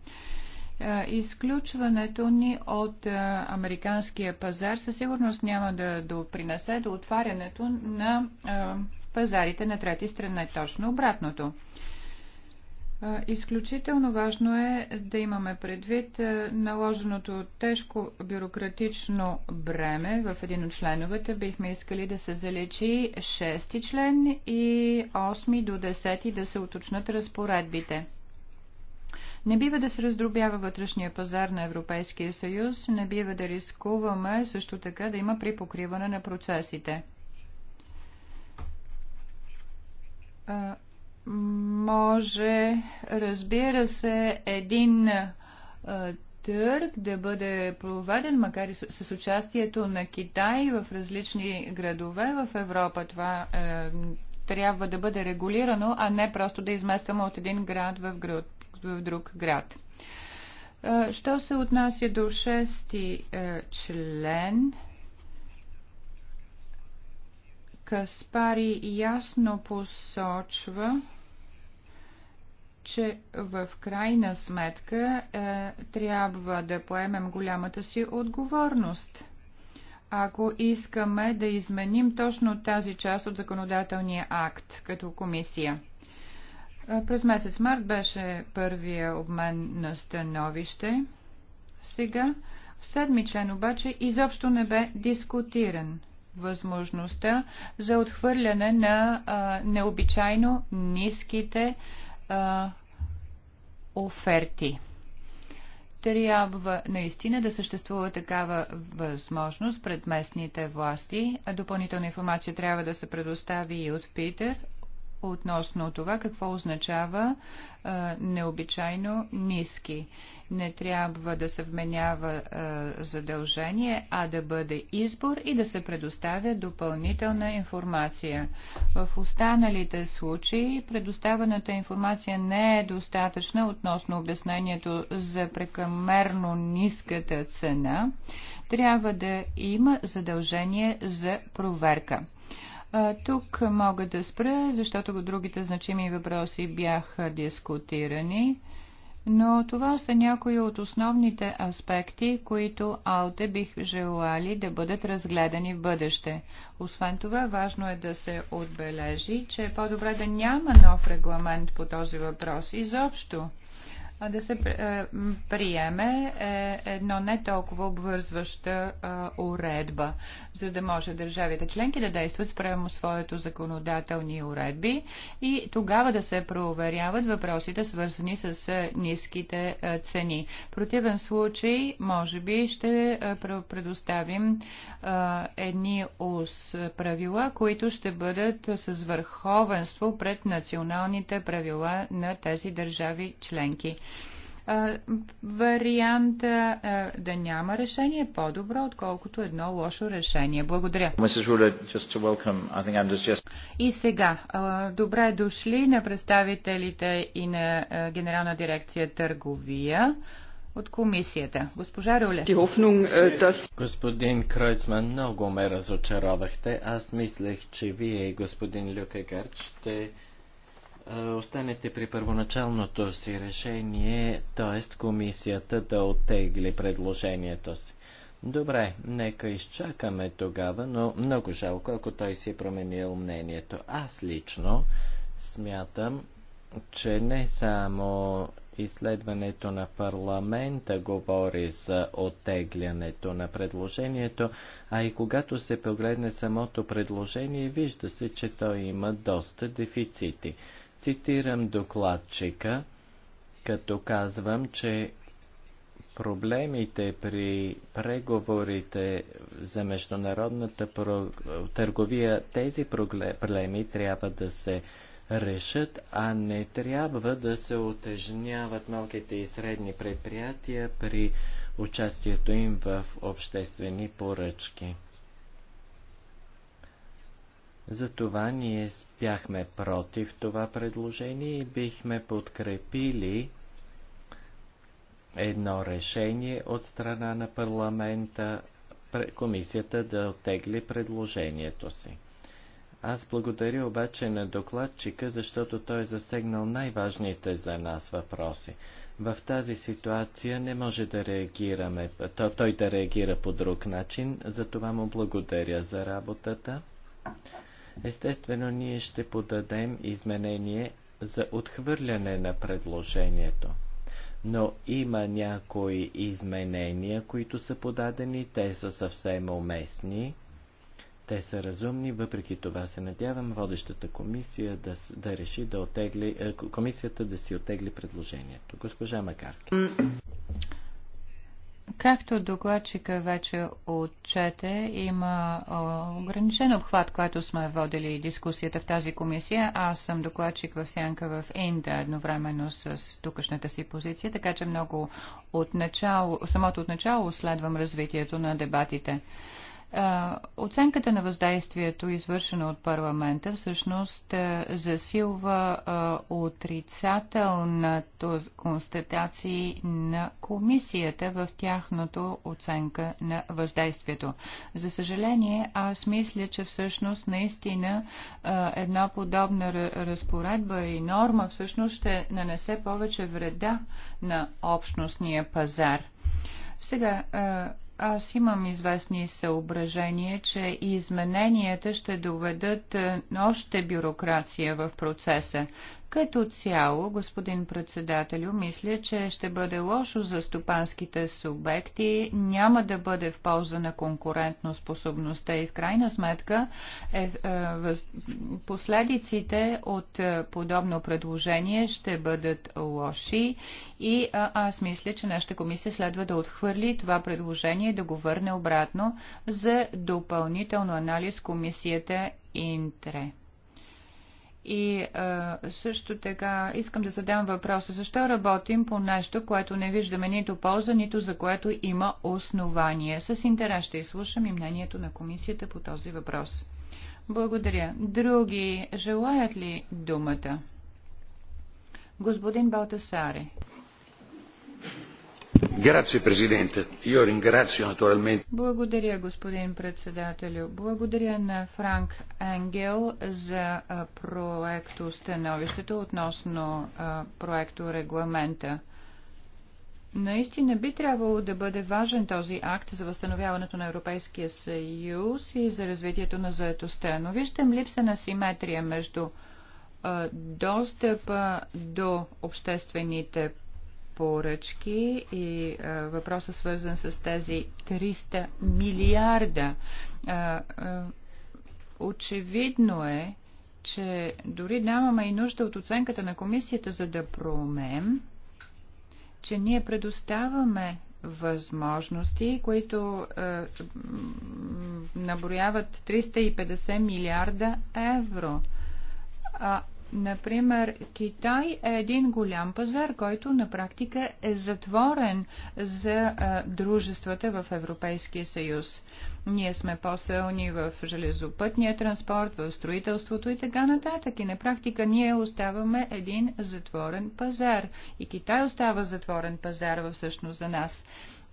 Изключването ни от американския пазар със сигурност няма да допринесе до отварянето на пазарите на трети страна, точно обратното. Изключително важно е да имаме предвид наложеното тежко бюрократично бреме в един от членовете. Бихме искали да се залечи 6 член и 8 до 10 да се уточнат разпоредбите. Не бива да се раздробява вътрешния пазар на Европейския съюз, не бива да рискуваме също така да има припокриване на процесите може, разбира се, един търг да бъде проведен, макар и с участието на Китай в различни градове в Европа. Това е, трябва да бъде регулирано, а не просто да изместваме от един град в, град, в друг град. Е, що се отнася до шести е, член, Каспари ясно посочва, че в крайна сметка е, трябва да поемем голямата си отговорност. Ако искаме да изменим точно тази част от законодателния акт като комисия. Е, през месец март беше първия обмен на становище. Сега в седми член обаче изобщо не бе дискутиран възможността за отхвърляне на а, е, необичайно ниските а, а, оферти. Трябва наистина да съществува такава възможност пред местните власти. Допълнителна информация трябва да се предостави и от Питер, относно това какво означава а, необичайно ниски. Не трябва да се вменява а, задължение, а да бъде избор и да се предоставя допълнителна информация. В останалите случаи предоставената информация не е достатъчна относно обяснението за прекамерно ниската цена. Трябва да има задължение за проверка. Тук мога да спра, защото другите значими въпроси бяха дискутирани, но това са някои от основните аспекти, които АЛТЕ бих желали да бъдат разгледани в бъдеще. Освен това, важно е да се отбележи, че е по-добре да няма нов регламент по този въпрос изобщо да се е, приеме е, едно не толкова обвързваща уредба, за да може държавите членки да действат спрямо своето законодателни уредби и тогава да се проверяват въпросите, свързани с е, ниските цени. В противен случай, може би, ще предоставим едни правила, които ще бъдат с върховенство пред националните правила на тези държави членки вариант да няма решение е по-добро, отколкото едно лошо решение. Благодаря. И сега, добре дошли на представителите и на Генерална дирекция търговия от комисията. Госпожа Руле. Господин Кройцман, много ме разочаровахте. Аз мислех, че вие и господин Люкегард ще е, останете при първоначалното си решение, т.е. комисията да оттегли предложението си. Добре, нека изчакаме тогава, но много жалко, ако той си е променил мнението. Аз лично смятам, че не само изследването на парламента говори за оттеглянето на предложението, а и когато се погледне самото предложение, вижда се, че той има доста дефицити цитирам докладчика, като казвам, че проблемите при преговорите за международната търговия, тези проблеми трябва да се решат, а не трябва да се отежняват малките и средни предприятия при участието им в обществени поръчки. Затова ние бяхме против това предложение и бихме подкрепили едно решение от страна на парламента комисията да оттегли предложението си. Аз благодаря обаче на докладчика, защото той е засегнал най-важните за нас въпроси. В тази ситуация не може да реагираме, то, той да реагира по друг начин, за това му благодаря за работата. Естествено, ние ще подадем изменение за отхвърляне на предложението. Но има някои изменения, които са подадени, те са съвсем уместни, те са разумни, въпреки това се надявам водещата комисия да, да реши да отегли, е, комисията да си отегли предложението. Госпожа Макарки. Както докладчика вече отчете, има ограничен обхват, който сме водили дискусията в тази комисия. Аз съм докладчик в Сянка в Инда едновременно с тукашната си позиция, така че много от начало, самото от начало следвам развитието на дебатите. Е, оценката на въздействието, извършено от парламента, всъщност е, засилва е, отрицателната констатации на комисията в тяхното оценка на въздействието. За съжаление, аз мисля, че всъщност наистина една подобна разпоредба и норма всъщност ще нанесе повече вреда на общностния пазар. Сега, аз имам известни съображения, че измененията ще доведат е, още бюрокрация в процеса. Като цяло, господин председателю, мисля, че ще бъде лошо за стопанските субекти, няма да бъде в полза на конкурентно способността и в крайна сметка е, е, въз... последиците от е, подобно предложение ще бъдат лоши и а, аз мисля, че нашата комисия следва да отхвърли това предложение и да го върне обратно за допълнително анализ комисията Интре. И а, също така искам да задам въпроса, защо работим по нещо, което не виждаме нито полза, нито за което има основание. С интерес ще изслушам и мнението на комисията по този въпрос. Благодаря. Други желаят ли думата? Господин Балтасаре. Благодаря, господин председателю. Благодаря на Франк Енгел за проекто становището относно проекто регламента. Наистина би трябвало да бъде важен този акт за възстановяването на Европейския съюз и за развитието на заедостта. Но виждам липса на симетрия между достъпа до обществените поръчки и а, въпросът свързан с тези 300 милиарда. А, а, очевидно е, че дори нямаме и нужда от оценката на комисията, за да проумем, че ние предоставяме възможности, които наброяват 350 милиарда евро. А Например, Китай е един голям пазар, който на практика е затворен за а, дружествата в Европейския съюз. Ние сме по-силни в железопътния транспорт, в строителството и така нататък. И на практика ние оставаме един затворен пазар. И Китай остава затворен пазар всъщност за нас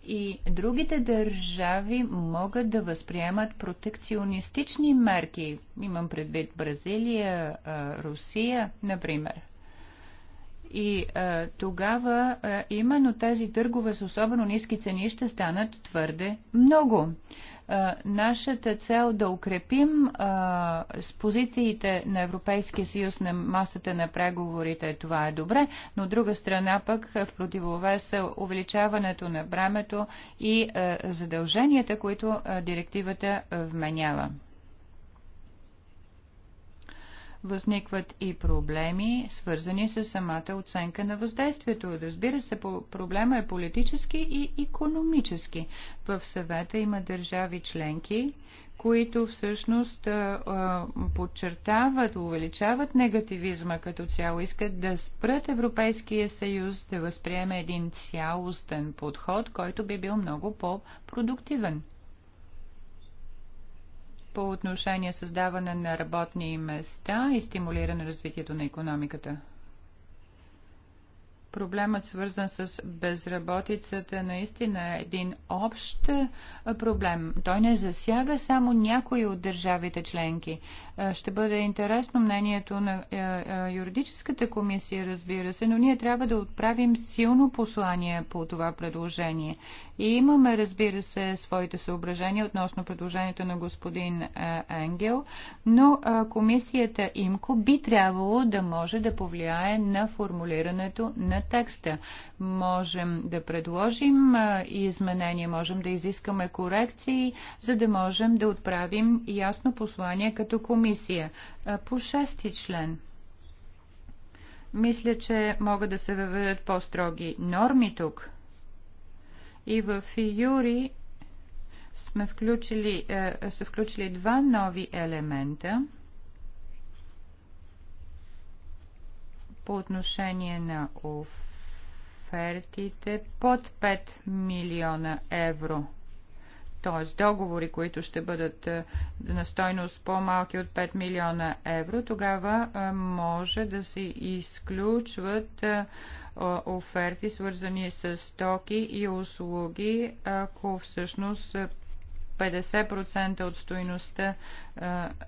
и другите държави могат да възприемат протекционистични мерки. Имам предвид Бразилия, Русия, например. И а, е, тогава а, е, именно тези търгове с особено ниски цени ще станат твърде много. А, е, нашата цел да укрепим а, с позициите на Европейския съюз на масата на преговорите, това е добре, но от друга страна пък в противовес увеличаването на бремето и а, задълженията, които а, директивата вменява възникват и проблеми, свързани с самата оценка на въздействието. Разбира се, проблема е политически и економически. В съвета има държави членки, които всъщност подчертават, увеличават негативизма като цяло, искат да спрат Европейския съюз да възприеме един цялостен подход, който би бил много по-продуктивен по отношение създаване на работни места и стимулиране развитието на економиката? проблемът свързан с безработицата наистина е един общ е, проблем. Той не засяга само някои от държавите членки. Е, ще бъде интересно мнението на е, юридическата комисия, разбира се, но ние трябва да отправим силно послание по това предложение. И имаме, разбира се, своите съображения относно предложението на господин Енгел, но комисията ИМКО би трябвало да може да повлияе на формулирането на текста. Можем да предложим изменения, можем да изискаме корекции, за да можем да отправим ясно послание като комисия. По шести член. Мисля, че могат да се въведат по-строги норми тук. И в Юри сме включили, е, са включили два нови елемента – по отношение на офертите под 5 милиона евро т.е. договори, които ще бъдат е, на стойност по-малки от 5 милиона евро, тогава е, може да се изключват е, оферти, свързани с стоки и услуги, ако всъщност 50% от стоиността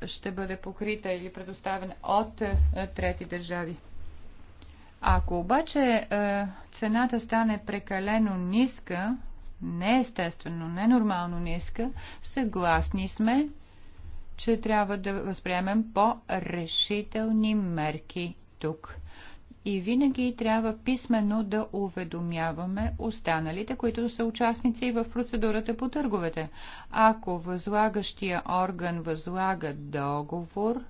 ще бъде покрита или предоставена от трети държави. Ако обаче е, цената стане прекалено ниска, не естествено, не нормално ниска, съгласни сме, че трябва да възприемем по-решителни мерки тук. И винаги трябва писменно да уведомяваме останалите, които са участници в процедурата по търговете. Ако възлагащия орган възлага договор,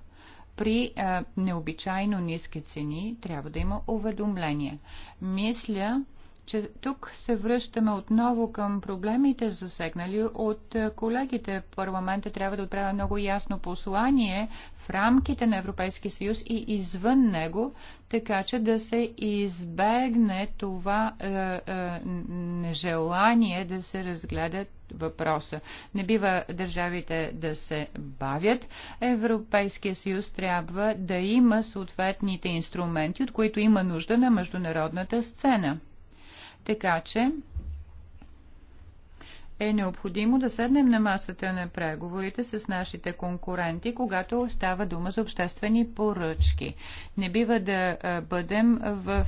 при необичайно ниски цени трябва да има уведомление. Мисля, че тук се връщаме отново към проблемите засегнали от е, колегите. Парламента трябва да отправя много ясно послание в рамките на Европейския съюз и извън него, така че да се избегне това е, е, нежелание да се разгледат въпроса. Не бива държавите да се бавят. Европейския съюз трябва да има съответните инструменти, от които има нужда на международната сцена. Така че е необходимо да седнем на масата на преговорите с нашите конкуренти, когато става дума за обществени поръчки. Не бива да бъдем в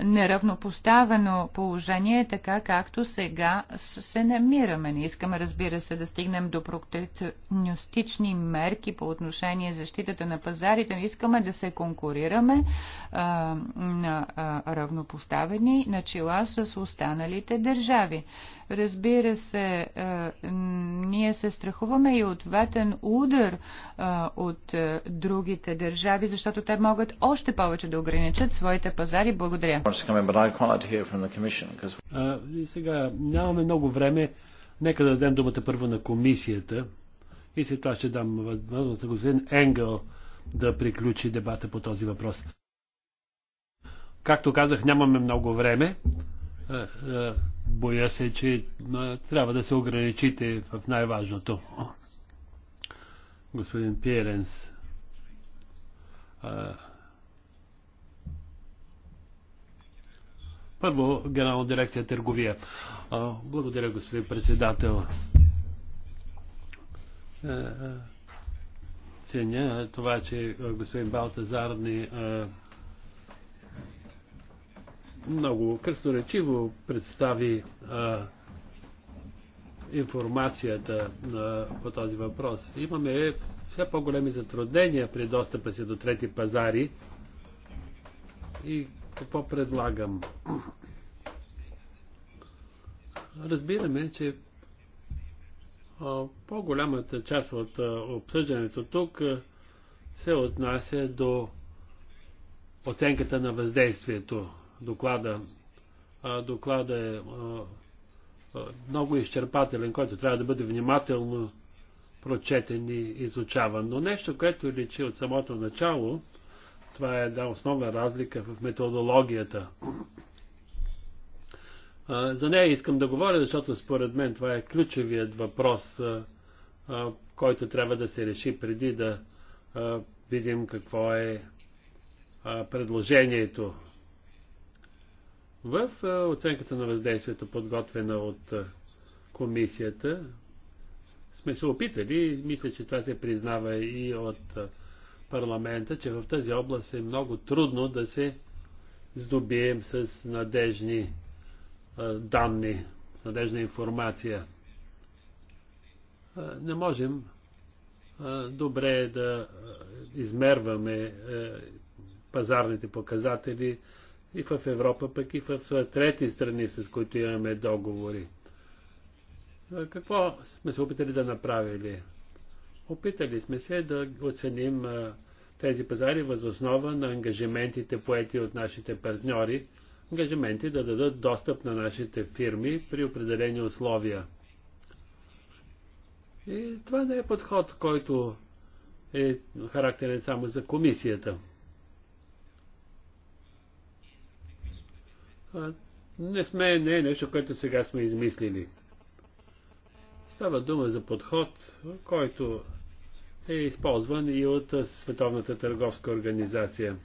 неравнопоставено положение, така както сега се намираме. Не искаме, разбира се, да стигнем до протекционистични мерки по отношение защитата на пазарите. Не искаме да се конкурираме а, на а, равнопоставени начала с останалите държави. Разбира се, е, ние се страхуваме и ответен удар е, от е, другите държави, защото те могат още повече да ограничат своите пазари. Благодаря. и сега нямаме много време. Нека да дадем думата първо на комисията и след това ще дам възможност на господин Енгел да приключи дебата по този въпрос. Както казах, нямаме много време. Боя се, че а, трябва да се ограничите в най-важното. Господин Пиеренс. Първо, Генерална дирекция търговия. А, Благодаря, господин председател. А, Ценя това, че господин Балтазар ни а, много кръсторечиво представи а, информацията а, по този въпрос. Имаме все по-големи затруднения при достъпа си до трети пазари. И какво предлагам? Разбираме, че по-голямата част от обсъждането тук се отнася до оценката на въздействието доклада. Доклада е много изчерпателен, който трябва да бъде внимателно прочетен и изучаван. Но нещо, което личи от самото начало, това е една основна разлика в методологията. За нея искам да говоря, защото според мен това е ключовият въпрос, който трябва да се реши преди да видим какво е предложението в оценката на въздействието, подготвена от комисията, сме се опитали, мисля, че това се признава и от парламента, че в тази област е много трудно да се здобием с надежни данни, надежна информация. Не можем добре да измерваме пазарните показатели, и в Европа, пък и в трети страни, с които имаме договори. Какво сме се опитали да направили? Опитали сме се да оценим тези пазари възоснова на ангажиментите поети от нашите партньори, ангажименти да дадат достъп на нашите фирми при определени условия. И това не е подход, който е характерен само за комисията. не сме, не е нещо, което сега сме измислили. Става дума за подход, който е използван и от Световната търговска организация.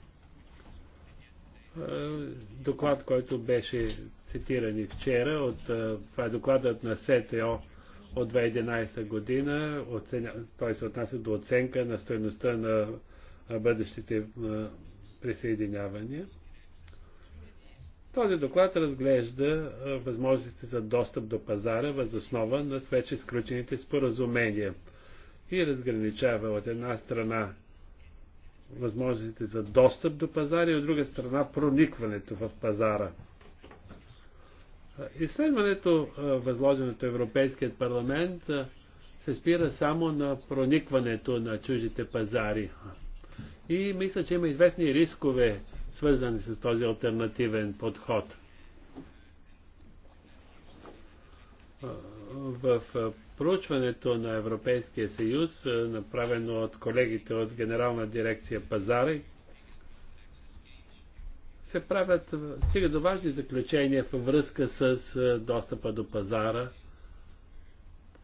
Доклад, който беше цитиран и вчера, от, това е докладът на СТО от 2011 година, оценя, той се отнася до оценка на стоеността на бъдещите присъединявания. Този доклад разглежда възможностите за достъп до пазара въз основа на вече сключените споразумения и разграничава от една страна възможностите за достъп до пазара и от друга страна проникването в пазара. Изследването, възложеното Европейският парламент, се спира само на проникването на чужите пазари. И мисля, че има известни рискове свързани с този альтернативен подход. В проучването на Европейския съюз, направено от колегите от Генерална дирекция Пазари, се правят, стига до важни заключения във връзка с достъпа до пазара,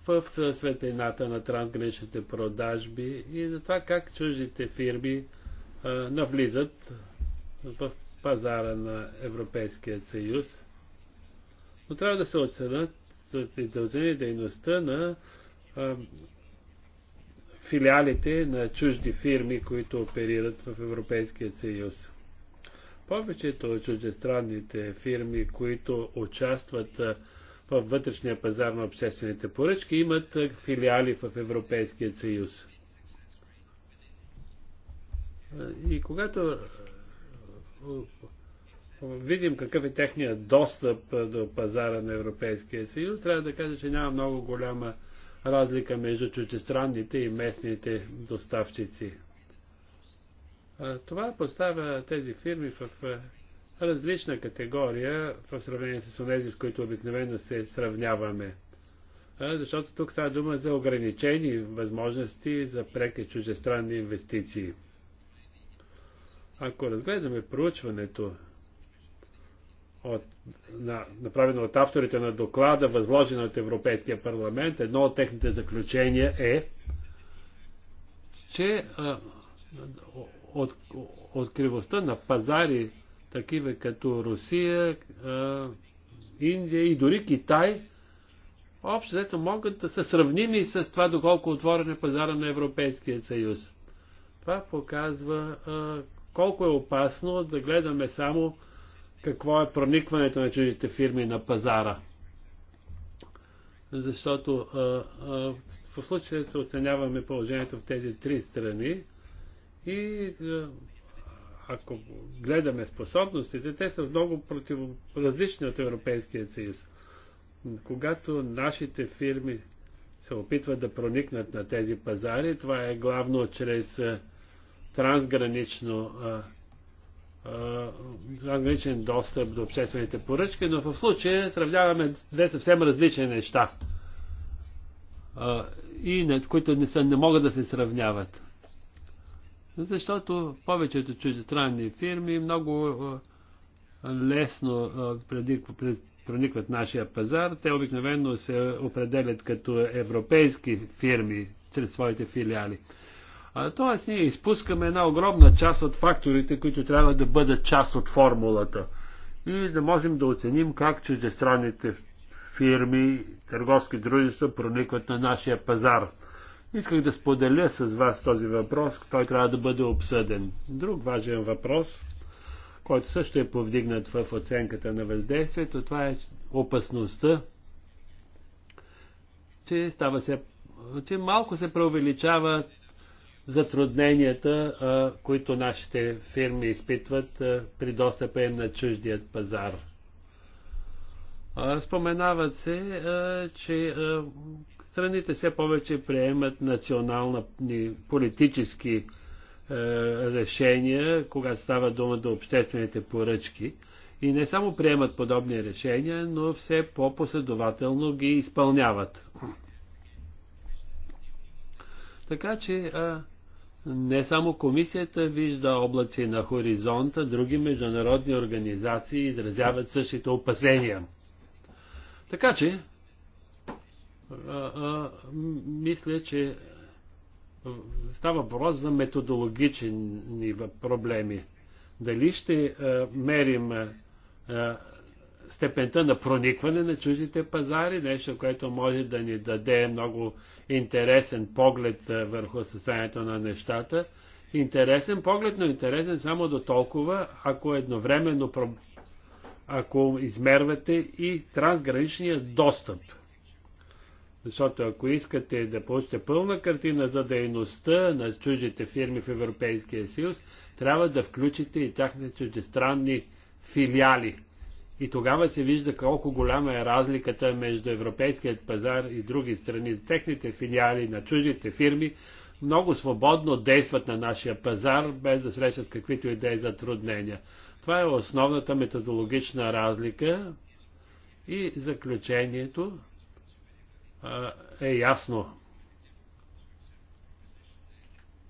в светлината на трансграничните продажби и за това как чуждите фирми навлизат в пазара на Европейския съюз, но трябва да се оценят да оцени дейността на а, филиалите на чужди фирми, които оперират в Европейския съюз. Повечето от чуждестранните фирми, които участват в вътрешния пазар на обществените поръчки, имат филиали в Европейския съюз. И когато видим какъв е техният достъп до пазара на Европейския съюз, трябва да кажа, че няма много голяма разлика между чужестранните и местните доставчици. Това поставя тези фирми в различна категория в сравнение с тези, с които обикновено се сравняваме. Защото тук става дума за ограничени възможности за преки чужестранни инвестиции. Ако разгледаме проучването от, на, направено от авторите на доклада, възложено от Европейския парламент, едно от техните заключения е, че а, от, откривостта на пазари, такива като Русия, а, Индия и дори Китай, общо взето могат да са сравними с това доколко отворен е пазара на Европейския съюз. Това показва а, колко е опасно да гледаме само какво е проникването на чуждите фирми на пазара. Защото а, а, в случая се оценяваме положението в тези три страни и а, ако гледаме способностите, те са много против... различни от Европейския съюз. Когато нашите фирми се опитват да проникнат на тези пазари, това е главно чрез а, трансгранично трансграничен достъп до обществените поръчки, но в случая сравняваме две съвсем различни неща, и над които не, са, не могат да се сравняват. Защото повечето чуждестранни фирми много лесно проникват нашия пазар. Те обикновено се определят като европейски фирми чрез своите филиали. Тоест ние изпускаме една огромна част от факторите, които трябва да бъдат част от формулата и да можем да оценим как чуждестранните фирми, търговски дружества проникват на нашия пазар. Исках да споделя с вас този въпрос, той трябва да бъде обсъден. Друг важен въпрос, който също е повдигнат в оценката на въздействието, това е опасността, че става се че малко се преувеличава затрудненията, които нашите фирми изпитват при достъпа им на чуждият пазар. Споменават се, че страните все повече приемат национални политически решения, когато става дума до обществените поръчки. И не само приемат подобни решения, но все по-последователно ги изпълняват. Така че а, не само комисията вижда облаци на хоризонта, други международни организации изразяват същите опасения. Така че, а, а, мисля, че става въпрос за методологични проблеми. Дали ще а, мерим степента на проникване на чуждите пазари, нещо, което може да ни даде много интересен поглед върху състоянието на нещата. Интересен поглед, но интересен само до толкова, ако едновременно ако измервате и трансграничния достъп. Защото ако искате да получите пълна картина за дейността на чуждите фирми в Европейския съюз, трябва да включите и тяхните чуждестранни филиали – и тогава се вижда колко голяма е разликата между европейският пазар и други страни. Техните филиали на чуждите фирми много свободно действат на нашия пазар, без да срещат каквито и да е затруднения. Това е основната методологична разлика и заключението а, е ясно.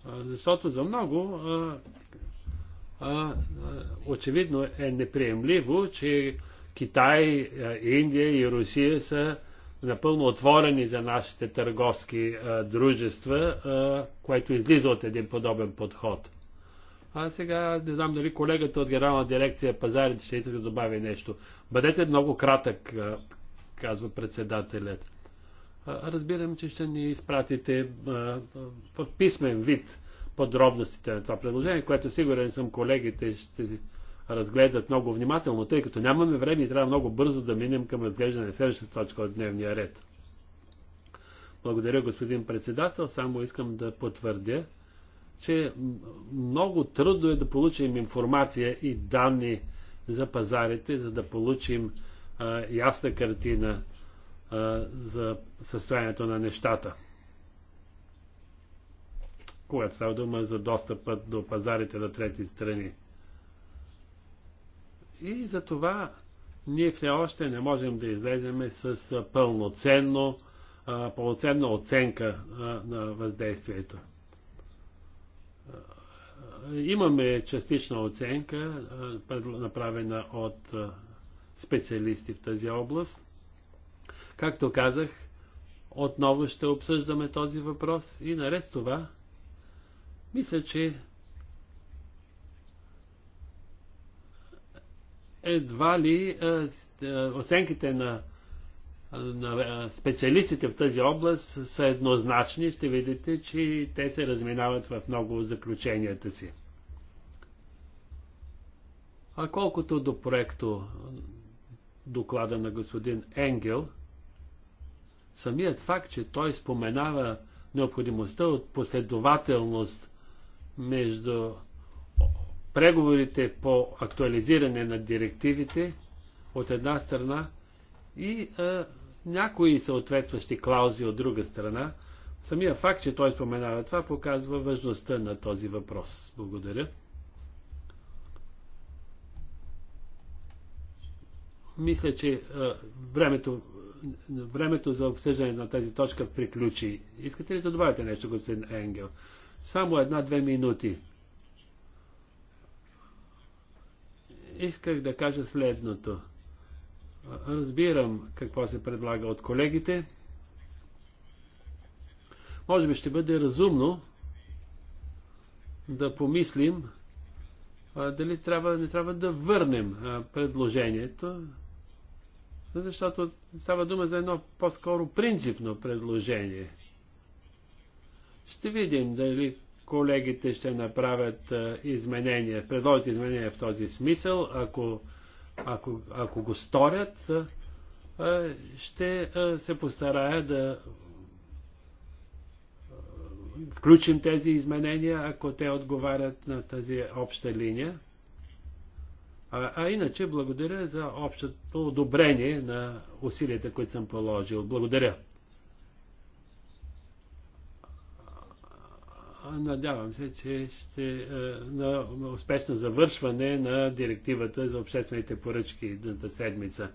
А, защото за много а, очевидно е неприемливо, че Китай, Индия и Русия са напълно отворени за нашите търговски дружества, което излиза от един подобен подход. А сега не знам дали колегата от Генерална дирекция пазарите ще иска да добави нещо. Бъдете много кратък, казва председателят. Разбирам, че ще ни изпратите в писмен вид подробностите на това предложение, което сигурен съм колегите ще разгледат много внимателно, тъй като нямаме време и трябва много бързо да минем към разглеждане на следващата точка от дневния ред. Благодаря, господин председател. Само искам да потвърдя, че много трудно е да получим информация и данни за пазарите, за да получим а, ясна картина а, за състоянието на нещата когато става дума за достъпът до пазарите на трети страни. И за това ние все още не можем да излеземе с пълноценно, пълноценна оценка на въздействието. Имаме частична оценка, направена от специалисти в тази област. Както казах, отново ще обсъждаме този въпрос и наред с това мисля, че едва ли оценките на, на специалистите в тази област са еднозначни. Ще видите, че те се разминават в много заключенията си. А колкото до проекто доклада на господин Енгел, самият факт, че той споменава необходимостта от последователност между преговорите по актуализиране на директивите от една страна и а, някои съответстващи клаузи от друга страна. Самия факт, че той споменава това, показва важността на този въпрос. Благодаря. Мисля, че а, времето, времето за обсъждане на тази точка приключи. Искате ли да добавите нещо, господин Енгел? Само една-две минути. Исках да кажа следното. Разбирам какво се предлага от колегите. Може би ще бъде разумно да помислим а, дали трябва, не трябва да върнем а, предложението, защото става дума за едно по-скоро принципно предложение. Ще видим дали колегите ще направят изменения, предложат изменения в този смисъл. Ако, ако, ако го сторят, ще се постарая да включим тези изменения, ако те отговарят на тази обща линия. А, а иначе благодаря за общото одобрение на усилията, които съм положил. Благодаря. Надявам се, че ще е, на успешно завършване на директивата за обществените поръчки едната седмица.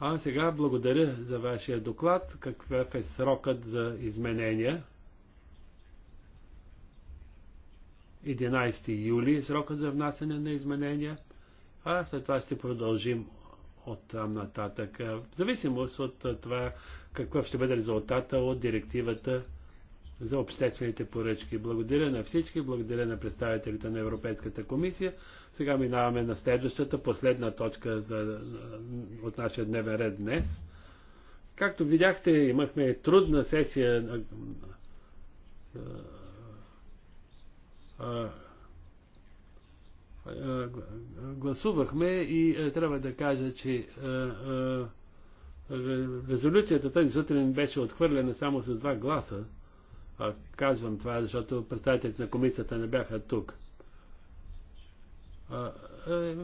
А сега благодаря за вашия доклад. Какъв е срокът за изменения? 11 юли е срокът за внасяне на изменения. А след това ще продължим от там нататък. В зависимост от това какъв ще бъде резултата от директивата за обществените поръчки. Благодаря на всички, благодаря на представителите на Европейската комисия. Сега минаваме на следващата, последна точка за, от нашия дневен ред днес. Както видяхте, имахме трудна сесия. Гласувахме и трябва да кажа, че резолюцията тази сутрин беше отхвърлена само с два гласа. Казвам това, защото представителите на комисията не бяха тук.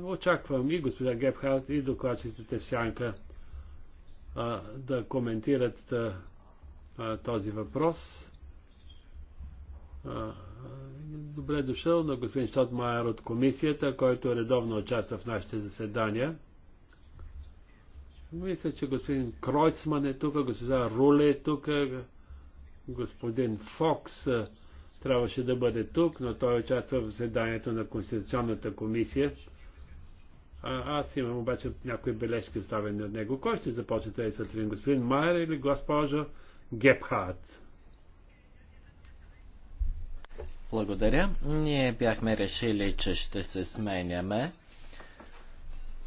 Очаквам и госпожа Гепхарт, и докладчиците в Сянка да коментират този въпрос. Добре дошъл на господин Штотмайер от комисията, който редовно участва в нашите заседания. Мисля, че господин Кройцман е тук, госпожа Руле е тук, господин Фокс трябваше да бъде тук, но той участва в заседанието на Конституционната комисия. А, аз имам обаче някои бележки оставени от него. Кой ще започне тази сутрин? Господин Майер или госпожа Гепхарт? Благодаря. Ние бяхме решили, че ще се сменяме.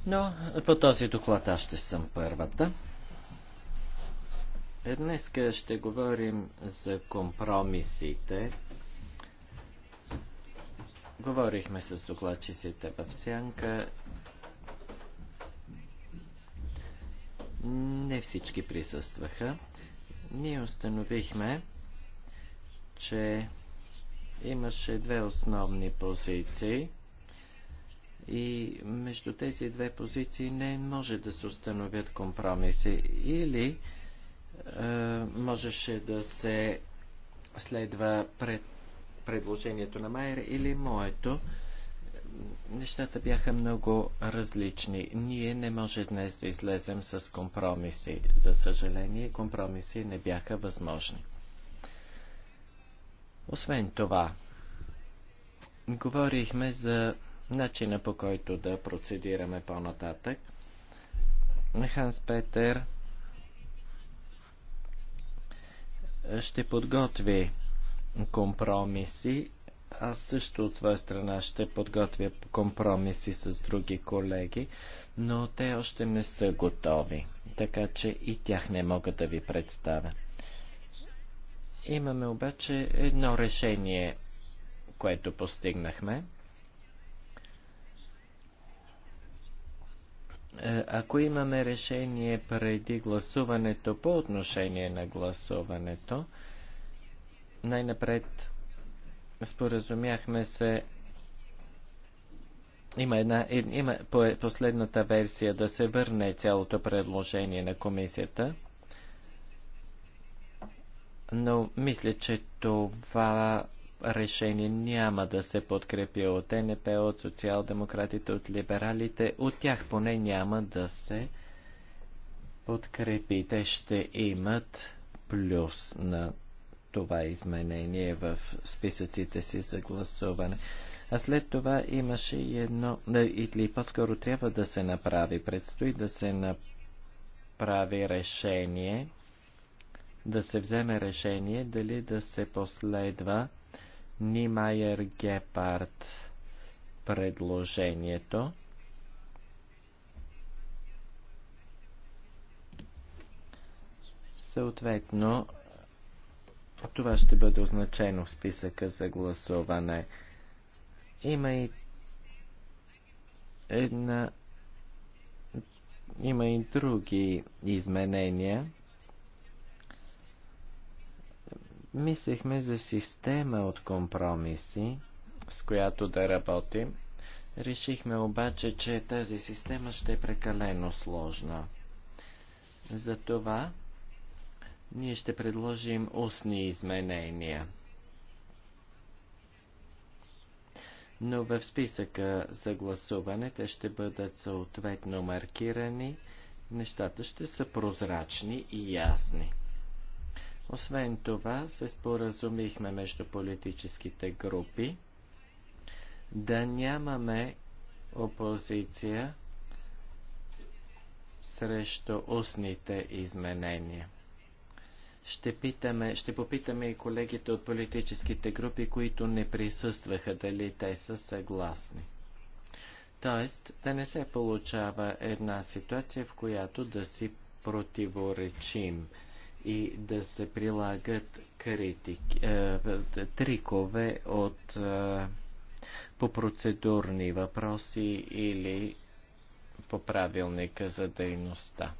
Но по този доклад аз ще съм първата. Е, Днес ще говорим за компромисите. Говорихме с докладчиците в Сянка. Не всички присъстваха. Ние установихме, че имаше две основни позиции и между тези две позиции не може да се установят компромиси. Или е, можеше да се следва пред предложението на Майер или моето. Нещата бяха много различни. Ние не може днес да излезем с компромиси. За съжаление, компромиси не бяха възможни. Освен това, говорихме за начина по който да процедираме по-нататък. Ханс Петер ще подготви компромиси. Аз също от своя страна ще подготвя компромиси с други колеги, но те още не са готови, така че и тях не мога да ви представя. Имаме обаче едно решение, което постигнахме – Е, ако имаме решение преди гласуването по отношение на гласуването, най-напред споразумяхме се има една, има последната версия да се върне цялото предложение на комисията, но мисля, че това решение няма да се подкрепи от НП, от социал-демократите, от либералите. От тях поне няма да се подкрепи. Те ще имат плюс на това изменение в списъците си за гласуване. А след това имаше и едно, или по-скоро трябва да се направи, предстои да се направи решение, да се вземе решение дали да се последва Нимайер Гепард предложението. Съответно, това ще бъде означено в списъка за гласуване. Има и една... Има и други изменения. Мислихме за система от компромиси, с която да работим. Решихме обаче, че тази система ще е прекалено сложна. Затова ние ще предложим устни изменения. Но в списъка за гласуване те ще бъдат съответно маркирани, нещата ще са прозрачни и ясни. Освен това, се споразумихме между политическите групи да нямаме опозиция срещу устните изменения. Ще, питаме, ще попитаме и колегите от политическите групи, които не присъстваха, дали те са съгласни. Тоест, да не се получава една ситуация, в която да си противоречим и да се прилагат критики, э, трикове от, э, по процедурни въпроси или по правилника за дейността.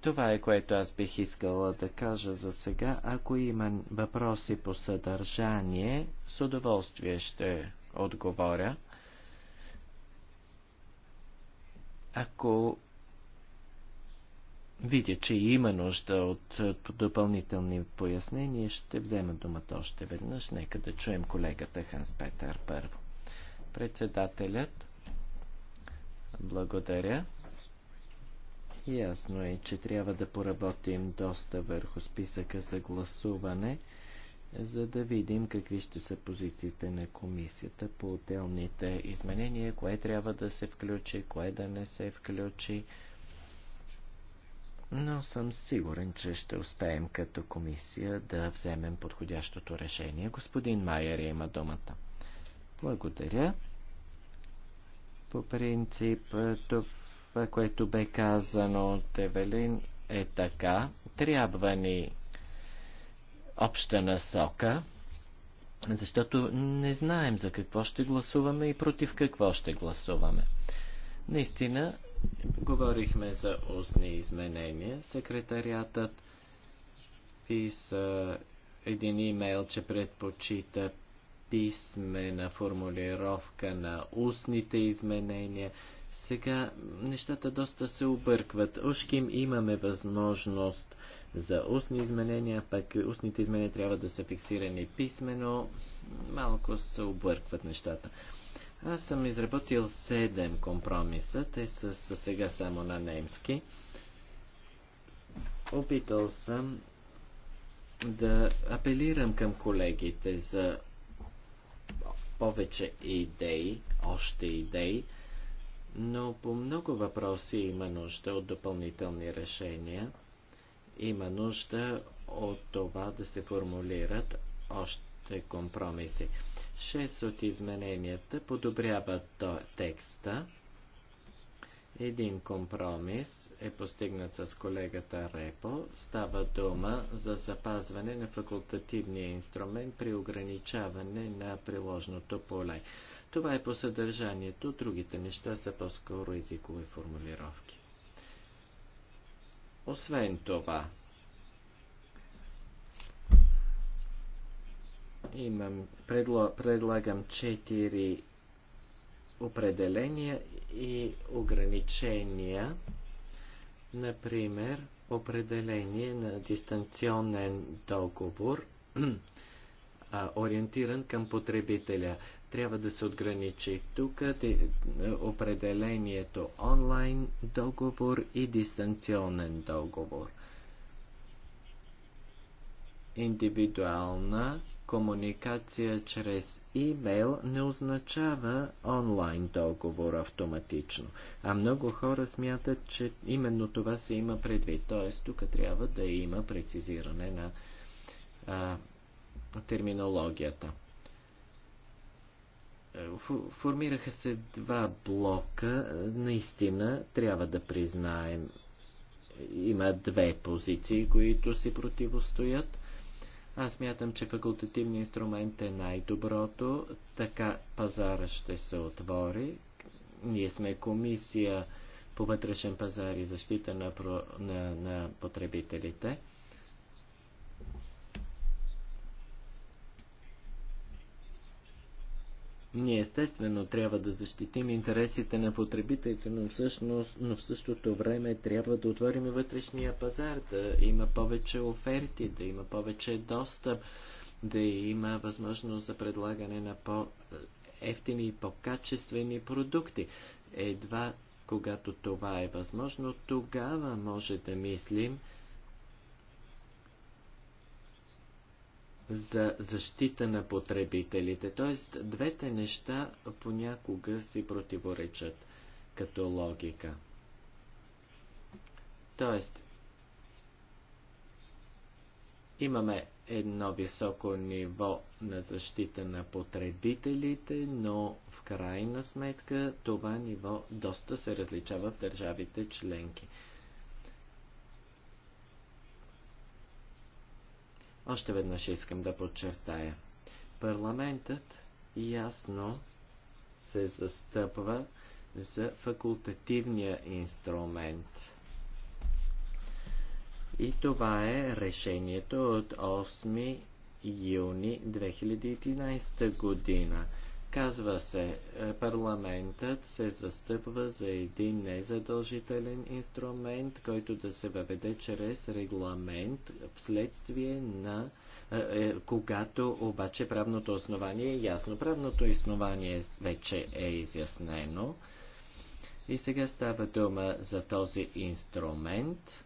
Това е което аз бих искала да кажа за сега. Ако има въпроси по съдържание, с удоволствие ще отговоря. Ако видя, че има нужда от допълнителни пояснения, ще взема думата още веднъж. Нека да чуем колегата Ханс Петър първо. Председателят, благодаря. Ясно е, че трябва да поработим доста върху списъка за гласуване, за да видим какви ще са позициите на комисията по отделните изменения, кое трябва да се включи, кое да не се включи но съм сигурен, че ще оставим като комисия да вземем подходящото решение. Господин Майер има думата. Благодаря. По принцип, това, което бе казано от Евелин, е така. Трябва ни обща насока, защото не знаем за какво ще гласуваме и против какво ще гласуваме. Наистина, Говорихме за устни изменения. Секретариатът писа един имейл, че предпочита писмена формулировка на устните изменения. Сега нещата доста се объркват. Ушким имаме възможност за устни изменения, пък устните изменения трябва да са фиксирани писмено. Малко се объркват нещата. Аз съм изработил седем компромиса, те са, са сега само на немски. Опитал съм да апелирам към колегите за повече идеи, още идеи, но по много въпроси има нужда от допълнителни решения. Има нужда от това да се формулират още компромиси. Шест от измененията подобряват текста. Един компромис е постигнат с колегата Репо. Става дума за запазване на факултативния инструмент при ограничаване на приложното поле. Това е по съдържанието, другите неща са по-скоро езикови формулировки. Освен това, имам, предло, предлагам четири определения и ограничения. Например, определение на дистанционен договор, ориентиран към потребителя. Трябва да се ограничи тук е, е, определението онлайн договор и дистанционен договор. Индивидуална комуникация чрез имейл не означава онлайн договор автоматично. А много хора смятат, че именно това се има предвид. Т.е. тук трябва да има прецизиране на а, терминологията. Формираха се два блока. Наистина трябва да признаем. Има две позиции, които си противостоят – аз мятам, че факултативният инструмент е най-доброто. Така пазара ще се отвори. Ние сме комисия по вътрешен пазар и защита на, на, на потребителите. Ние естествено трябва да защитим интересите на потребителите, но, всъщност, но в същото време трябва да отворим вътрешния пазар, да има повече оферти, да има повече достъп, да има възможност за предлагане на по-ефтини и по-качествени продукти. Едва когато това е възможно, тогава може да мислим за защита на потребителите. Т.е. двете неща понякога си противоречат като логика. Тоест, имаме едно високо ниво на защита на потребителите, но в крайна сметка това ниво доста се различава в държавите членки. Още веднъж искам да подчертая. Парламентът ясно се застъпва за факултативния инструмент. И това е решението от 8 юни 2011 година. Казва се, е, парламентът се застъпва за един незадължителен инструмент, който да се въведе чрез регламент вследствие на е, е, когато обаче правното основание е ясно. Правното основание вече е изяснено. И сега става дума за този инструмент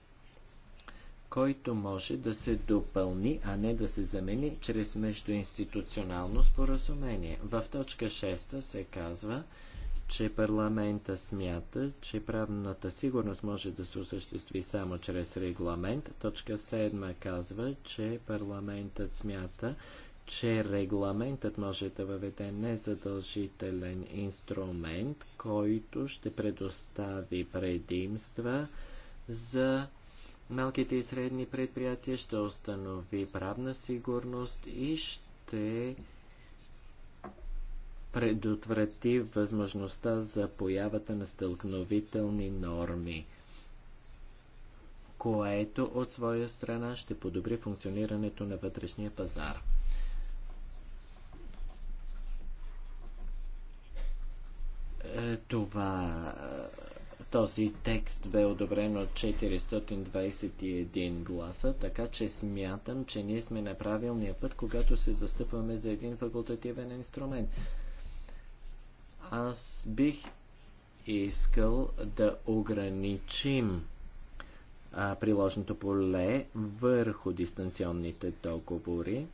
който може да се допълни, а не да се замени чрез междуинституционално споразумение. В точка 6 се казва, че парламента смята, че правната сигурност може да се осъществи само чрез регламент. Точка 7 казва, че парламентът смята, че регламентът може да въведе незадължителен инструмент, който ще предостави предимства за малките и средни предприятия, ще установи правна сигурност и ще предотврати възможността за появата на стълкновителни норми, което от своя страна ще подобри функционирането на вътрешния пазар. Е, това този текст бе одобрен от 421 гласа, така че смятам, че ние сме на правилния път, когато се застъпваме за един факултативен инструмент. Аз бих искал да ограничим а, приложното поле върху дистанционните договори.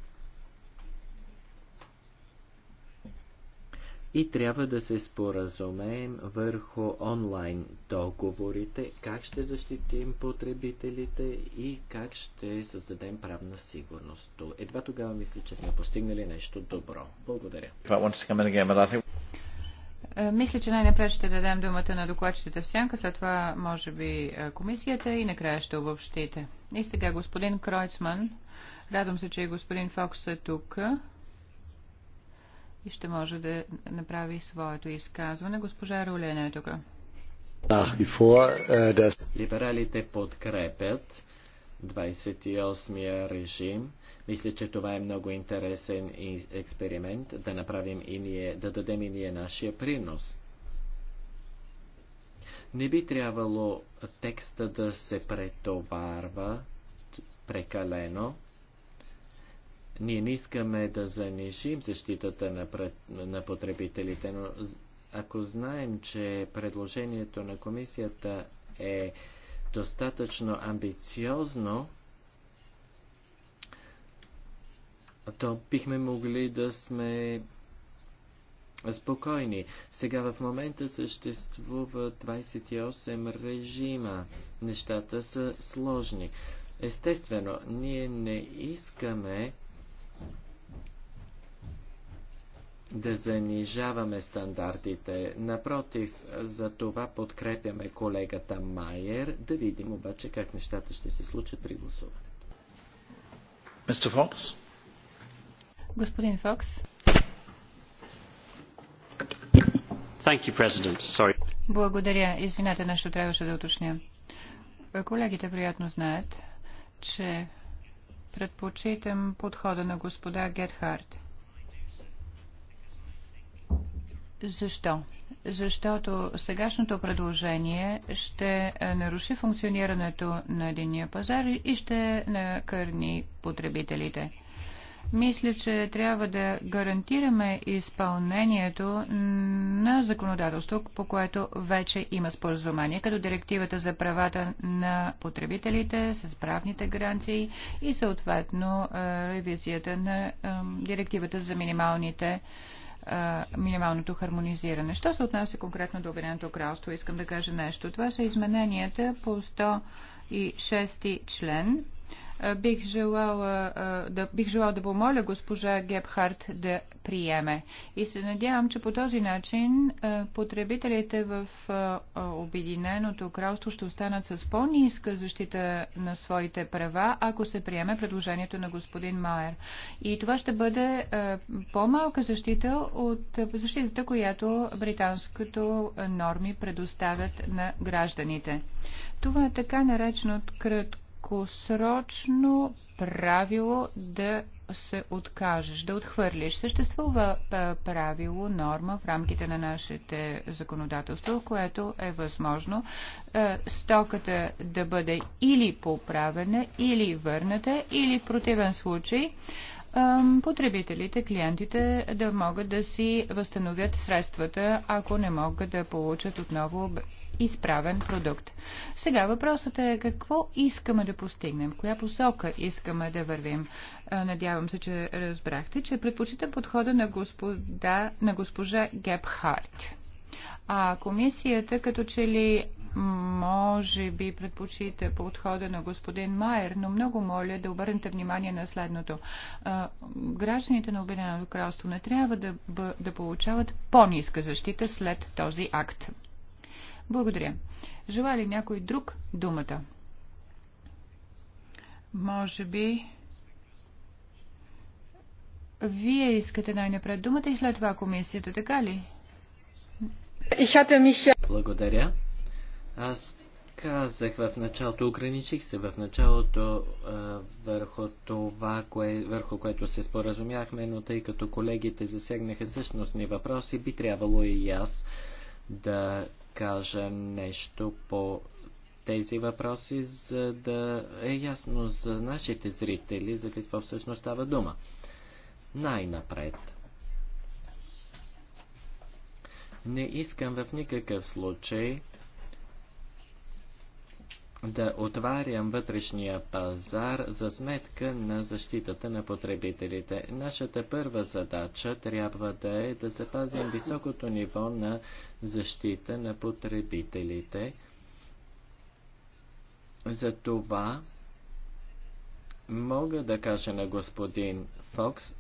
и трябва да се споразумеем върху онлайн договорите, как ще защитим потребителите и как ще създадем правна сигурност. Едва тогава мисля, че сме постигнали нещо добро. Благодаря. Е, мисля, че най-напред ще дадем думата на докладчетата в сянка, след това може би е, комисията и накрая ще обобщите. И сега господин Кройцман. Радвам се, че и господин Фокс е тук и ще може да направи своето изказване. Госпожа Рулена е тук. Uh, Либералите подкрепят 28-я режим. Мисля, че това е много интересен експеримент да направим и ние, да дадем и ние нашия принос. Не би трябвало текста да се претоварва прекалено. Ние не искаме да занижим защитата на, пред, на потребителите, но ако знаем, че предложението на комисията е достатъчно амбициозно, то бихме могли да сме спокойни. Сега в момента съществува 28 режима. Нещата са сложни. Естествено, ние не искаме да занижаваме стандартите. Напротив, за това подкрепяме колегата Майер. Да видим обаче как нещата ще се случат при гласуването. Мистер Фокс? Господин Фокс? Thank you, President. Sorry. Благодаря. Извинете, нещо трябваше да уточня. Колегите приятно знаят, че предпочитам подхода на господа Гетхарт Защо? Защото сегашното предложение ще е, наруши функционирането на единния пазар и ще накърни потребителите. Мисля, че трябва да гарантираме изпълнението на законодателство, по което вече има споразумение, като директивата за правата на потребителите с правните гаранции и съответно е, ревизията на е, директивата за минималните гаранции минималното хармонизиране. Що се отнася конкретно до Обединеното кралство, искам да кажа нещо. Това са измененията по 106 член е, бих желала е, да, бих желала да помоля госпожа Гебхарт да приеме. И се надявам, че по този начин е, потребителите в Обединеното кралство ще останат с по низка защита на своите права, ако се приеме предложението на господин Майер. И това ще бъде по-малка защита от защитата, която британското норми предоставят на гражданите. Това е така наречено кратко краткосрочно правило да се откажеш, да отхвърлиш. Съществува правило, норма в рамките на нашите законодателство, което е възможно стоката да бъде или поправена, или върната, или в противен случай потребителите, клиентите да могат да си възстановят средствата, ако не могат да получат отново изправен продукт. Сега въпросът е какво искаме да постигнем, в коя посока искаме да вървим. Надявам се, че разбрахте, че предпочита подхода на, господа, на госпожа Гепхарт. А комисията като че ли може би предпочита подхода на господин Майер, но много моля да обърнете внимание на следното. Гражданите на Обединеното кралство не трябва да, да получават по-ниска защита след този акт. Благодаря. Желая ли някой друг думата? Може би... Вие искате най-напред думата и след това комисията, така ли? Благодаря. Аз казах в началото, ограничих се в началото а, върху това, кое, върху което се споразумяхме, но тъй като колегите засегнаха същностни въпроси, би трябвало и аз да кажа нещо по тези въпроси, за да е ясно за нашите зрители за какво всъщност става дума. Най-напред. Не искам в никакъв случай да отварям вътрешния пазар за сметка на защитата на потребителите. Нашата първа задача трябва да е да запазим високото ниво на защита на потребителите. За това мога да кажа на господин Фокс,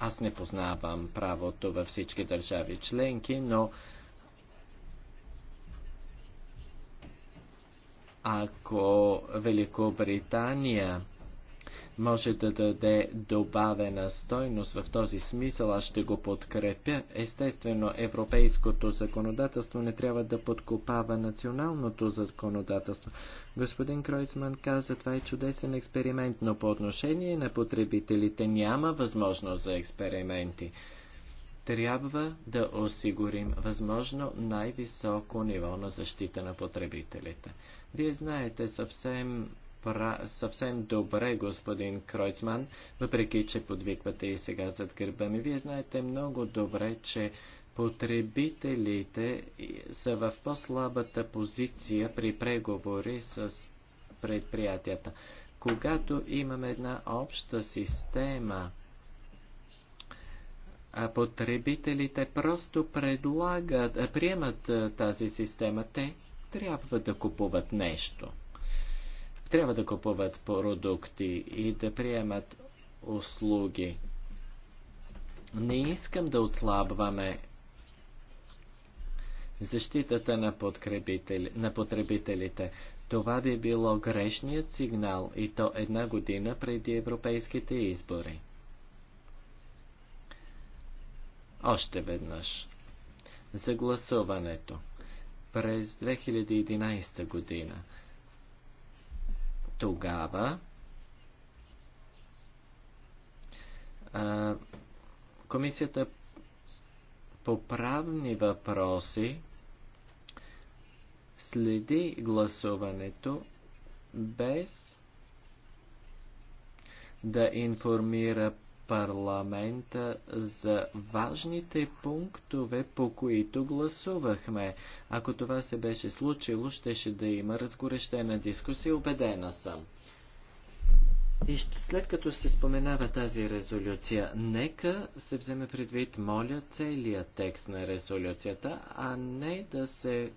аз не познавам правото във всички държави членки, но Ако Великобритания може да даде добавена стойност в този смисъл, аз ще го подкрепя. Естествено, европейското законодателство не трябва да подкопава националното законодателство. Господин Кройцман каза, това е чудесен експеримент, но по отношение на потребителите няма възможност за експерименти. Трябва да осигурим възможно най-високо ниво на защита на потребителите. Вие знаете съвсем съвсем добре, господин Кройцман, въпреки, че подвиквате и сега зад гърба ми. Вие знаете много добре, че потребителите са в по-слабата позиция при преговори с предприятията. Когато имаме една обща система, а потребителите просто предлагат, приемат тази система. Те трябва да купуват нещо. Трябва да купуват продукти и да приемат услуги. Не искам да отслабваме защитата на, на потребителите. Това би било грешният сигнал и то една година преди европейските избори. Още веднъж. За гласуването. През 2011 година. Тогава а, Комисията по правни въпроси следи гласуването без да информира парламента за важните пунктове, по които гласувахме. Ако това се беше случило, щеше да има разгорещена дискусия, убедена съм. И след като се споменава тази резолюция, нека се вземе предвид, моля, целият текст на резолюцията, а не да се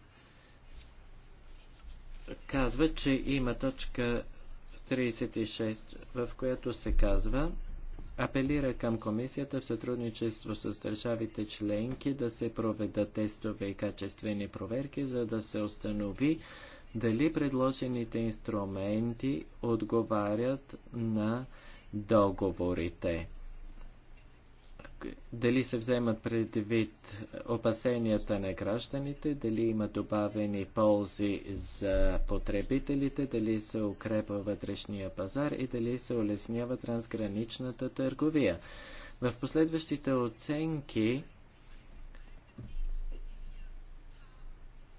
казва, че има точка 36, в която се казва, апелира към комисията в сътрудничество с държавите членки да се проведат тестове и качествени проверки, за да се установи дали предложените инструменти отговарят на договорите дали се вземат предвид опасенията на гражданите, дали има добавени ползи за потребителите, дали се укрепва вътрешния пазар и дали се улеснява трансграничната търговия. В последващите оценки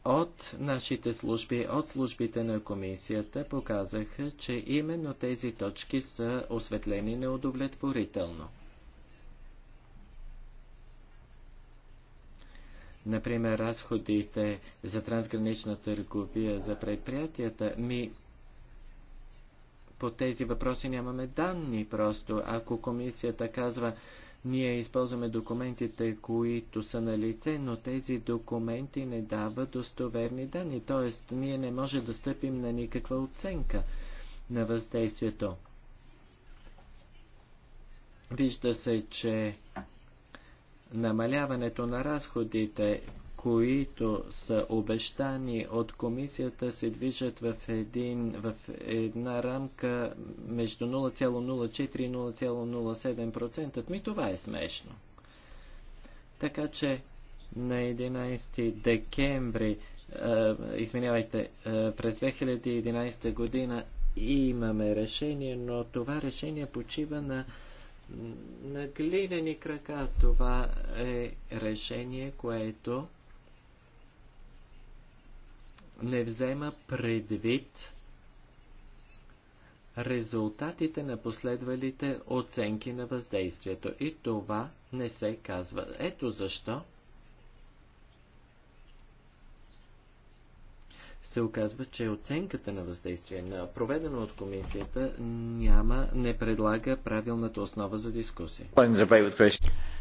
от нашите служби, от службите на комисията показаха, че именно тези точки са осветлени неудовлетворително. например, разходите за трансгранична търговия за предприятията, ми по тези въпроси нямаме данни просто. Ако комисията казва, ние използваме документите, които са на лице, но тези документи не дават достоверни данни, т.е. ние не може да стъпим на никаква оценка на въздействието. Вижда се, че намаляването на разходите, които са обещани от комисията, се движат в, един, в една рамка между 0,04 и 0,07%. Ми това е смешно. Така че на 11 декември, извинявайте, през 2011 година имаме решение, но това решение почива на на глинени крака. Това е решение, което не взема предвид резултатите на последвалите оценки на въздействието. И това не се казва. Ето защо се оказва, че оценката на въздействие на проведено от комисията няма, не предлага правилната основа за дискусия.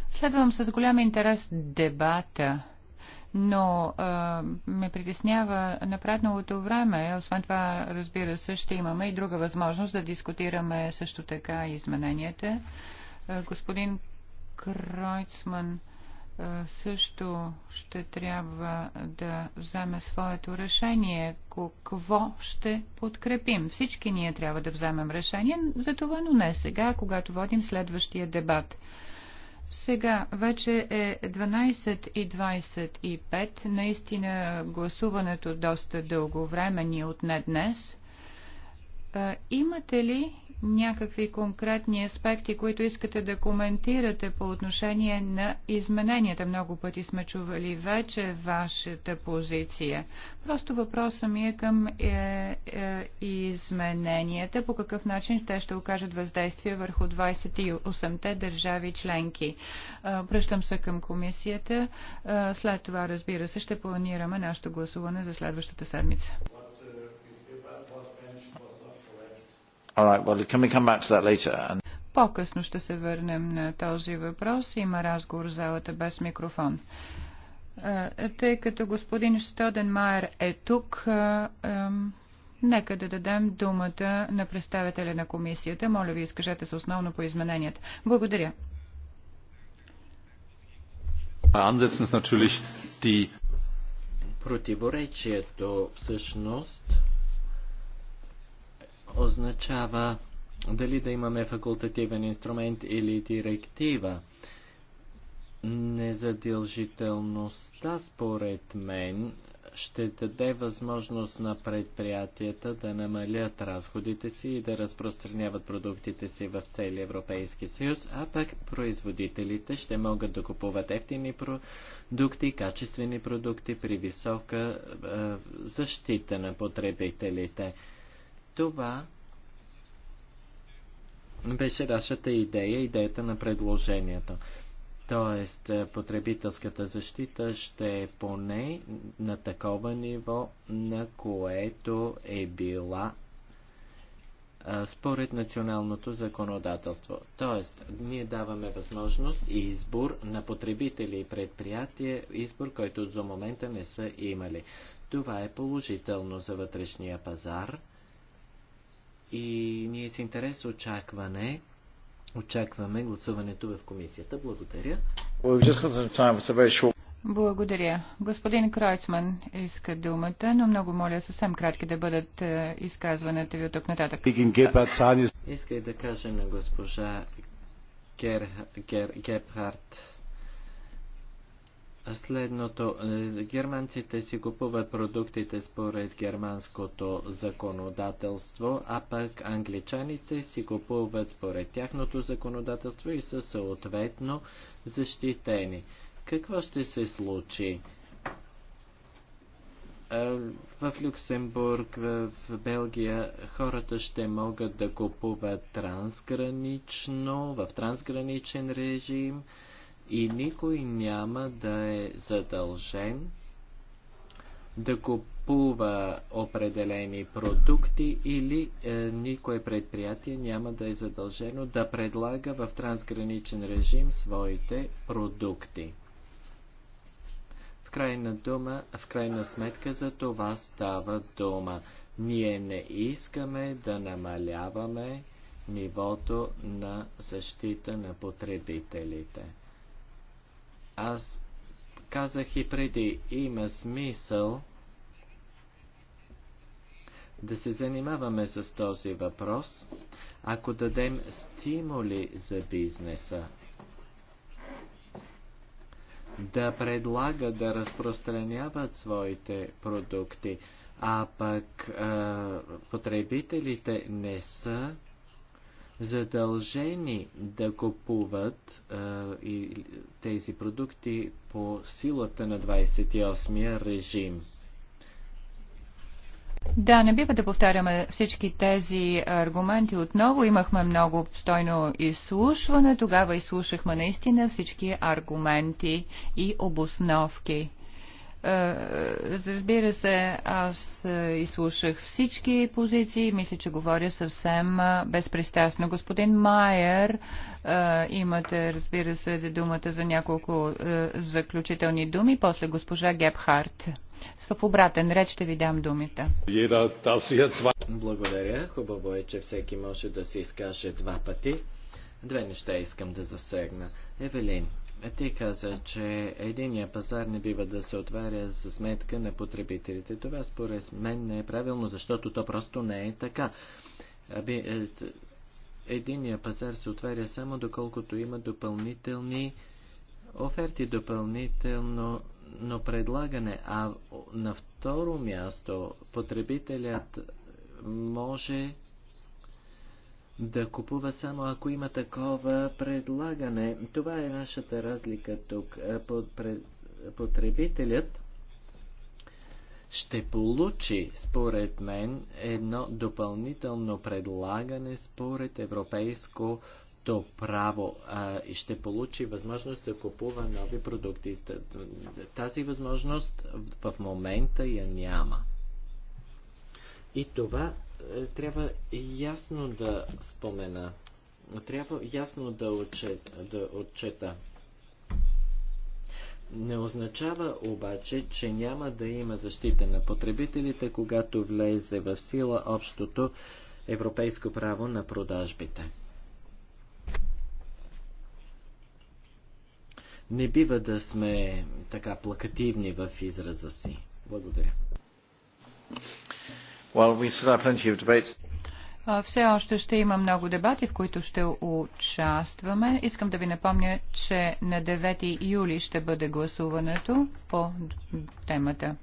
Следвам с голям интерес дебата но а, ме притеснява напредналото време. Освен това, разбира се, ще имаме и друга възможност да дискутираме също така измененията. А, господин Кройцман също ще трябва да вземе своето решение, какво ще подкрепим. Всички ние трябва да вземем решение за това, но не сега, когато водим следващия дебат. Сега вече е 12.25. Наистина гласуването доста дълго време ни отне днес – е, имате ли някакви конкретни аспекти, които искате да коментирате по отношение на измененията? Много пъти сме чували вече вашата позиция. Просто въпросът ми е към е, е, измененията, по какъв начин те ще окажат въздействие върху 28-те държави членки. Пръщам е, се към комисията. Е, след това, разбира се, ще планираме нашето гласуване за следващата седмица. Right, well, По-късно ще се върнем на този въпрос. Има разговор в залата без микрофон. Е, тъй като господин Стоденмайер е тук, е, е, Нека да дадем думата на представителя на комисията. Моля ви, изкажете се основно по измененията. Благодаря. Противоречието всъщност означава дали да имаме факултативен инструмент или директива. Незадължителността, според мен, ще даде възможност на предприятията да намалят разходите си и да разпространяват продуктите си в целия Европейски съюз, а пък производителите ще могат да купуват ефтини продукти, качествени продукти при висока е, защита на потребителите. Това беше нашата идея, идеята на предложението. Тоест, е, потребителската защита ще е поне на такова ниво, на което е била според националното законодателство. Тоест, ние даваме възможност и избор на потребители и предприятия, избор, който до момента не са имали. Това е положително за вътрешния пазар – и ние с интерес очакване очакваме гласуването в комисията. Благодаря. Благодаря. Господин Кройцман иска думата, но много моля съвсем кратки да бъдат е, изказването ви от тук нататък. Исках да кажа на госпожа Гер, Гер, Гепхарт следното. Е, германците си купуват продуктите според германското законодателство, а пък англичаните си купуват според тяхното законодателство и са съответно защитени. Какво ще се случи? Е, в Люксембург, в Белгия хората ще могат да купуват трансгранично, в трансграничен режим и никой няма да е задължен да купува определени продукти или е, никое предприятие няма да е задължено да предлага в трансграничен режим своите продукти. В крайна, дума, в крайна сметка за това става дума. Ние не искаме да намаляваме нивото на защита на потребителите. Аз казах и преди, има смисъл да се занимаваме с този въпрос, ако дадем стимули за бизнеса. Да предлага да разпространяват своите продукти, а пък а, потребителите не са задължени да купуват а, и тези продукти по силата на 28-я режим. Да, не бива да повтаряме всички тези аргументи отново. Имахме много обстойно изслушване. Тогава изслушахме наистина всички аргументи и обосновки. Е, разбира се, аз е, изслушах всички позиции и мисля, че говоря съвсем е, безпристрастно. Господин Майер, имате, разбира се, думата за няколко заключителни думи, после госпожа Гебхарт. В обратен ред ще ви дам думите. Благодаря. Хубаво е, че всеки може да се изкаже два пъти. Две неща искам да засегна. Евелин, ти каза, че единия пазар не бива да се отваря за сметка на потребителите. Това според мен не е правилно, защото то просто не е така. Е, единия пазар се отваря само доколкото има допълнителни оферти, допълнително но предлагане. А на второ място потребителят може да купува само ако има такова предлагане. Това е нашата разлика тук. Е, потребителят ще получи, според мен, едно допълнително предлагане според европейско то право а, и ще получи възможност да купува нови продукти. Тази възможност в момента я няма. И това е, трябва ясно да спомена, трябва ясно да, отчет, да отчета. Не означава обаче, че няма да има защита на потребителите, когато влезе в сила общото европейско право на продажбите. Не бива да сме така плакативни в израза си. Благодаря. Все още ще има много дебати, в които ще участваме. Искам да ви напомня, че на 9 юли ще бъде гласуването по темата.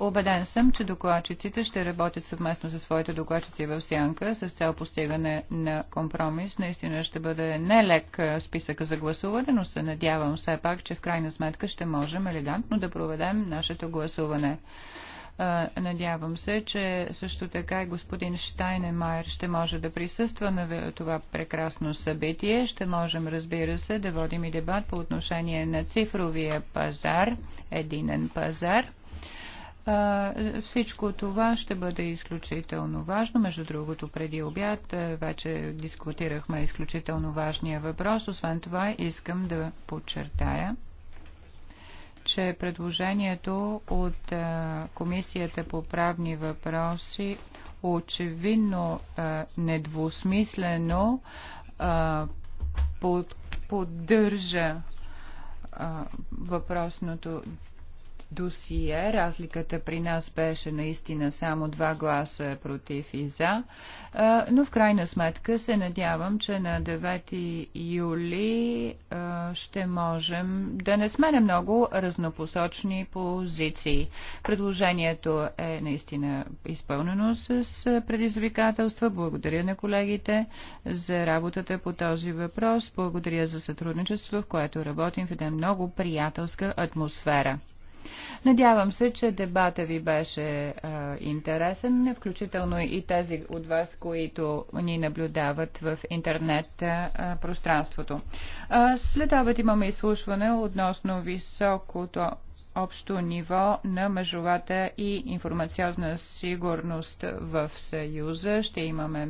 Обеден съм, че докладчиците ще работят съвместно със своите докладчици в Сянка с цел постигане на компромис. Наистина ще бъде нелек списъка за гласуване, но се надявам все пак, че в крайна сметка ще можем елегантно да проведем нашето гласуване. Надявам се, че също така и господин Штайнемайер ще може да присъства на това прекрасно събитие. Ще можем, разбира се, да водим и дебат по отношение на цифровия пазар, единен пазар. Всичко това ще бъде изключително важно. Между другото, преди обяд вече дискутирахме изключително важния въпрос. Освен това, искам да подчертая, че предложението от Комисията по правни въпроси очевидно недвусмислено поддържа въпросното досие. Разликата при нас беше наистина само два гласа против и за, но в крайна сметка се надявам, че на 9 юли ще можем да не сме на много разнопосочни позиции. Предложението е наистина изпълнено с предизвикателства. Благодаря на колегите за работата по този въпрос. Благодаря за сътрудничеството, в което работим в една много приятелска атмосфера. Надявам се, че дебата ви беше а, интересен, включително и тези от вас, които ни наблюдават в интернет а, пространството. А, след обед имаме изслушване относно високото общо ниво на мъжовата и информационна сигурност в Съюза. Ще имаме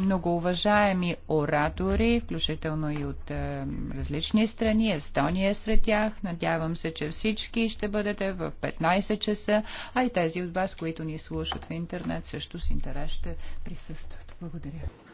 многоуважаеми оратори, включително и от е, различни страни, Естония е сред тях. Надявам се, че всички ще бъдете в 15 часа, а и тези от вас, които ни слушат в интернет, също с интерес ще присъстват. Благодаря.